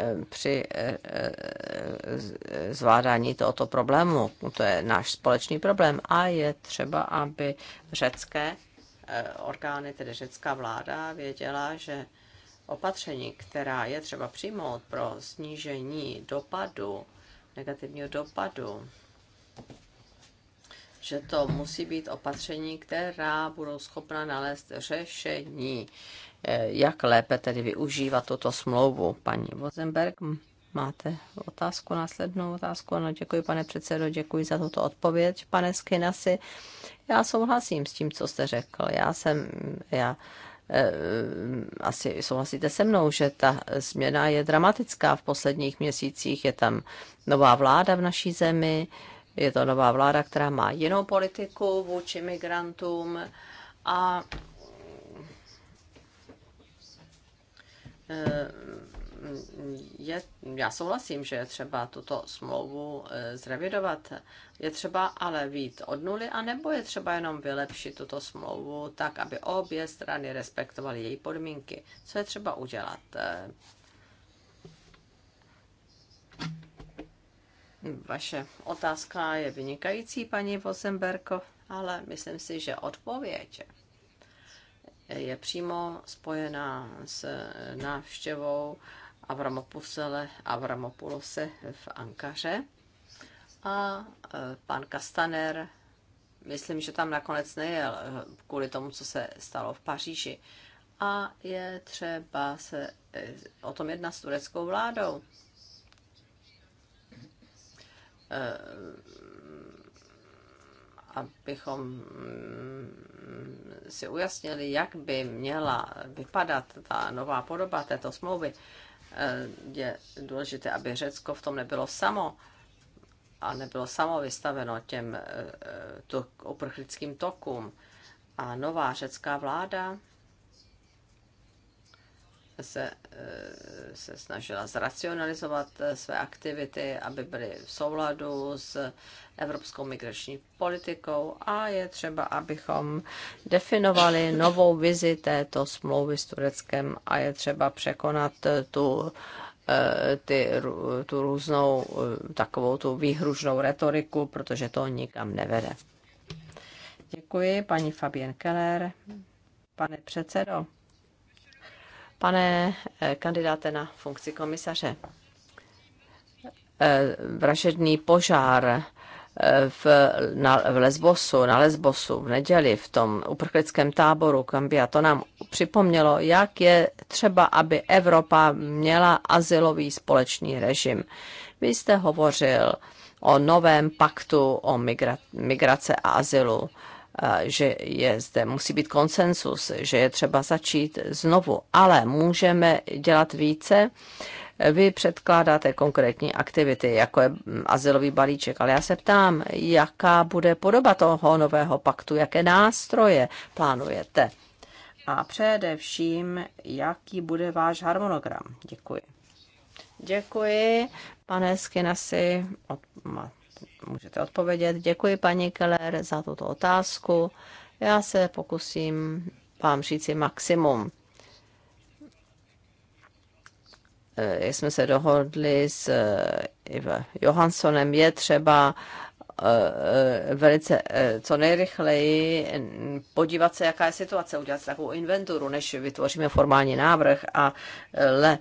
Eh, při eh, eh, zvládání tohoto problému. To je náš společný problém a je třeba, aby řecké orgány, tedy řecká vláda, věděla, že opatření, která je třeba přijmout pro snížení dopadu, negativního dopadu, že to musí být opatření, která budou schopna nalézt řešení jak lépe tedy využívat tuto smlouvu. Paní Vozenberg, máte otázku, následnou otázku? Ano, děkuji, pane předsedo, děkuji za tuto odpověď, pane Skinasi. Já souhlasím s tím, co jste řekl. Já jsem, já eh, asi souhlasíte se mnou, že ta změna je dramatická v posledních měsících. Je tam nová vláda v naší zemi, je to nová vláda, která má jinou politiku vůči migrantům a Eh, je, já souhlasím, že je třeba tuto smlouvu eh, zrevidovat. Je třeba ale vít od nuly, anebo je třeba jenom vylepšit tuto smlouvu tak, aby obě strany respektovaly její podmínky. Co je třeba udělat? Eh, vaše otázka je vynikající, paní Vosenberko, ale myslím si, že odpověď je přímo spojená s návštěvou Avramopusele, Avramopulose v Ankaře. A e, pan Kastaner, myslím, že tam nakonec nejel e, kvůli tomu, co se stalo v Paříži. A je třeba se e, o tom jednat s tureckou vládou abychom mm, si ujasnili, jak by měla vypadat ta nová podoba této smlouvy. Eh, je důležité, aby Řecko v tom nebylo samo a nebylo samo vystaveno těm eh, eh, to, uprchlickým tokům. A nová řecká vláda se, eh, se snažila zracionalizovat eh, své aktivity, aby byly v souladu s evropskou migrační politikou a je třeba, abychom definovali novou vizi této smlouvy s Tureckem a je třeba překonat eh, tu ty, tu různou takovou tu výhružnou retoriku, protože to nikam nevede. Děkuji, paní Fabien Keller. Pane předsedo, Pane eh, kandidáte na funkci komisaře, eh, vražedný požár eh, v, na, v Lesbosu, na Lesbosu v neděli v tom uprchlickém táboru Kambia. To nám připomnělo, jak je třeba, aby Evropa měla asilový společný režim. Vy jste hovořil o novém paktu o migra, migrace a azylu že je zde musí být konsensus, že je třeba začít znovu, ale můžeme dělat více. Vy předkládáte konkrétní aktivity, jako je mm, asilový balíček, ale já se ptám, jaká bude podoba toho nového paktu, jaké nástroje plánujete? A především, jaký bude váš harmonogram? Děkuji. Děkuji, pane Skinasi, od, můžete odpovědět. Děkuji, paní Keller, za tuto otázku. Já se pokusím vám si maximum. Eh, jak jsme se dohodli s eh, Johanssonem, je třeba Eh, eh, velice eh, co nejrychleji podívat se, jaká je situace, udělat takovou inventuru, než vytvoříme formální návrh, a le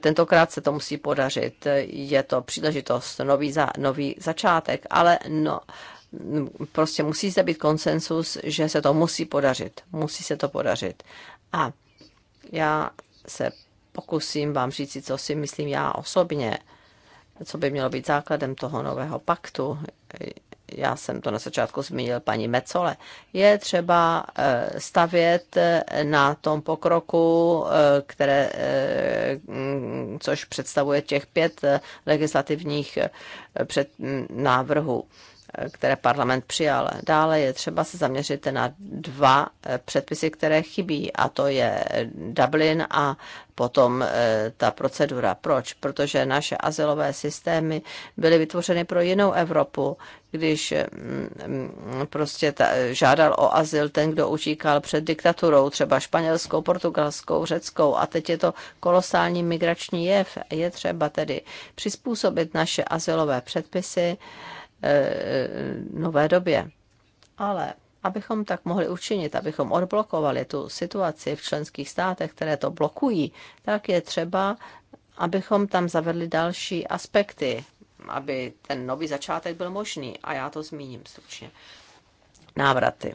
tentokrát se to musí podařit. Je to příležitost, nový, za, nový začátek, ale no, prostě musí zde být konsensus, že se to musí podařit. Musí se to podařit. A já se pokusím vám říct, co si myslím já osobně co by mělo být základem toho nového paktu, já jsem to na začátku zmínil paní Mecole, je třeba eh, stavět eh, na tom pokroku, eh, které, mm, což představuje těch pět legislativních před mm, návrhů které parlament přijal. Dále je třeba se zaměřit na dva eh, předpisy, které chybí, a to je Dublin a potom eh, ta procedura. Proč? Protože naše asilové systémy byly vytvořeny pro jinou Evropu, když eh, mm, mm, prostě ta, žádal o azyl ten, kdo utíkal před diktaturou, třeba španělskou, portugalskou, řeckou a teď je to kolosální migrační jev. Je třeba tedy přizpůsobit naše asilové předpisy eh, Eh, eh, nové době. Ale abychom tak mohli učinit, abychom odblokovali tu situaci v členských státech, které to blokují, tak je třeba, abychom tam zavedli další aspekty, aby ten nový začátek byl možný. A já to zmíním stručně. Návraty.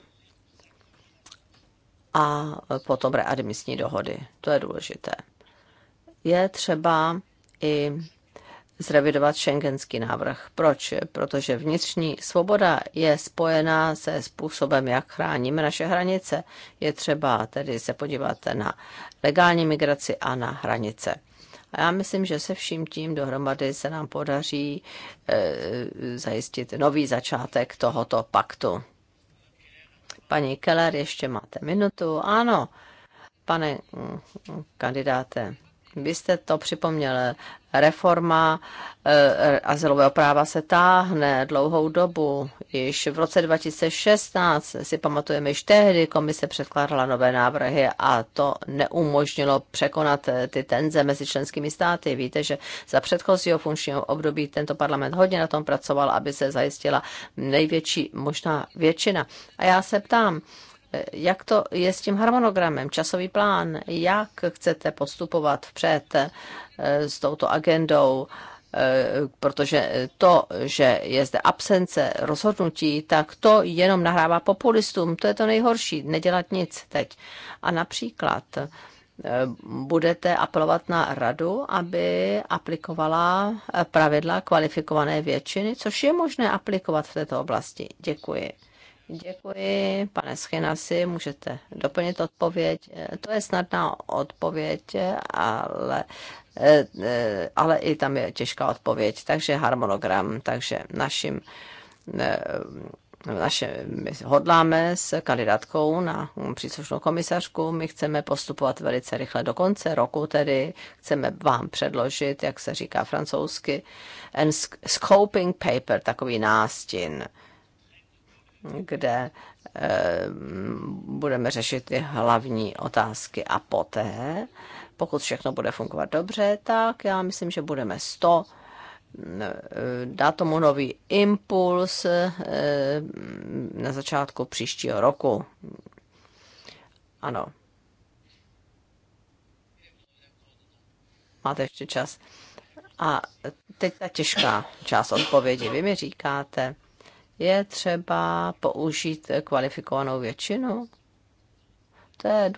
A potom readmisní dohody. To je důležité. Je třeba i zrevidovat šengenský návrh. Proč? Protože vnitřní svoboda je spojená se způsobem, jak chráníme naše hranice. Je třeba tedy se podívat na legální migraci a na hranice. A já myslím, že se vším tím dohromady se nám podaří e, zajistit nový začátek tohoto paktu. Paní Keller, ještě máte minutu. Ano, pane mm, mm, kandidáte vy jste to připomněl. Reforma e, azylového práva se táhne dlouhou dobu. Již v roce 2016 si pamatujeme, že tehdy komise předkládala nové návrhy a to neumožnilo překonat eh, ty tenze mezi členskými státy. Víte, že za předchozího funkčního období tento parlament hodně na tom pracoval, aby se zajistila největší možná většina. A já se ptám, Eh, jak to je s tím harmonogramem, časový plán, jak chcete postupovat vpřed eh, s touto agendou, eh, protože to, že je zde absence rozhodnutí, tak to jenom nahrává populistům. To je to nejhorší, nedělat nic teď. A například budete apelovat na radu, aby aplikovala pravidla kvalifikované většiny, což je možné aplikovat v této oblasti. Děkuji. Děkuji, pane Schinasi, můžete doplnit odpověď. Eh, to je snadná odpověď, eh, ale, eh, ale i tam je těžká odpověď. Takže harmonogram, takže našim naše, my hodláme s kandidátkou na příslušnou komisařku. My chceme postupovat velice rychle do konce roku, tedy chceme vám předložit, jak se říká francouzsky, and scoping paper, takový nástin kde eh, budeme řešit ty hlavní otázky a poté, pokud všechno bude fungovat dobře, tak já myslím, že budeme 100 eh, dá tomu nový impuls eh, na začátku příštího roku. Ano. Máte ještě čas. A teď ta těžká část odpovědi. Vy mi říkáte, je třeba použít kvalifikovanou většinu? To je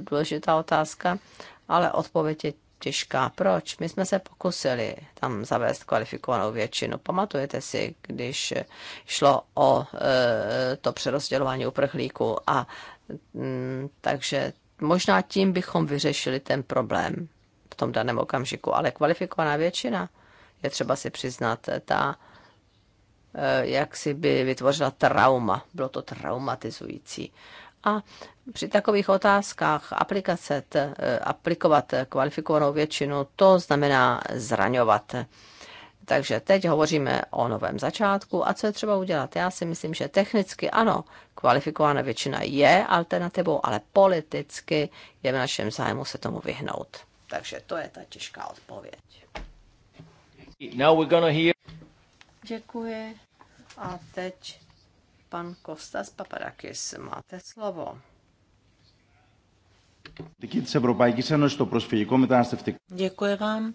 důležitá otázka, ale odpověď je těžká. Proč? My jsme se pokusili tam zavést kvalifikovanou většinu. Pamatujete si, když šlo o e, to přerozdělování uprchlíků a mm, takže možná tím bychom vyřešili ten problém v tom daném okamžiku, ale kvalifikovaná většina je třeba si přiznat, ta Eh, jak si by vytvořila trauma. Bylo to traumatizující. A při takových otázkách aplikace, eh, aplikovat kvalifikovanou většinu, to znamená zraňovat. Takže teď hovoříme o novém začátku a co je třeba udělat. Já si myslím, že technicky ano, kvalifikovaná většina je alternativou, ale politicky je v našem zájmu se tomu vyhnout. Takže to je ta těžká odpověď. Now we're gonna hear... Děkuji. A teď pan Kostas Papadakis. Máte slovo. Děkuji vám.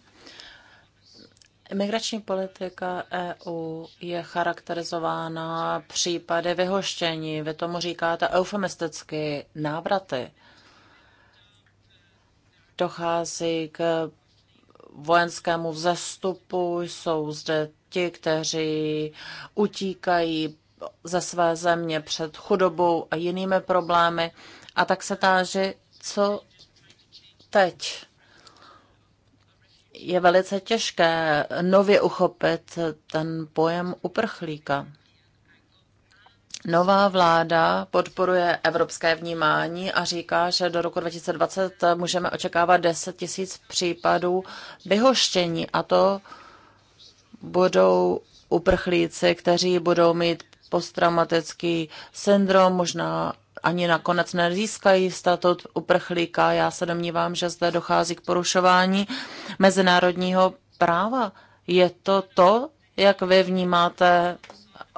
Imigrační politika EU je charakterizována případy vyhoštění, vy tomu říkáte eufemisticky návraty. Dochází k vojenskému vzestupu, jsou zde ti, kteří utíkají ze své země před chudobou a jinými problémy. A tak se táži, co teď je velice těžké nově uchopit ten pojem uprchlíka. Nová vláda podporuje evropské vnímání a říká, že do roku 2020 můžeme očekávat 10 tisíc případů vyhoštění a to budou uprchlíci, kteří budou mít posttraumatický syndrom, možná ani nakonec nezískají statut uprchlíka. Já se domnívám, že zde dochází k porušování mezinárodního práva. Je to to, jak vy vnímáte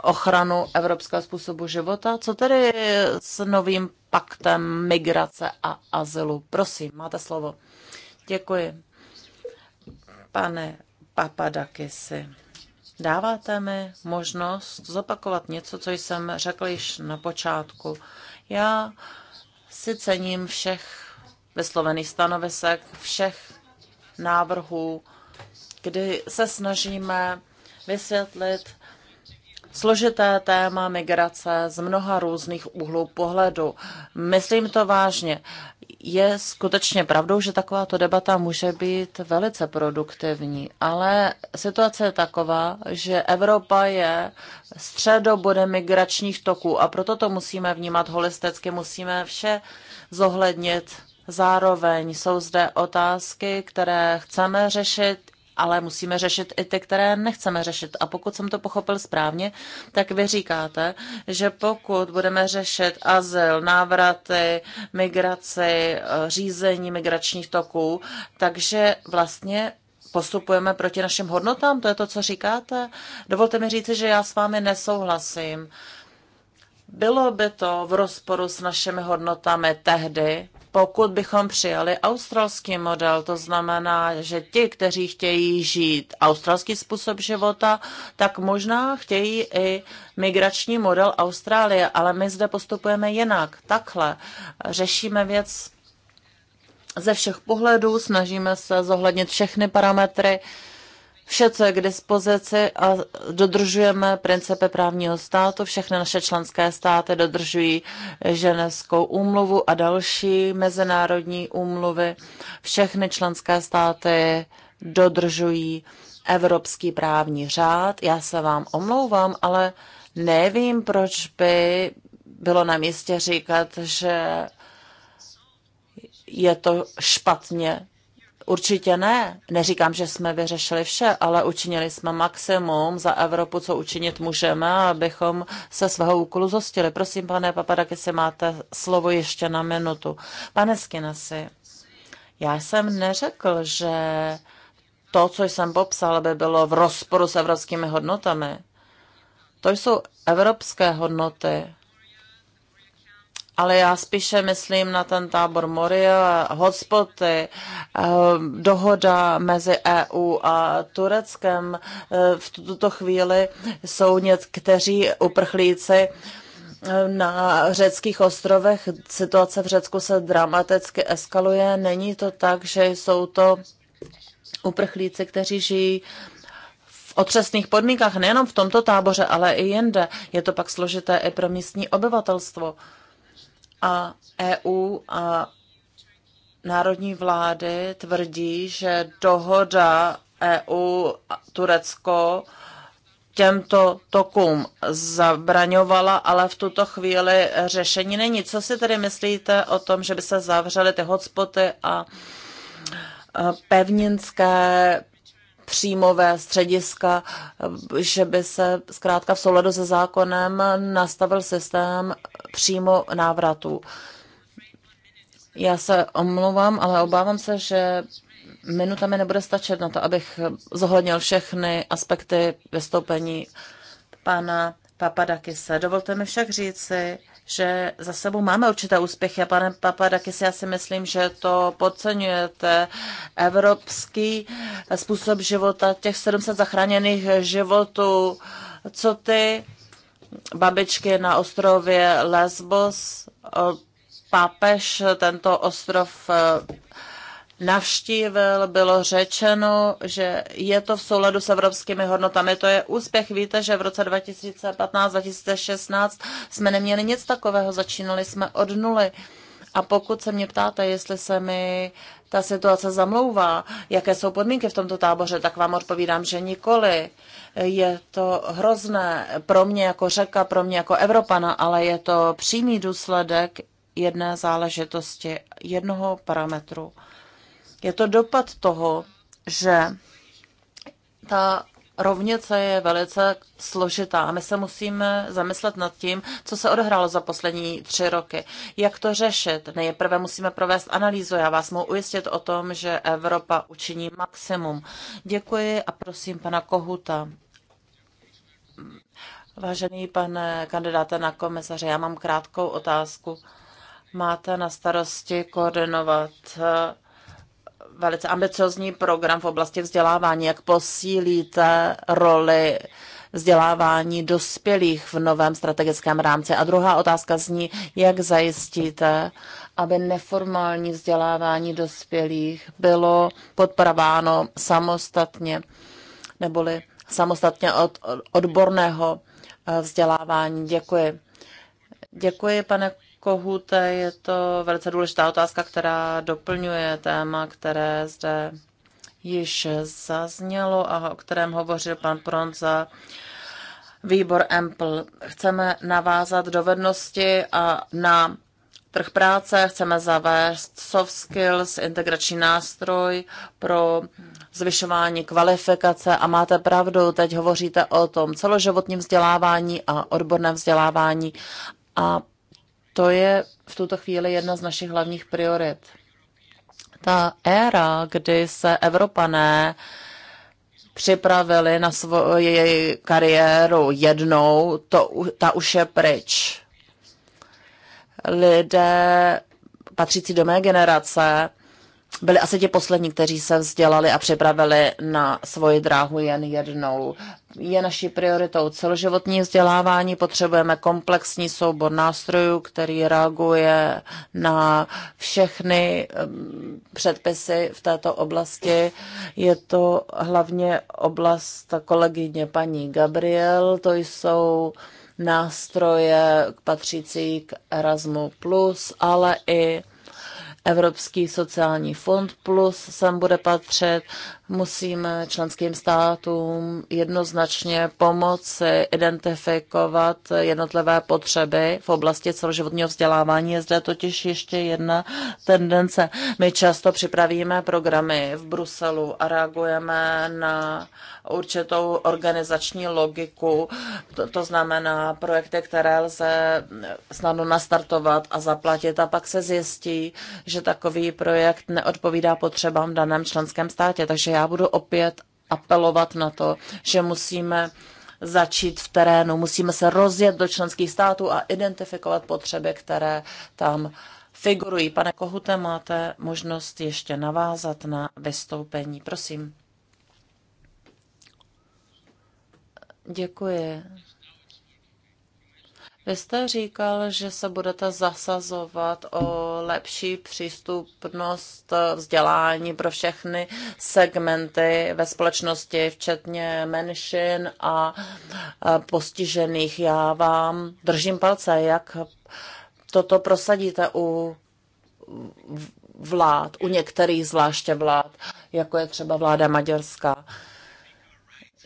ochranu evropského způsobu života? Co tedy s novým paktem migrace a azylu? Prosím, máte slovo. Děkuji. Pane Papadakisy. Dáváte mi možnost zopakovat něco, co jsem řekl již na počátku. Já si cením všech vyslovených stanovisek, všech návrhů, kdy se snažíme vysvětlit složité téma migrace z mnoha různých úhlů pohledu. Myslím to vážně. Je skutečně pravdou, že takováto debata může být velice produktivní, ale situace je taková, že Evropa je středobodem migračních toků a proto to musíme vnímat holisticky, musíme vše zohlednit Zároveň jsou zde otázky, které chceme řešit, ale musíme řešit i ty, které nechceme řešit. A pokud jsem to pochopil správně, tak vy říkáte, že pokud budeme řešit azyl, návraty, migraci, řízení migračních toků, takže vlastně postupujeme proti našim hodnotám, to je to, co říkáte. Dovolte mi říci, že já s vámi nesouhlasím. Bylo by to v rozporu s našimi hodnotami tehdy, pokud bychom přijali australský model, to znamená, že ti, kteří chtějí žít australský způsob života, tak možná chtějí i migrační model Austrálie, ale my zde postupujeme jinak, takhle. Řešíme věc ze všech pohledů, snažíme se zohlednit všechny parametry, vše, co je k dispozici a dodržujeme principy právního státu. Všechny naše členské státy dodržují ženevskou úmluvu a další mezinárodní úmluvy. Všechny členské státy dodržují evropský právní řád. Já se vám omlouvám, ale nevím, proč by bylo na místě říkat, že je to špatně Určitě ne. Neříkám, že jsme vyřešili vše, ale učinili jsme maximum za Evropu, co učinit můžeme, abychom se svého úkolu zostili. Prosím, pane Papadaky, si máte slovo ještě na minutu. Pane Skinasi, já jsem neřekl, že to, co jsem popsal, by bylo v rozporu s evropskými hodnotami. To jsou evropské hodnoty ale já spíše myslím na ten tábor Moria, hotspoty, eh, dohoda mezi EU a Tureckem. Eh, v tuto chvíli jsou někteří uprchlíci eh, na řeckých ostrovech. Situace v Řecku se dramaticky eskaluje. Není to tak, že jsou to uprchlíci, kteří žijí v otřesných podmínkách, nejenom v tomto táboře, ale i jinde. Je to pak složité i pro místní obyvatelstvo a EU a národní vlády tvrdí, že dohoda EU Turecko těmto tokům zabraňovala, ale v tuto chvíli řešení není. Co si tedy myslíte o tom, že by se zavřely ty hotspoty a pevninské příjmové střediska, že by se zkrátka v souladu se zákonem nastavil systém přímo návratu. Já se omlouvám, ale obávám se, že minuta mi nebude stačit na to, abych zohlednil všechny aspekty vystoupení pana Papadakise. Dovolte mi však říci, že za sebou máme určité úspěchy. A pane Papadakis, já si myslím, že to podceňujete. Evropský způsob života, těch 700 zachráněných životů, co ty babičky na ostrově Lesbos, papež tento ostrov navštívil, bylo řečeno, že je to v souladu s evropskými hodnotami. To je úspěch. Víte, že v roce 2015-2016 jsme neměli nic takového, začínali jsme od nuly. A pokud se mě ptáte, jestli se mi ta situace zamlouvá, jaké jsou podmínky v tomto táboře, tak vám odpovídám, že nikoli. Je to hrozné pro mě jako řeka, pro mě jako Evropana, ale je to přímý důsledek jedné záležitosti, jednoho parametru. Je to dopad toho, že ta rovnice je velice složitá. a My se musíme zamyslet nad tím, co se odehrálo za poslední tři roky. Jak to řešit? Nejprve musíme provést analýzu. Já vás mohu ujistit o tom, že Evropa učiní maximum. Děkuji a prosím pana Kohuta. Vážený pane kandidáte na komisaře, já mám krátkou otázku. Máte na starosti koordinovat velice ambiciozní program v oblasti vzdělávání, jak posílíte roli vzdělávání dospělých v novém strategickém rámci. A druhá otázka zní, jak zajistíte, aby neformální vzdělávání dospělých bylo podporováno samostatně, neboli samostatně od odborného eh, vzdělávání. Děkuji. Děkuji, pane Kohute je to velice důležitá otázka, která doplňuje téma, které zde již zaznělo a o kterém hovořil pan Pronza. Výbor EMPL. Chceme navázat dovednosti a na trh práce, chceme zavést soft skills, integrační nástroj pro zvyšování kvalifikace a máte pravdu, teď hovoříte o tom celoživotním vzdělávání a odborném vzdělávání a to je v tuto chvíli jedna z našich hlavních priorit. Ta éra, kdy se Evropané připravili na svoji kariéru jednou, to, ta už je pryč. Lidé patřící do mé generace byli asi ti poslední, kteří se vzdělali a připravili na svoji dráhu jen jednou. Je naší prioritou celoživotní vzdělávání, potřebujeme komplexní soubor nástrojů, který reaguje na všechny předpisy v této oblasti. Je to hlavně oblast kolegyně paní Gabriel, to jsou nástroje patřící k Erasmu+, ale i Evropský sociální fond plus sem bude patřit. Musíme členským státům jednoznačně pomoci identifikovat jednotlivé potřeby v oblasti celoživotního vzdělávání. Je zde totiž ještě jedna tendence. My často připravíme programy v Bruselu a reagujeme na určitou organizační logiku. To, to znamená projekty, které lze snadno nastartovat a zaplatit a pak se zjistí, že takový projekt neodpovídá potřebám v daném členském státě. Takže já budu opět apelovat na to, že musíme začít v terénu, musíme se rozjet do členských států a identifikovat potřeby, které tam figurují. Pane Kohute, máte možnost ještě navázat na vystoupení. Prosím. Děkuji. Vy jste říkal, že se budete zasazovat o lepší přístupnost vzdělání pro všechny segmenty ve společnosti, včetně menšin a postižených. Já vám držím palce, jak toto prosadíte u vlád, u některých zvláště vlád, jako je třeba vláda maďarská.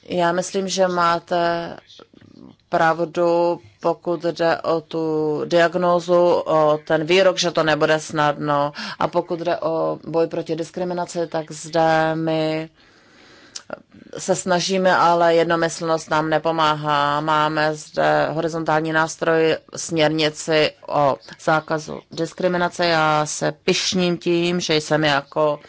Já myslím, že máte pravdu, pokud jde o tu diagnózu, o ten výrok, že to nebude snadno. A pokud jde o boj proti diskriminaci, tak zde my se snažíme, ale jednomyslnost nám nepomáhá. Máme zde horizontální nástroj směrnici o zákazu diskriminace. Já se pišním tím, že jsem jako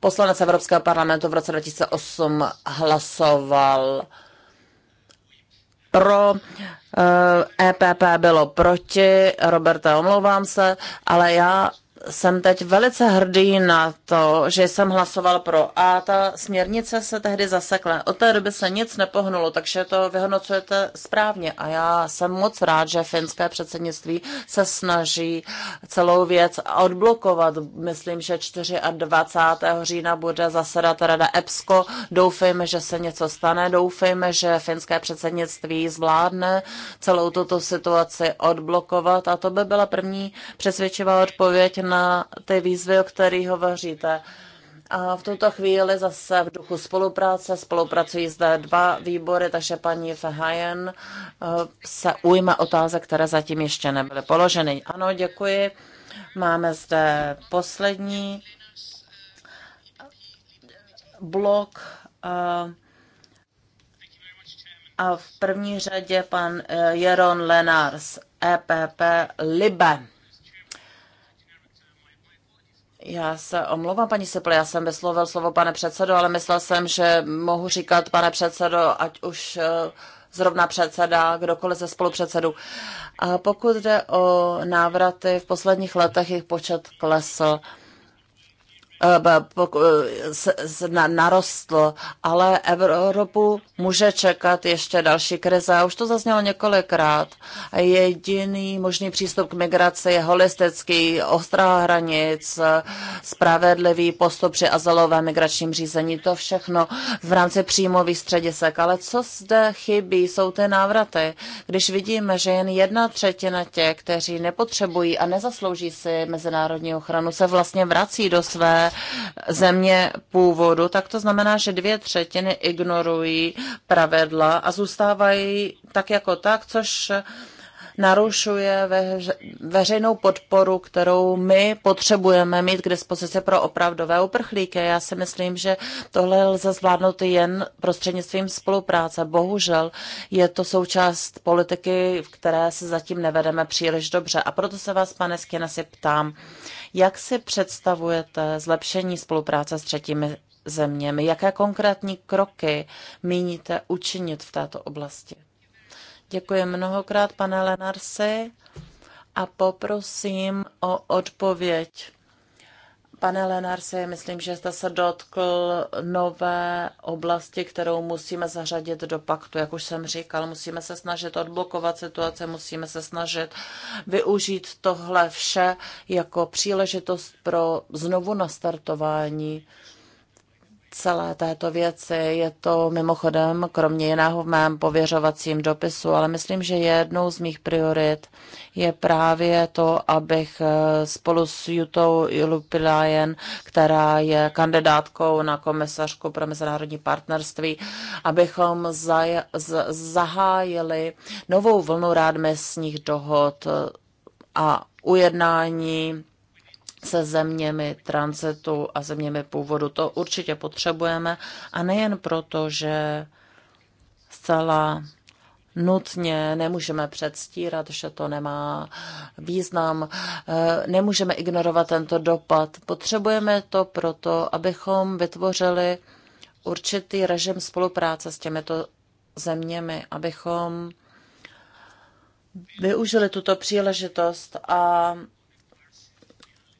poslanec Evropského parlamentu v roce 2008 hlasoval pro, EPP eh, e bylo proti, Roberta, omlouvám se, ale já jsem teď velice hrdý na to, že jsem hlasoval pro. A ta směrnice se tehdy zasekla. Od té doby se nic nepohnulo, takže to vyhodnocujete správně. A já jsem moc rád, že finské předsednictví se snaží celou věc odblokovat. Myslím, že 24. října bude zasedat Rada EPSCO. Doufejme, že se něco stane. Doufejme, že finské předsednictví zvládne celou tuto situaci odblokovat. A to by byla první přesvědčivá odpověď na ty výzvy, o kterých hovoříte. A v tuto chvíli zase v duchu spolupráce spolupracují zde dva výbory, takže paní Fehajen eh, se ujme otázek, které zatím ještě nebyly položeny. Ano, děkuji. Máme zde poslední blok eh, a v první řadě pan eh, Jeron Lenars, EPP Libe. Já se omlouvám, paní Sepl, já jsem vyslovil slovo pane předsedo, ale myslel jsem, že mohu říkat pane předsedo, ať už eh, zrovna předseda, kdokoliv ze spolupředsedů. A pokud jde o návraty, v posledních letech jejich počet klesl. Eh, eh, narostl, ale Evropu může čekat ještě další krize. Už to zaznělo několikrát. Jediný možný přístup k migraci je holistický, ostrá hranic, spravedlivý postup při azylovém migračním řízení. To všechno v rámci příjmových středisek. Ale co zde chybí, jsou ty návraty. Když vidíme, že jen jedna třetina těch, kteří nepotřebují a nezaslouží si mezinárodní ochranu, se vlastně vrací do své země původu, tak to znamená, že dvě třetiny ignorují pravidla a zůstávají tak jako tak, což narušuje veřejnou podporu, kterou my potřebujeme mít k dispozici pro opravdové uprchlíky. Já si myslím, že tohle lze zvládnout jen prostřednictvím spolupráce. Bohužel je to součást politiky, v které se zatím nevedeme příliš dobře. A proto se vás, pane Skina, si ptám, jak si představujete zlepšení spolupráce s třetími zeměmi? Jaké konkrétní kroky míníte učinit v této oblasti? Děkuji mnohokrát, pane Lenarsi, a poprosím o odpověď Pane Lenarsi, myslím, že jste se dotkl nové oblasti, kterou musíme zařadit do paktu. Jak už jsem říkal, musíme se snažit odblokovat situace, musíme se snažit využít tohle vše jako příležitost pro znovu nastartování celé této věci. Je to mimochodem, kromě jiného v mém pověřovacím dopisu, ale myslím, že jednou z mých priorit je právě to, abych eh, spolu s Jutou Lupilajen, která je kandidátkou na komisařku pro mezinárodní partnerství, abychom zahájili novou vlnu rádmesních dohod eh, a ujednání se zeměmi transitu a zeměmi původu. To určitě potřebujeme a nejen proto, že zcela nutně nemůžeme předstírat, že to nemá význam, eh, nemůžeme ignorovat tento dopad. Potřebujeme to proto, abychom vytvořili určitý režim spolupráce s těmito zeměmi, abychom využili tuto příležitost a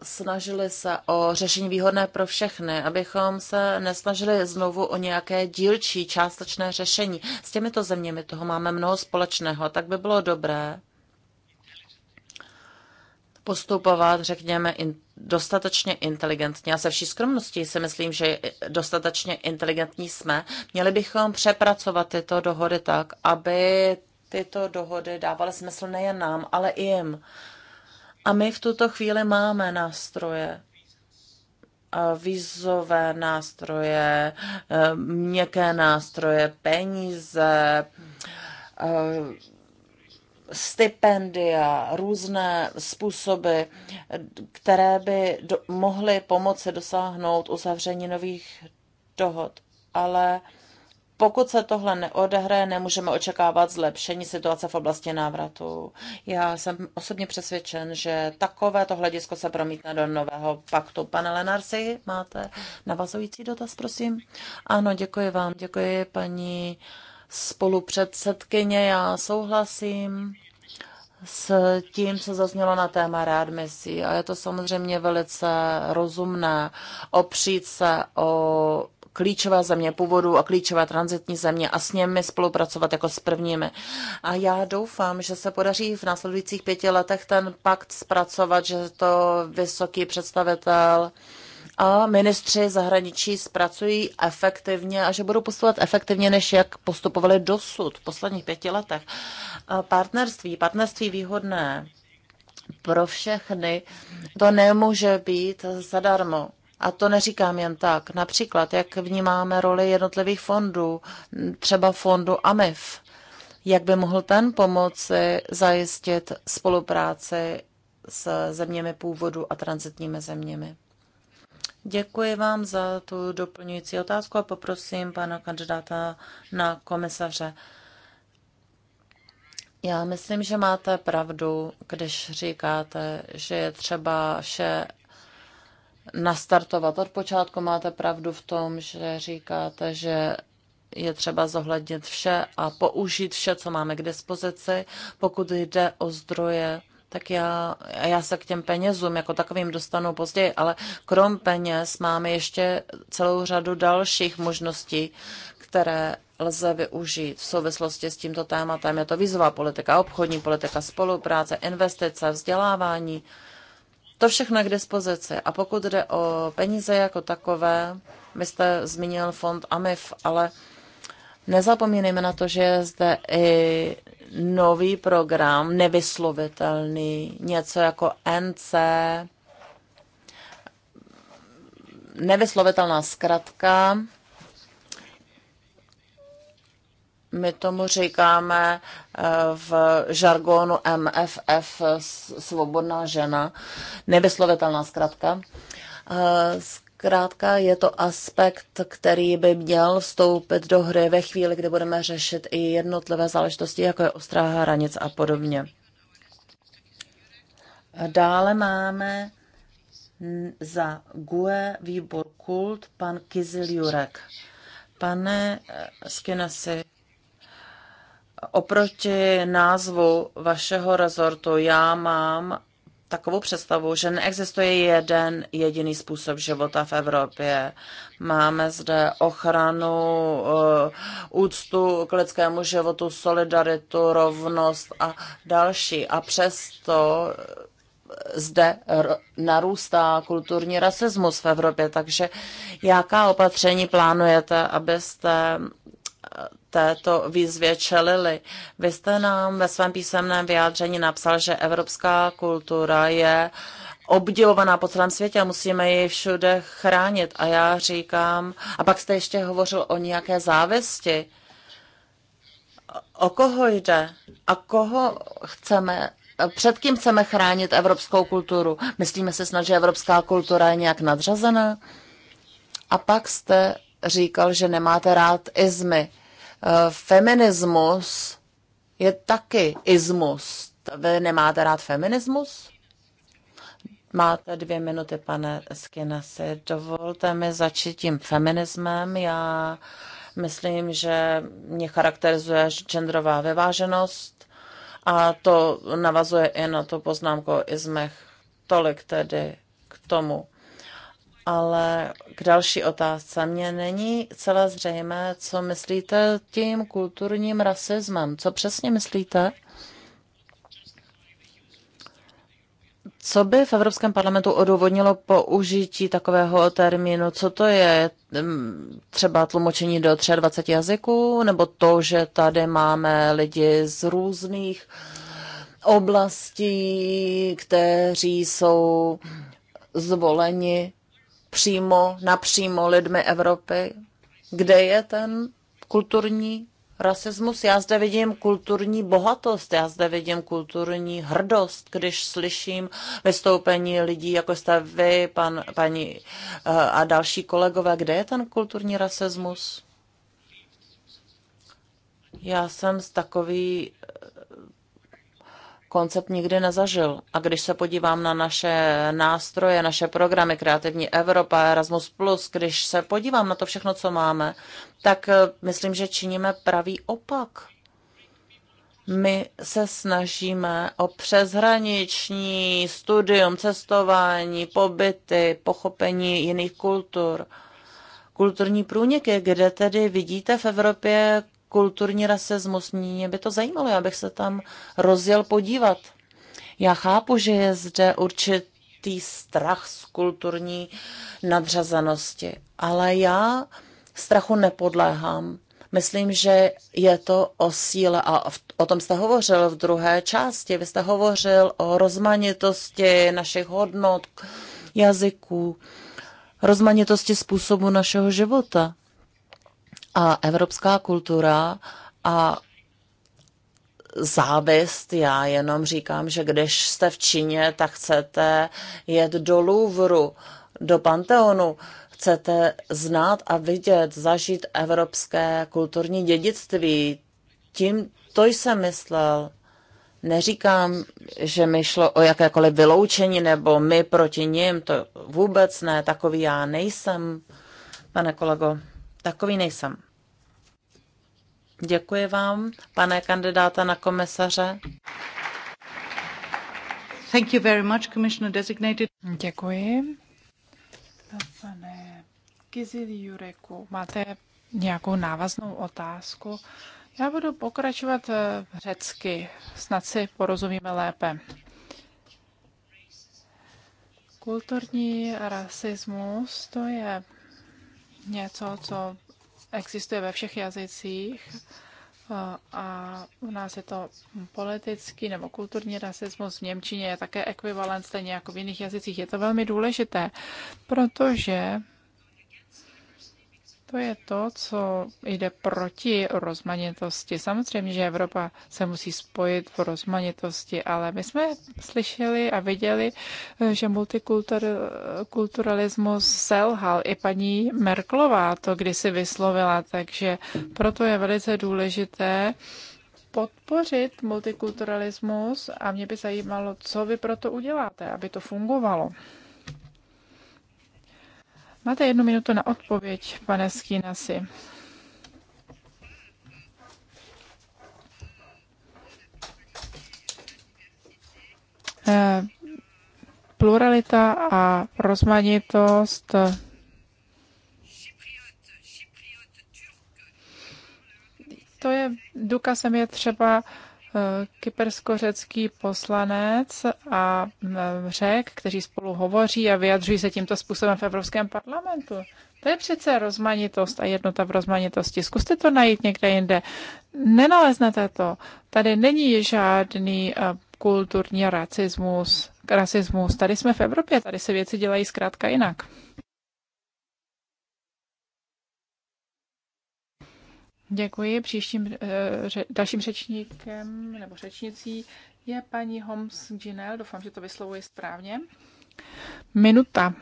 snažili se o řešení výhodné pro všechny, abychom se nesnažili znovu o nějaké dílčí částečné řešení. S těmito zeměmi toho máme mnoho společného, tak by bylo dobré postupovat, řekněme, in, dostatečně inteligentně. A se vší skromností si myslím, že dostatečně inteligentní jsme. Měli bychom přepracovat tyto dohody tak, aby tyto dohody dávaly smysl nejen nám, ale i jim. A my v tuto chvíli máme nástroje, vízové nástroje, e, měkké nástroje, peníze, e, stipendia, různé způsoby, které by mohly pomoci dosáhnout uzavření nových dohod. Ale pokud se tohle neodehraje, nemůžeme očekávat zlepšení situace v oblasti návratu. Já jsem osobně přesvědčen, že takovéto hledisko se promítne do nového paktu. Pane Lenarsi, máte navazující dotaz, prosím? Ano, děkuji vám. Děkuji, paní spolupředsedkyně. Já souhlasím s tím, co zaznělo na téma rád misí. A je to samozřejmě velice rozumné opřít se o klíčové země původu a klíčové transitní země a s nimi spolupracovat jako s prvními. A já doufám, že se podaří v následujících pěti letech ten pakt zpracovat, že to vysoký představitel a ministři zahraničí zpracují efektivně a že budou postupovat efektivně, než jak postupovali dosud v posledních pěti letech. A partnerství, partnerství výhodné pro všechny, to nemůže být zadarmo. A to neříkám jen tak. Například, jak vnímáme roli jednotlivých fondů, třeba fondu AMIF. Jak by mohl ten pomoci zajistit spolupráci s zeměmi původu a transitními zeměmi? Děkuji vám za tu doplňující otázku a poprosím pana kandidáta na komisaře. Já myslím, že máte pravdu, když říkáte, že je třeba vše nastartovat. Od počátku máte pravdu v tom, že říkáte, že je třeba zohlednit vše a použít vše, co máme k dispozici. Pokud jde o zdroje, tak já, já se k těm penězům jako takovým dostanu později, ale krom peněz máme ještě celou řadu dalších možností, které lze využít v souvislosti s tímto tématem. Je to vízová politika, obchodní politika, spolupráce, investice, vzdělávání. To všechno je k dispozici. A pokud jde o peníze jako takové, vy jste zmínil fond AMIF, ale nezapomínejme na to, že je zde i nový program, nevyslovitelný, něco jako NC, nevyslovitelná zkratka, My tomu říkáme eh, v žargonu MFF svobodná žena, nevyslovitelná zkrátka. Eh, zkrátka je to aspekt, který by měl vstoupit do hry ve chvíli, kdy budeme řešit i jednotlivé záležitosti, jako je ostrá hranic a podobně. Dále máme za GUE výbor kult pan Kizil Jurek. Pane eh, Skinasi, oproti názvu vašeho rezortu já mám takovou představu, že neexistuje jeden jediný způsob života v Evropě. Máme zde ochranu, eh, úctu k lidskému životu, solidaritu, rovnost a další. A přesto eh, zde narůstá kulturní rasismus v Evropě, takže jaká opatření plánujete, abyste této výzvě čelili. Vy jste nám ve svém písemném vyjádření napsal, že evropská kultura je obdivovaná po celém světě a musíme ji všude chránit. A já říkám, a pak jste ještě hovořil o nějaké závisti. O koho jde? A koho chceme před kým chceme chránit evropskou kulturu? Myslíme si snad, že evropská kultura je nějak nadřazená? A pak jste říkal, že nemáte rád izmy. Eh, feminismus je taky ismus. Vy nemáte rád feminismus? Máte dvě minuty, pane Skinasi. Dovolte mi začít tím feminismem. Já myslím, že mě charakterizuje genderová vyváženost a to navazuje i na tu poznámku o izmech. Tolik tedy k tomu. Ale k další otázce. Mně není celé zřejmé, co myslíte tím kulturním rasismem. Co přesně myslíte? Co by v Evropském parlamentu odůvodnilo použití takového termínu? Co to je? Hm, třeba tlumočení do 23 jazyků? Nebo to, že tady máme lidi z různých oblastí, kteří jsou zvoleni přímo, napřímo lidmi Evropy. Kde je ten kulturní rasismus? Já zde vidím kulturní bohatost, já zde vidím kulturní hrdost, když slyším vystoupení lidí, jako jste vy, pan, paní eh, a další kolegové. Kde je ten kulturní rasismus? Já jsem z takový koncept nikdy nezažil. A když se podívám na naše nástroje, naše programy Kreativní Evropa, Erasmus+, když se podívám na to všechno, co máme, tak eh, myslím, že činíme pravý opak. My se snažíme o přeshraniční studium, cestování, pobyty, pochopení jiných kultur kulturní průniky, kde tedy vidíte v Evropě kulturní rasismus. Mě by to zajímalo, já bych se tam rozjel podívat. Já chápu, že je zde určitý strach z kulturní nadřazenosti, ale já strachu nepodléhám. Myslím, že je to o síle a o tom jste hovořil v druhé části. Vy jste hovořil o rozmanitosti našich hodnot, jazyků, rozmanitosti způsobu našeho života. A evropská kultura a závist. Já jenom říkám, že když jste v Číně, tak chcete jet do Louvru, do Panteonu. Chcete znát a vidět, zažít evropské kulturní dědictví. Tím to jsem myslel. Neříkám, že mi šlo o jakékoliv vyloučení nebo my proti ním, to vůbec ne, takový já nejsem, pane kolego takový nejsem. Děkuji vám, pane kandidáta na komisaře. Thank you very much, Commissioner Designated. Děkuji. Pane Kizil Jureku, máte nějakou návaznou otázku? Já budu pokračovat eh, řecky, snad si porozumíme lépe. Kulturní rasismus, to je něco, co existuje ve všech jazycích a u nás je to politický nebo kulturní rasismus v Němčině je také ekvivalent stejně jako v jiných jazycích. Je to velmi důležité, protože to je to, co jde proti rozmanitosti. Samozřejmě, že Evropa se musí spojit v rozmanitosti, ale my jsme slyšeli a viděli, že multikulturalismus selhal. I paní Merklová to kdysi vyslovila, takže proto je velice důležité podpořit multikulturalismus a mě by zajímalo, co vy proto uděláte, aby to fungovalo. Máte jednu minutu na odpověď, pane Skinasi. Eh, pluralita a rozmanitost to je důkazem je třeba kypersko poslanec a řek, kteří spolu hovoří a vyjadřují se tímto způsobem v Evropském parlamentu. To je přece rozmanitost a jednota v rozmanitosti. Zkuste to najít někde jinde. Nenaleznete to. Tady není žádný eh, kulturní rasismus. rasismus. Tady jsme v Evropě, tady se věci dělají zkrátka jinak. Děkuji. Příštím eh, ře, dalším řečníkem nebo řečnicí je paní Holmes Ginel. Doufám, že to vyslovuji správně. Minuta.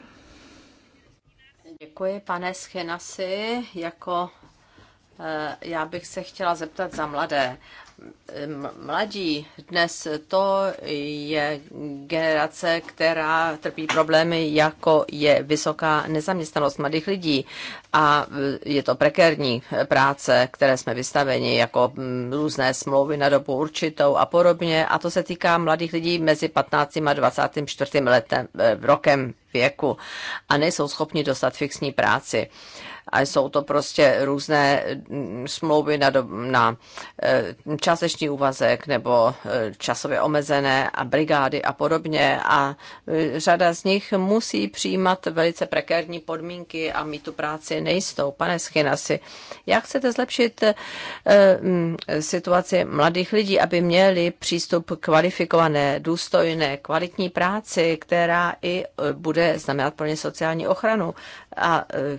Děkuji, pane Schenasi. Jako eh, já bych se chtěla zeptat za mladé mladí dnes to je generace, která trpí problémy, jako je vysoká nezaměstnanost mladých lidí. A je to prekérní práce, které jsme vystaveni, jako různé smlouvy na dobu určitou a podobně. A to se týká mladých lidí mezi 15. a 24. letem, e, rokem věku a nejsou schopni dostat fixní práci a jsou to prostě různé mm, smlouvy na, do, na eh, částečný úvazek nebo eh, časově omezené a brigády a podobně a eh, řada z nich musí přijímat velice prekérní podmínky a mít tu práci nejistou. Pane Schinasi, jak chcete zlepšit mm, situaci mladých lidí, aby měli přístup kvalifikované, důstojné, kvalitní práci, která i bude znamenat pro ně sociální ochranu? A eh,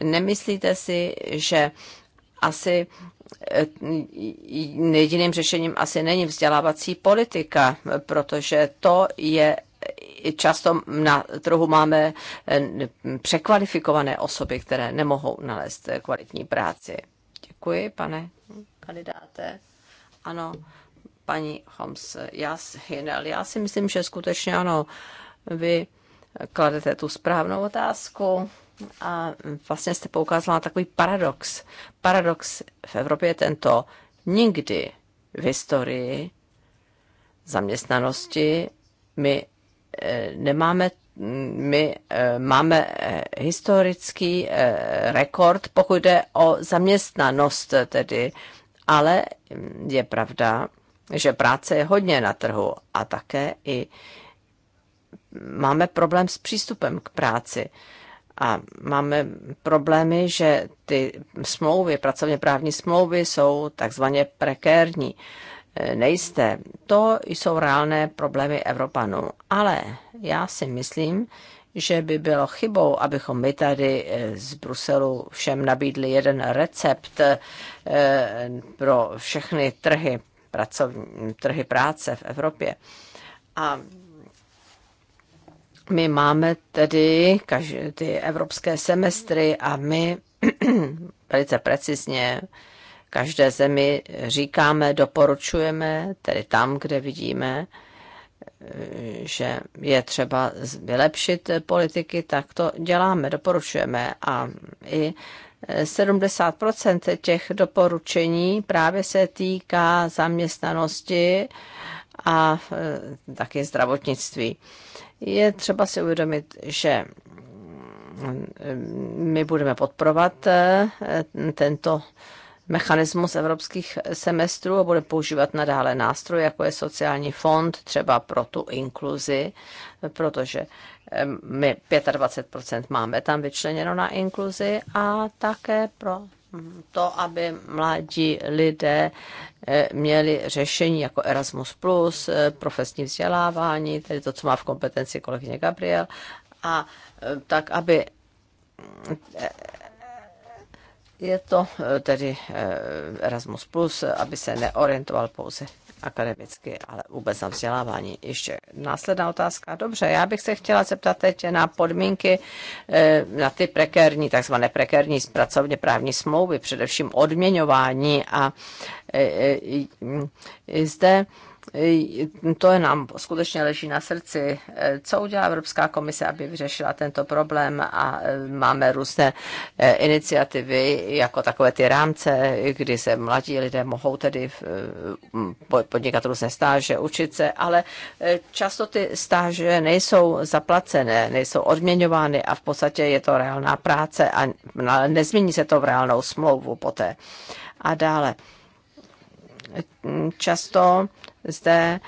nemyslíte si, že asi eh, jediným řešením asi není vzdělávací politika, protože to je často na trhu máme eh, překvalifikované osoby, které nemohou nalézt kvalitní práci. Děkuji, pane kandidáte. Ano, paní Holmes, já, já si myslím, že skutečně ano, vy kladete tu správnou otázku a vlastně jste poukázala na takový paradox. Paradox v Evropě je tento. Nikdy v historii zaměstnanosti my eh, nemáme mm, my eh, máme eh, historický rekord, pokud jde o zaměstnanost tedy, ale mm, je pravda, že práce je hodně na trhu a také i máme problém s přístupem k práci. A máme problémy, že ty smlouvy, pracovně právní smlouvy jsou takzvaně prekérní, e, nejisté. To jsou reálné problémy Evropanů. Ale já si myslím, že by bylo chybou, abychom my tady e, z Bruselu všem nabídli jeden recept e, pro všechny trhy, pracovní, trhy práce v Evropě. A my máme tedy každý, ty evropské semestry a my *clears throat* velice precizně každé zemi říkáme, doporučujeme, tedy tam, kde vidíme, že je třeba vylepšit politiky, tak to děláme, doporučujeme. A i 70 těch doporučení právě se týká zaměstnanosti a e, taky zdravotnictví. Je třeba si uvědomit, že my budeme podporovat eh, tento mechanismus evropských semestrů a bude používat nadále nástroje, jako je sociální fond, třeba pro tu inkluzi, protože eh, my 25% máme tam vyčleněno na inkluzi a také pro to, aby mladí lidé eh, měli řešení jako Erasmus+, eh, profesní vzdělávání, tedy to, co má v kompetenci kolegyně Gabriel, a eh, tak, aby je to tedy Erasmus+, aby se neorientoval pouze akademicky, ale vůbec na vzdělávání. Ještě následná otázka. Dobře, já bych se chtěla zeptat teď na podmínky, eh, na ty prekérní, takzvané prekérní pracovně právní smlouvy, především odměňování a eh, eh, mm, zde to je nám skutečně leží na srdci. E, co udělá Evropská komise, aby vyřešila tento problém a e, máme různé e, iniciativy, jako takové ty rámce, kdy se mladí lidé mohou tedy podnikat různé stáže, učit se, ale často ty stáže nejsou zaplacené, nejsou odměňovány a v podstatě je to reálná práce a no, nezmění se to v reálnou smlouvu poté. A dále. Často zde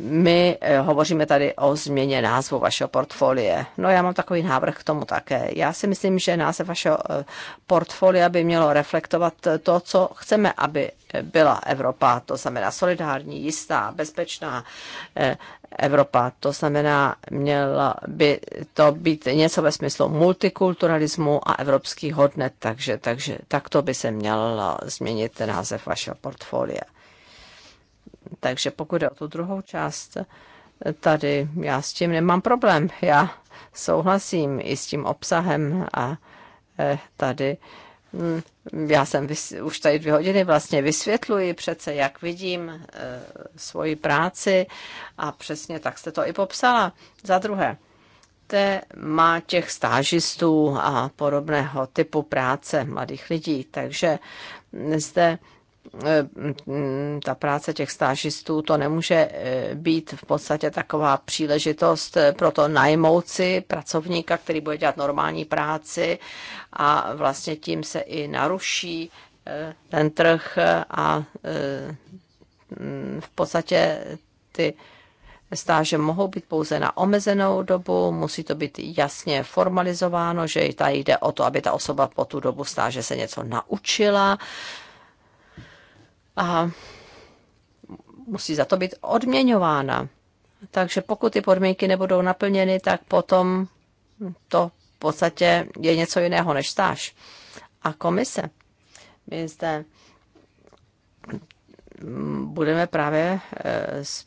my eh, hovoříme tady o změně názvu vašeho portfolie. No já mám takový návrh k tomu také. Já si myslím, že název vašeho eh, portfolia by mělo reflektovat eh, to, co chceme, aby byla Evropa, to znamená solidární, jistá, bezpečná Evropa, to znamená, měla by to být něco ve smyslu multikulturalismu a evropských hodnet, takže, takže takto by se měl změnit název vašeho portfolia. Takže pokud jde o tu druhou část, tady já s tím nemám problém. Já souhlasím i s tím obsahem a eh, tady hm, já jsem už tady dvě hodiny vlastně vysvětluji přece, jak vidím e, svoji práci a přesně tak jste to i popsala. Za druhé, má těch stážistů a podobného typu práce mladých lidí, takže zde Eh, ta práce těch stážistů, to nemůže eh, být v podstatě taková příležitost eh, pro to najmout si pracovníka, který bude dělat normální práci a vlastně tím se i naruší ten trh a mm, v podstatě ty stáže mohou být pouze na omezenou dobu, musí to být jasně formalizováno, že tady jde o to, aby ta osoba po tu dobu stáže se něco naučila, a musí za to být odměňována. Takže pokud ty podmínky nebudou naplněny, tak potom to v podstatě je něco jiného než stáž. A komise. My zde budeme právě e, s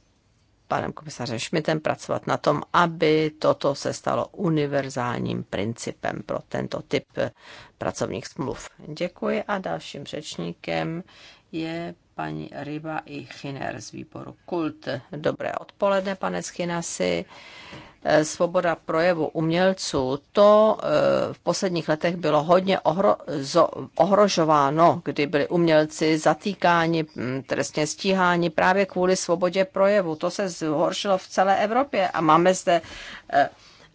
panem komisařem Šmitem pracovat na tom, aby toto se stalo univerzálním principem pro tento typ e, pracovních smluv. Děkuji a dalším řečníkem je paní Ryba i Chiner z výboru Kult. Dobré odpoledne, pane Schinasi. Eh, svoboda projevu umělců, to eh, v posledních letech bylo hodně ohrožováno, kdy byli umělci zatýkáni, hm, trestně stíháni právě kvůli svobodě projevu. To se zhoršilo v celé Evropě a máme zde eh,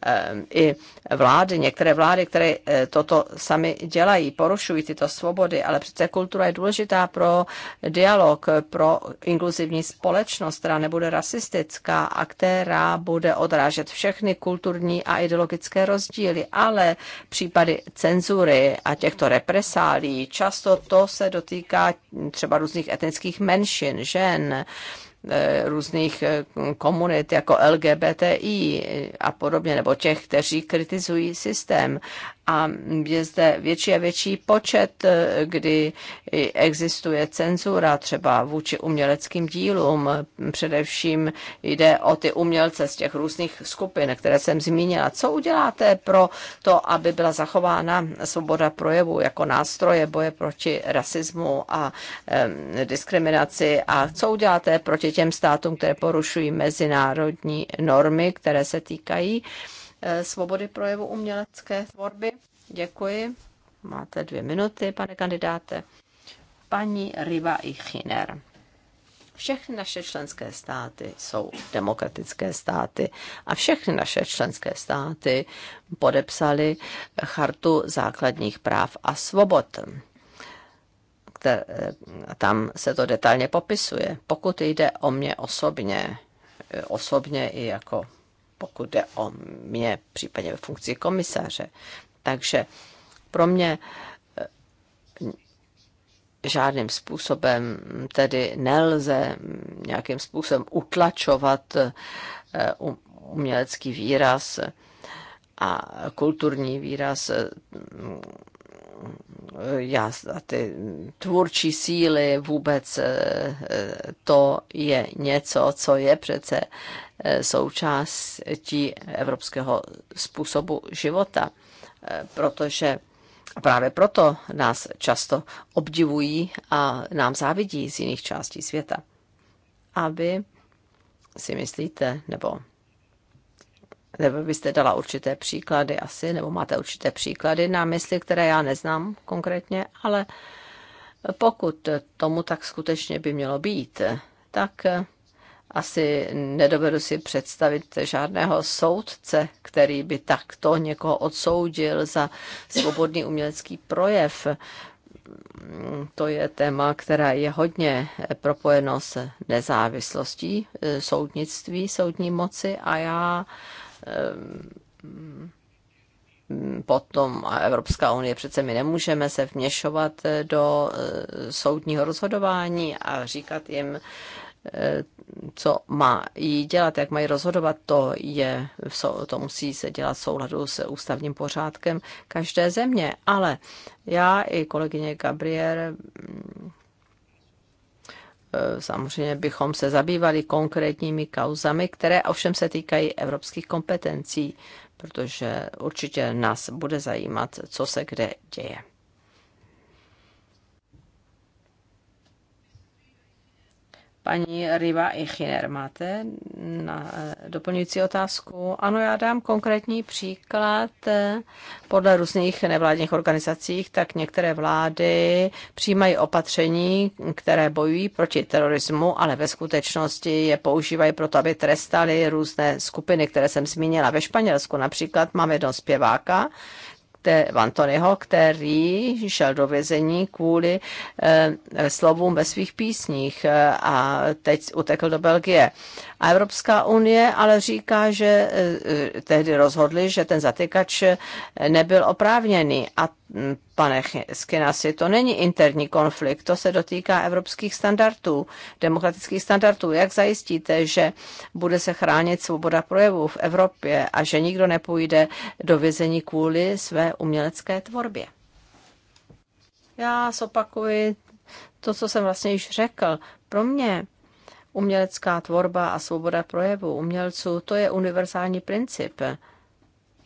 Ehm, i vlády, některé vlády, které eh, toto sami dělají, porušují tyto svobody, ale přece kultura je důležitá pro dialog, pro inkluzivní společnost, která nebude rasistická a která bude odrážet všechny kulturní a ideologické rozdíly, ale případy cenzury a těchto represálí, často to se dotýká třeba různých etnických menšin, žen, E, různých e, komunit jako LGBTI a podobně, nebo těch, kteří kritizují systém a je zde větší a větší počet, eh, kdy existuje cenzura třeba vůči uměleckým dílům. Především jde o ty umělce z těch různých skupin, které jsem zmínila. Co uděláte pro to, aby byla zachována svoboda projevu jako nástroje boje proti rasismu a e, diskriminaci a co uděláte proti těm státům, které porušují mezinárodní normy, které se týkají Eh, svobody projevu umělecké tvorby. Děkuji. Máte dvě minuty, pane kandidáte. Paní Riva Ichiner. Všechny naše členské státy jsou demokratické státy a všechny naše členské státy podepsali chartu základních práv a svobod. Eh, tam se to detailně popisuje. Pokud jde o mě osobně, eh, osobně i jako pokud jde o mě, případně ve funkci komisaře. Takže pro mě eh, žádným způsobem tedy nelze nějakým způsobem utlačovat eh, umělecký výraz a kulturní výraz eh, já, ty tvůrčí síly, vůbec eh, to je něco, co je přece eh, součástí evropského způsobu života, eh, protože a právě proto nás často obdivují a nám závidí z jiných částí světa. Aby si myslíte, nebo nebo byste dala určité příklady asi, nebo máte určité příklady na mysli, které já neznám konkrétně, ale pokud tomu tak skutečně by mělo být, tak asi nedovedu si představit žádného soudce, který by takto někoho odsoudil za svobodný umělecký projev. To je téma, která je hodně propojeno s nezávislostí soudnictví, soudní moci a já Ehm, potom a Evropská unie přece my nemůžeme se vměšovat eh, do eh, soudního rozhodování a říkat jim, eh, co má jí dělat, jak mají rozhodovat, to, je, to musí se dělat v souladu s ústavním pořádkem každé země. Ale já i kolegyně Gabriel mm, Eh, samozřejmě bychom se zabývali konkrétními kauzami, které ovšem se týkají evropských kompetencí, protože určitě nás bude zajímat, co se kde děje. Paní Riva Ichiner, máte na eh, doplňující otázku? Ano, já dám konkrétní příklad. Eh, podle různých nevládních organizací, tak některé vlády přijímají opatření, které bojují proti terorismu, ale ve skutečnosti je používají proto, aby trestali různé skupiny, které jsem zmínila. Ve Španělsku například máme jednoho zpěváka, který, Antonyho, který šel do vězení kvůli eh, slovům ve svých písních eh, a teď utekl do Belgie. A Evropská unie ale říká, že eh, tehdy rozhodli, že ten zatykač eh, nebyl oprávněný. A hm, pane Skinasi, to není interní konflikt, to se dotýká evropských standardů, demokratických standardů. Jak zajistíte, že bude se chránit svoboda projevu v Evropě a že nikdo nepůjde do vězení kvůli své umělecké tvorbě? Já zopakuji to, co jsem vlastně již řekl. Pro mě Umělecká tvorba a svoboda projevu umělců, to je univerzální princip.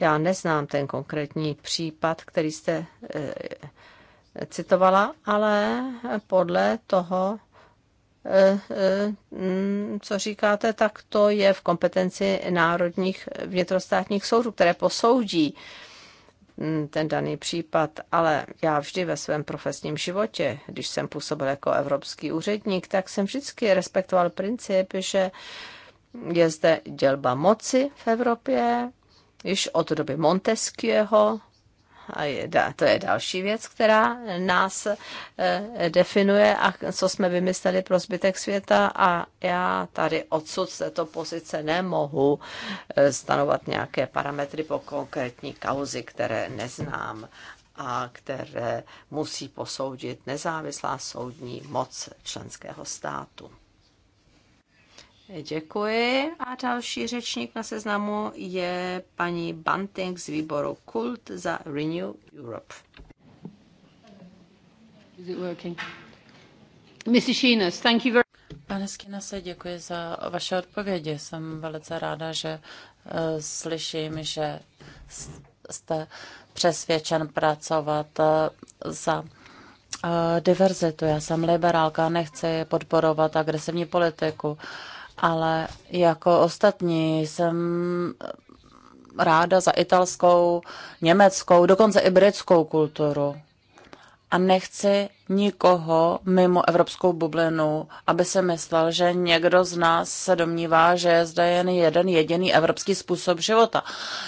Já neznám ten konkrétní případ, který jste eh, citovala, ale podle toho, eh, eh, mm, co říkáte, tak to je v kompetenci národních vnitrostátních soudů, které posoudí Mm, ten daný případ, ale já vždy ve svém profesním životě, když jsem působil jako evropský úředník, tak jsem vždycky respektoval princip, že je zde dělba moci v Evropě, již od doby Montesquieho, a je, to je další věc, která nás eh, definuje a co jsme vymysleli pro zbytek světa a já tady odsud z této pozice nemohu eh, stanovat nějaké parametry po konkrétní kauzy, které neznám a které musí posoudit nezávislá soudní moc členského státu. Děkuji. A další řečník na seznamu je paní Banting z výboru Kult za Renew Europe. Is it working? Mrs. Sheenas, thank you very Pane Skinase, děkuji za vaše odpovědi. Jsem velice ráda, že eh, slyším, že jste přesvědčen pracovat eh, za eh, diverzitu. Já jsem liberálka, nechci podporovat agresivní politiku ale jako ostatní jsem ráda za italskou, německou, dokonce i britskou kulturu a nechci nikoho mimo evropskou bublinu, aby se myslel, že někdo z nás se domnívá, že je zde jen jeden jediný evropský způsob života.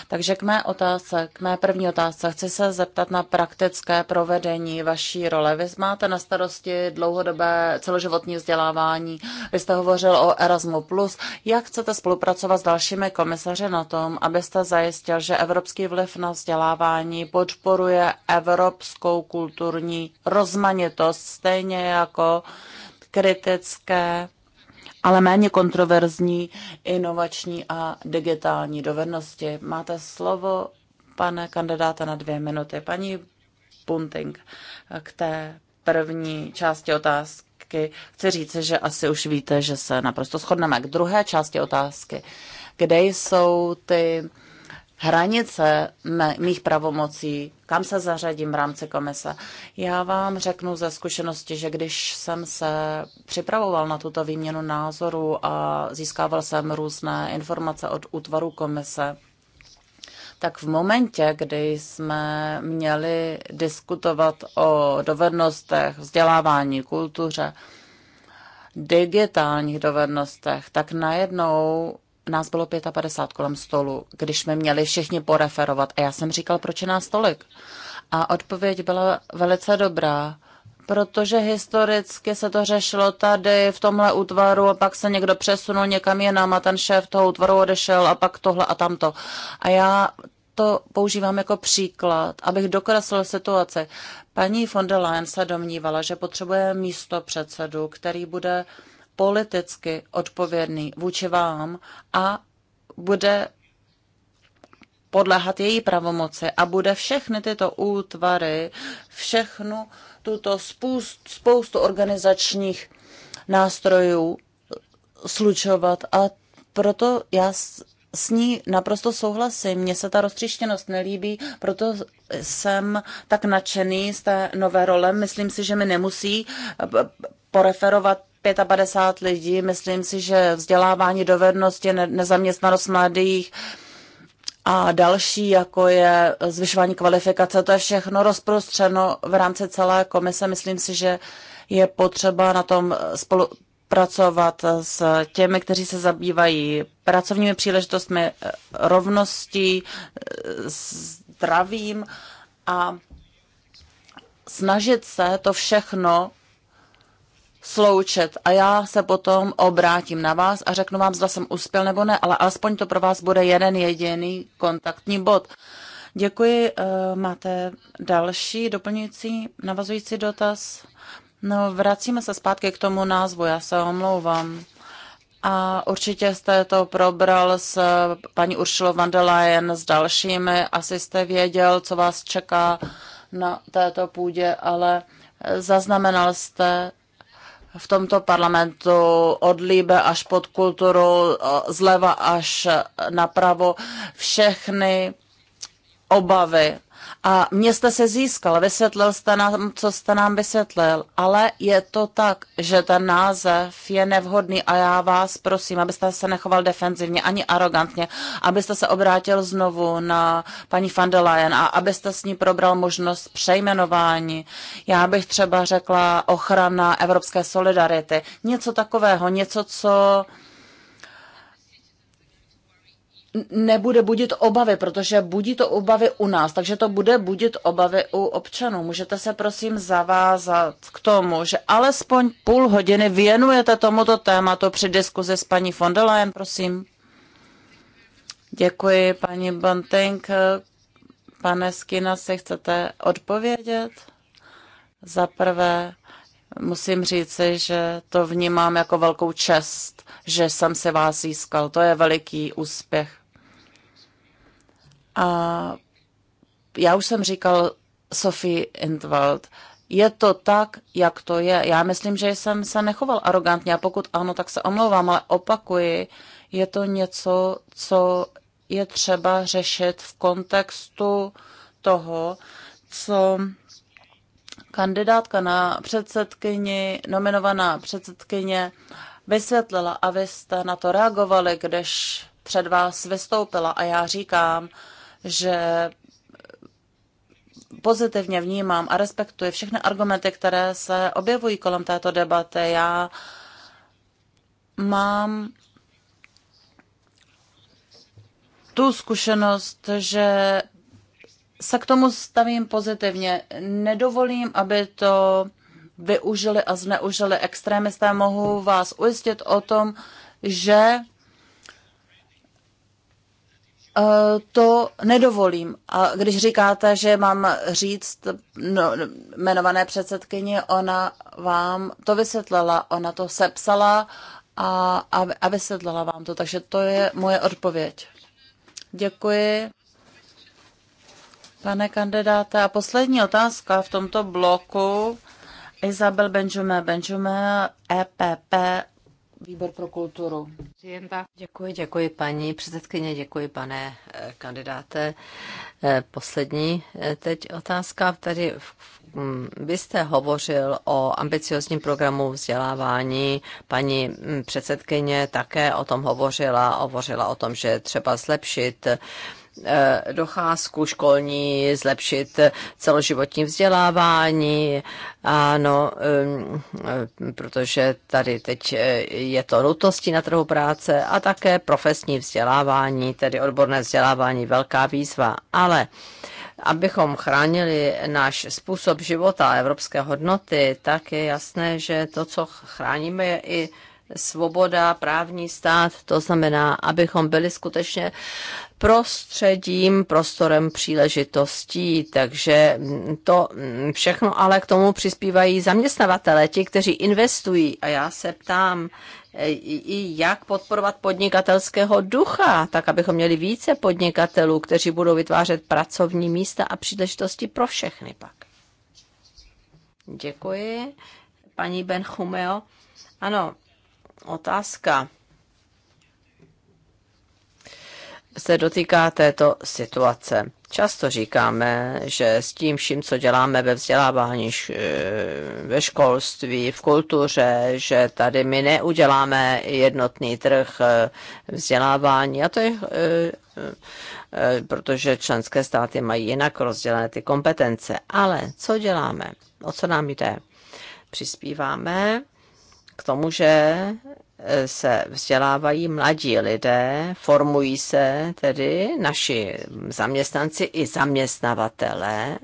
Takže k mé otázce, k mé první otázce, chci se zeptat na praktické provedení vaší role. Vy máte na starosti dlouhodobé celoživotní vzdělávání, vy jste hovořil o Erasmu+. Jak chcete spolupracovat s dalšími komisaři na tom, abyste zajistil, že evropský vliv na vzdělávání podporuje evropskou kulturní kulturní rozmanitost, stejně jako kritické, ale méně kontroverzní, inovační a digitální dovednosti. Máte slovo, pane kandidáta, na dvě minuty. Paní Bunting, k té první části otázky chci říct, že asi už víte, že se naprosto shodneme. K druhé části otázky, kde jsou ty hranice mých pravomocí, kam se zařadím v rámci komise. Já vám řeknu ze zkušenosti, že když jsem se připravoval na tuto výměnu názorů a získával jsem různé informace od útvaru komise, tak v momentě, kdy jsme měli diskutovat o dovednostech, vzdělávání, kultuře, digitálních dovednostech, tak najednou nás bylo 55 kolem stolu, když jsme měli všichni poreferovat. A já jsem říkal, proč je nás tolik? A odpověď byla velice dobrá, protože historicky se to řešilo tady v tomhle útvaru a pak se někdo přesunul někam jinam a ten šéf toho útvaru odešel a pak tohle a tamto. A já to používám jako příklad, abych dokreslil situaci. Paní von der Leyen se domnívala, že potřebuje místo předsedu, který bude uh, politicky odpovědný vůči vám a bude podléhat její pravomoci a bude všechny tyto útvary, všechnu tuto spoust, spoustu organizačních nástrojů slučovat a proto já s, s ní naprosto souhlasím. Mně se ta roztříštěnost nelíbí, proto jsem tak nadšený z té nové role. Myslím si, že mi nemusí poreferovat 55 lidí. Myslím si, že vzdělávání dovednosti, nezaměstnanost mladých a další, jako je zvyšování kvalifikace, to je všechno rozprostřeno v rámci celé komise. Myslím si, že je potřeba na tom spolu, pracovat s těmi, kteří se zabývají pracovními příležitostmi, rovností, zdravím a snažit se to všechno sloučit a já se potom obrátím na vás a řeknu vám, zda jsem uspěl nebo ne, ale aspoň to pro vás bude jeden jediný kontaktní bod. Děkuji. Eh, máte další doplňující, navazující dotaz? No, vracíme se zpátky k tomu názvu, já se omlouvám. A určitě jste to probral s paní Uršilo van der Leyen, s dalšími, asi jste věděl, co vás čeká na této půdě, ale zaznamenal jste v tomto parlamentu od líbe až pod kulturu, eh, zleva až napravo, všechny obavy a mě jste se získal, vysvětlil jste nám, co jste nám vysvětlil, ale je to tak, že ten název je nevhodný a já vás prosím, abyste se nechoval defenzivně ani arrogantně, abyste se obrátil znovu na paní van der Leyen a abyste s ní probral možnost přejmenování. Já bych třeba řekla ochrana evropské solidarity. Něco takového, něco, co nebude budit obavy, protože budí to obavy u nás, takže to bude budit obavy u občanů. Můžete se prosím zavázat k tomu, že alespoň půl hodiny věnujete tomuto tématu při diskuzi s paní von der Leyen, prosím. Děkuji, paní Banting. Pane Skina, si chcete odpovědět? Za prvé, musím říci, že to vnímám jako velkou čest že jsem se vás získal. To je veliký úspěch. A já už jsem říkal Sophie Entwald, je to tak, jak to je. Já myslím, že jsem se nechoval arrogantně a pokud ano, tak se omlouvám, ale opakuji, je to něco, co je třeba řešit v kontextu toho, co kandidátka na předsedkyni, nominovaná předsedkyně vysvětlila a vy jste na to reagovali, když před vás vystoupila a já říkám, že pozitivně vnímám a respektuji všechny argumenty, které se objevují kolem této debaty. Já mám tu zkušenost, že se k tomu stavím pozitivně. Nedovolím, aby to využili a zneužili extremisté. Mohu vás ujistit o tom, že eh, to nedovolím. A když říkáte, že mám říct no, jmenované předsedkyni, ona vám to vysvětlila, ona to sepsala a, a, a vysvětlila vám to. Takže to je moje odpověď. Děkuji. Pane kandidáte, a poslední otázka v tomto bloku Isabel Benjumé Benjumé, EPP, Výbor pro kulturu. Děkuji, děkuji paní předsedkyně, děkuji pane eh, kandidáte. Eh, poslední eh, teď otázka. Tady hm, vy jste hovořil o ambiciozním programu vzdělávání. Paní hm, předsedkyně také o tom hovořila. Hovořila o tom, že třeba zlepšit Eh, docházku školní, zlepšit celoživotní vzdělávání. Ano, eh, protože tady teď eh, je to nutností na trhu práce a také profesní vzdělávání, tedy odborné vzdělávání, velká výzva. Ale abychom chránili náš způsob života a evropské hodnoty, tak je jasné, že to, co chráníme, je i svoboda, právní stát, to znamená, abychom byli skutečně prostředím, prostorem příležitostí. Takže to všechno ale k tomu přispívají zaměstnavatele, ti, kteří investují. A já se ptám, i jak podporovat podnikatelského ducha, tak abychom měli více podnikatelů, kteří budou vytvářet pracovní místa a příležitosti pro všechny pak. Děkuji. Paní Benchumeo. Ano, otázka se dotýká této situace. Často říkáme, že s tím vším, co děláme ve vzdělávání, e, ve školství, v kultuře, že tady my neuděláme jednotný trh e, vzdělávání a to je e, protože členské státy mají jinak rozdělené ty kompetence. Ale co děláme? O co nám jde? Přispíváme k tomu, že se vzdělávají mladí lidé, formují se tedy naši zaměstnanci i zaměstnavatelé.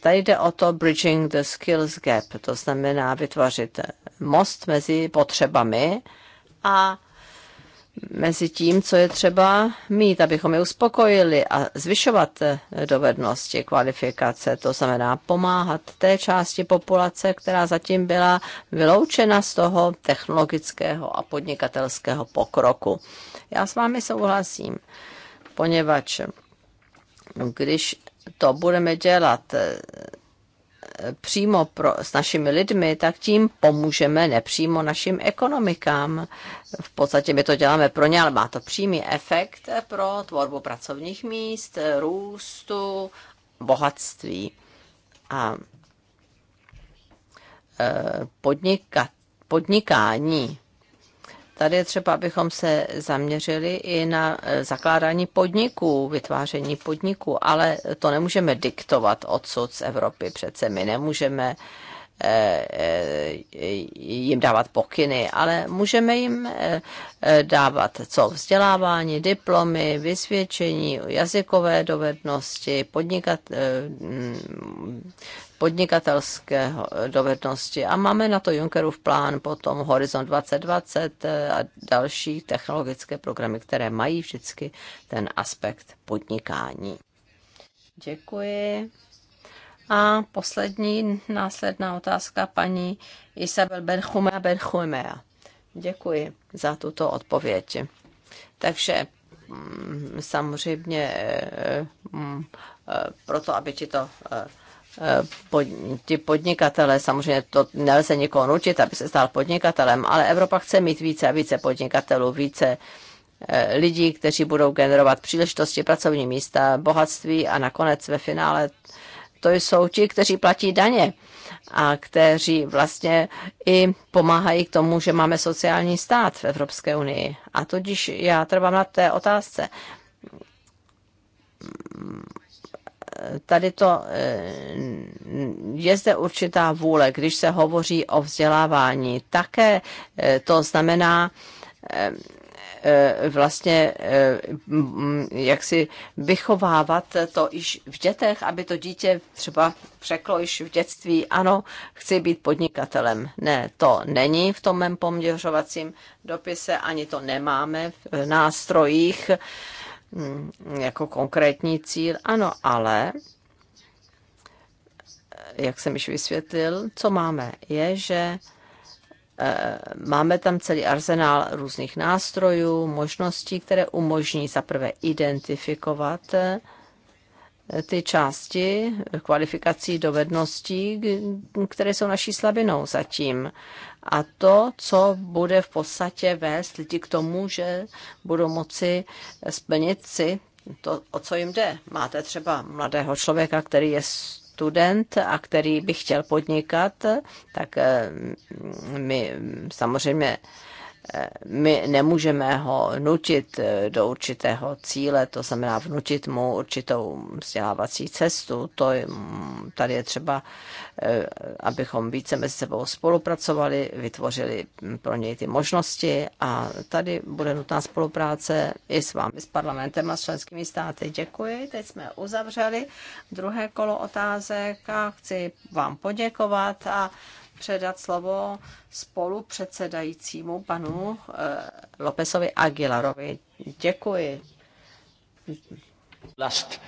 Tady jde o to bridging the skills gap, to znamená vytvořit most mezi potřebami a mezi tím, co je třeba mít, abychom je uspokojili a zvyšovat eh, dovednosti kvalifikace, to znamená pomáhat té části populace, která zatím byla vyloučena z toho technologického a podnikatelského pokroku. Já s vámi souhlasím, poněvadž když to budeme dělat eh, přímo pro, s našimi lidmi, tak tím pomůžeme nepřímo našim ekonomikám. V podstatě my to děláme pro ně, ale má to přímý efekt pro tvorbu pracovních míst, růstu, bohatství. A e, podnikat, podnikání Tady je třeba, abychom se zaměřili i na eh, zakládání podniků, vytváření podniků, ale to nemůžeme diktovat odsud z Evropy. Přece my nemůžeme eh, eh, jim dávat pokyny, ale můžeme jim dávat co vzdělávání, diplomy, vysvědčení, jazykové dovednosti, podnikat, mm, podnikatelského eh, dovednosti. A máme na to Junckerův plán, potom Horizon 2020 eh, a další technologické programy, které mají vždycky ten aspekt podnikání. Děkuji. A poslední následná otázka paní Isabel Benchumea Benchumea. Děkuji za tuto odpověď. Takže mm, samozřejmě eh, mm, proto, aby ti to pod, ti podnikatele, samozřejmě to nelze nikoho nutit, aby se stal podnikatelem, ale Evropa chce mít více a více podnikatelů, více eh, lidí, kteří budou generovat příležitosti, pracovní místa, bohatství a nakonec ve finále to jsou ti, kteří platí daně a kteří vlastně i pomáhají k tomu, že máme sociální stát v Evropské unii. A tudíž já trvám na té otázce tady to eh, je zde určitá vůle, když se hovoří o vzdělávání. Také eh, to znamená eh, vlastně jak si vychovávat to již v dětech, aby to dítě třeba řeklo již v dětství, ano, chci být podnikatelem. Ne, to není v tom mém poměřovacím dopise, ani to nemáme v nástrojích Mm, jako konkrétní cíl, ano, ale jak jsem již vysvětlil, co máme, je, že e, máme tam celý arzenál různých nástrojů, možností, které umožní zaprvé identifikovat e, ty části kvalifikací, dovedností, které jsou naší slabinou zatím a to, co bude v podstatě vést lidi k tomu, že budou moci splnit si to, o co jim jde. Máte třeba mladého člověka, který je student a který by chtěl podnikat, tak eh, my samozřejmě my nemůžeme ho nutit eh, do určitého cíle, to znamená vnutit mu určitou vzdělávací cestu. To je, mm, tady je třeba, eh, abychom více mezi sebou spolupracovali, vytvořili mm, pro něj ty možnosti a tady bude nutná spolupráce i s vámi, s parlamentem a s členskými státy. Děkuji, teď jsme uzavřeli druhé kolo otázek a chci vám poděkovat a předat slovo spolu předsedajícímu panu eh, Lopesovi Aguilarovi. Děkuji. Last.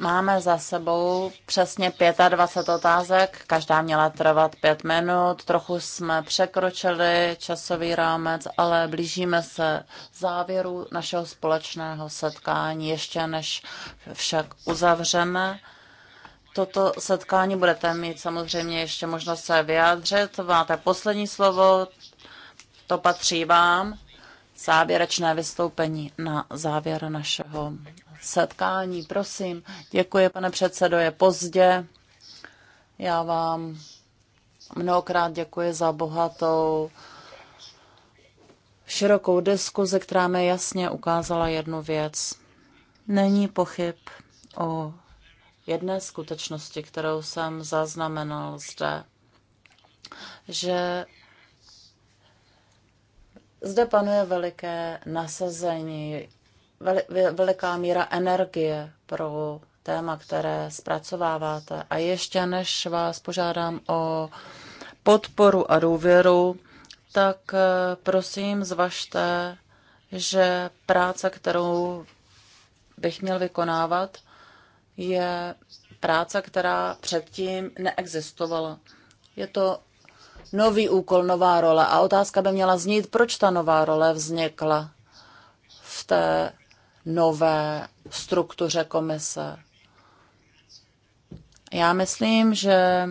Máme za sebou přesně 25 otázek, každá měla trvat 5 minut, trochu jsme překročili časový rámec, ale blížíme se závěru našeho společného setkání, ještě než však uzavřeme toto setkání. Budete mít samozřejmě ještě možnost se vyjádřit. Máte poslední slovo, to patří vám. Závěrečné vystoupení na závěr našeho setkání. Prosím, děkuji, pane předsedo, je pozdě. Já vám mnohokrát děkuji za bohatou širokou diskuzi, která mi jasně ukázala jednu věc. Není pochyb o jedné skutečnosti, kterou jsem zaznamenal zde, že zde panuje veliké nasazení, veliká míra energie pro téma, které zpracováváte. A ještě než vás požádám o podporu a důvěru, tak eh, prosím zvažte, že práce, kterou bych měl vykonávat, je práce, která předtím neexistovala. Je to nový úkol, nová role a otázka by měla znít, proč ta nová role vznikla v té nové struktuře komise. Já myslím, že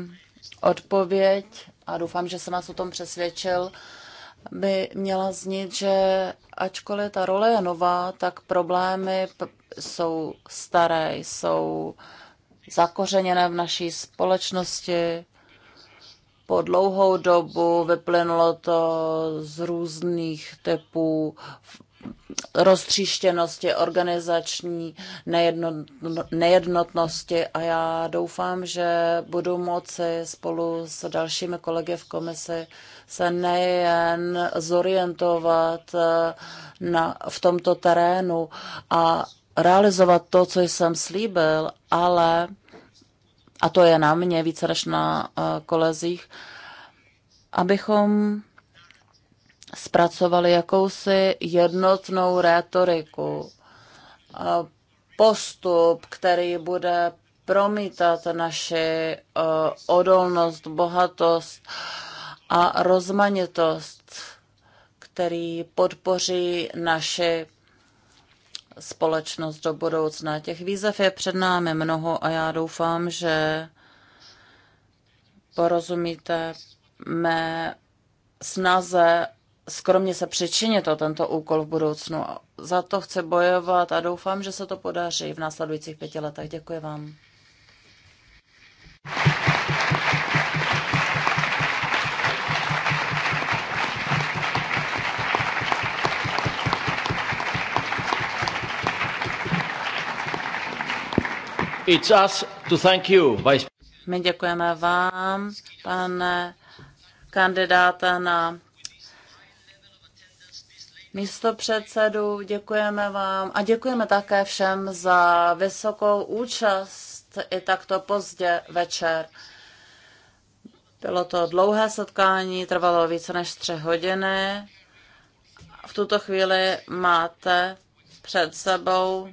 odpověď, a doufám, že jsem vás o tom přesvědčil, by měla znít, že ačkoliv ta role je nová, tak problémy jsou staré, jsou zakořeněné v naší společnosti. Po dlouhou dobu vyplynulo to z různých typů roztříštěnosti, organizační nejedno, nejednotnosti a já doufám, že budu moci spolu s dalšími kolegy v komisi se nejen zorientovat eh, na, v tomto terénu a realizovat to, co jsem slíbil, ale, a to je na mě více než na eh, kolezích, abychom zpracovali jakousi jednotnou rétoriku, postup, který bude promítat naši e, odolnost, bohatost a rozmanitost, který podpoří naši společnost do budoucna. Těch výzev je před námi mnoho a já doufám, že porozumíte mé snaze skromně se přičinit o tento úkol v budoucnu. Za to chci bojovat a doufám, že se to podaří v následujících pěti letech. Děkuji vám. It's us to thank you, Vice... My děkujeme vám, pane kandidáta na místo předsedu. Děkujeme vám a děkujeme také všem za vysokou účast i takto pozdě večer. Bylo to dlouhé setkání, trvalo více než tři hodiny. V tuto chvíli máte před sebou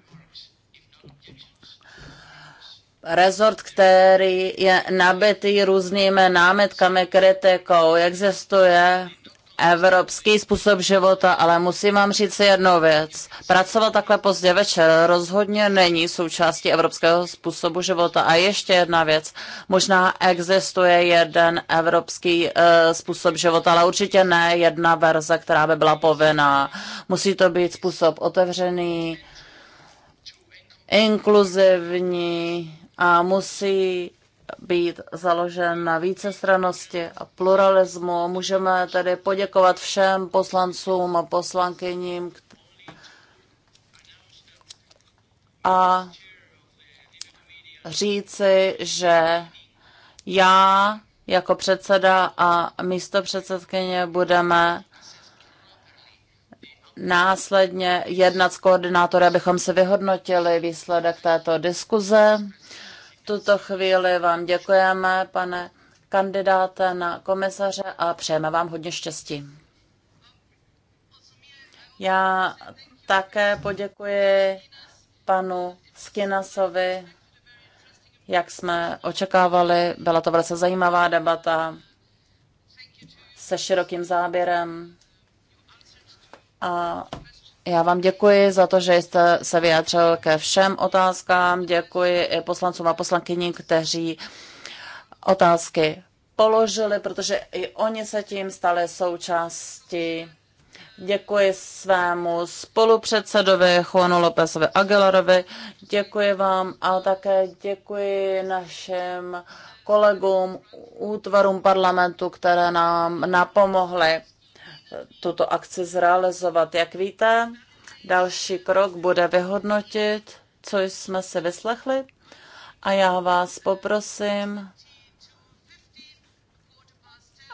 rezort, který je nabitý různými námitkami, kritikou, existuje evropský způsob života, ale musím vám říct jednu věc. Pracovat takhle pozdě večer rozhodně není součástí evropského způsobu života. A ještě jedna věc. Možná existuje jeden evropský uh, způsob života, ale určitě ne jedna verze, která by byla povinná. Musí to být způsob otevřený, inkluzivní a musí být založen na vícestranosti a pluralismu. Můžeme tedy poděkovat všem poslancům a poslankyním a říci, že já jako předseda a místo předsedkyně budeme následně jednat s koordinátory, abychom si vyhodnotili výsledek této diskuze tuto chvíli vám děkujeme, pane kandidáte na komisaře a přejeme vám hodně štěstí. Já také poděkuji panu Skinasovi, jak jsme očekávali. Byla to velice zajímavá debata se širokým záběrem a já vám děkuji za to, že jste se vyjádřil ke všem otázkám. Děkuji i poslancům a poslankyním, kteří otázky položili, protože i oni se tím stali součástí. Děkuji svému spolupředsedovi Juanu Lópezovi Aguilarovi. Děkuji vám a také děkuji našim kolegům, útvarům parlamentu, které nám napomohly tuto akci zrealizovat. Jak víte, další krok bude vyhodnotit, co jsme si vyslechli a já vás poprosím,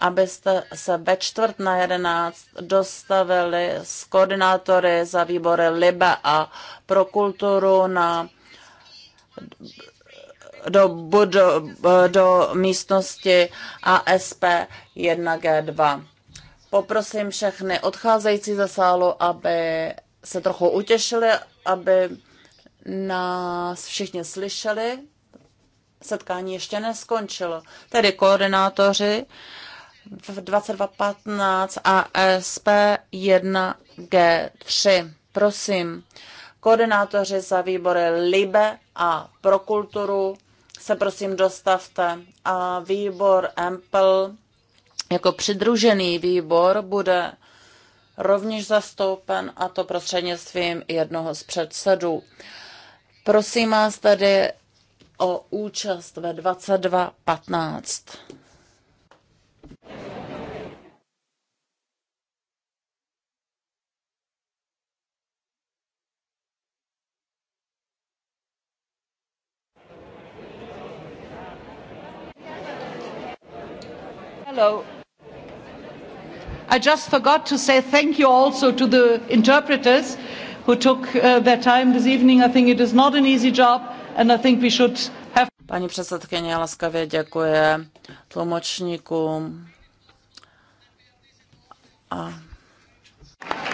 abyste se ve čtvrt na jedenáct dostavili s koordinátory za výbory Libe a pro kulturu na do, do, do místnosti ASP 1G2. Poprosím všechny odcházející ze sálu, aby se trochu utěšili, aby nás všichni slyšeli. Setkání ještě neskončilo. Tedy koordinátoři v 22.15 a SP1G3. Prosím, koordinátoři za výbory LIBE a pro kulturu se prosím dostavte a výbor EMPL jako přidružený výbor bude rovněž zastoupen a to prostřednictvím jednoho z předsedů. Prosím vás tedy o účast ve 22.15. Hello. I just forgot to say thank you also to the interpreters who took uh, their time this evening. I think it is not an easy job and I think we should have... Paní předsedkyně laskavě děkuje tlumočníkům. A...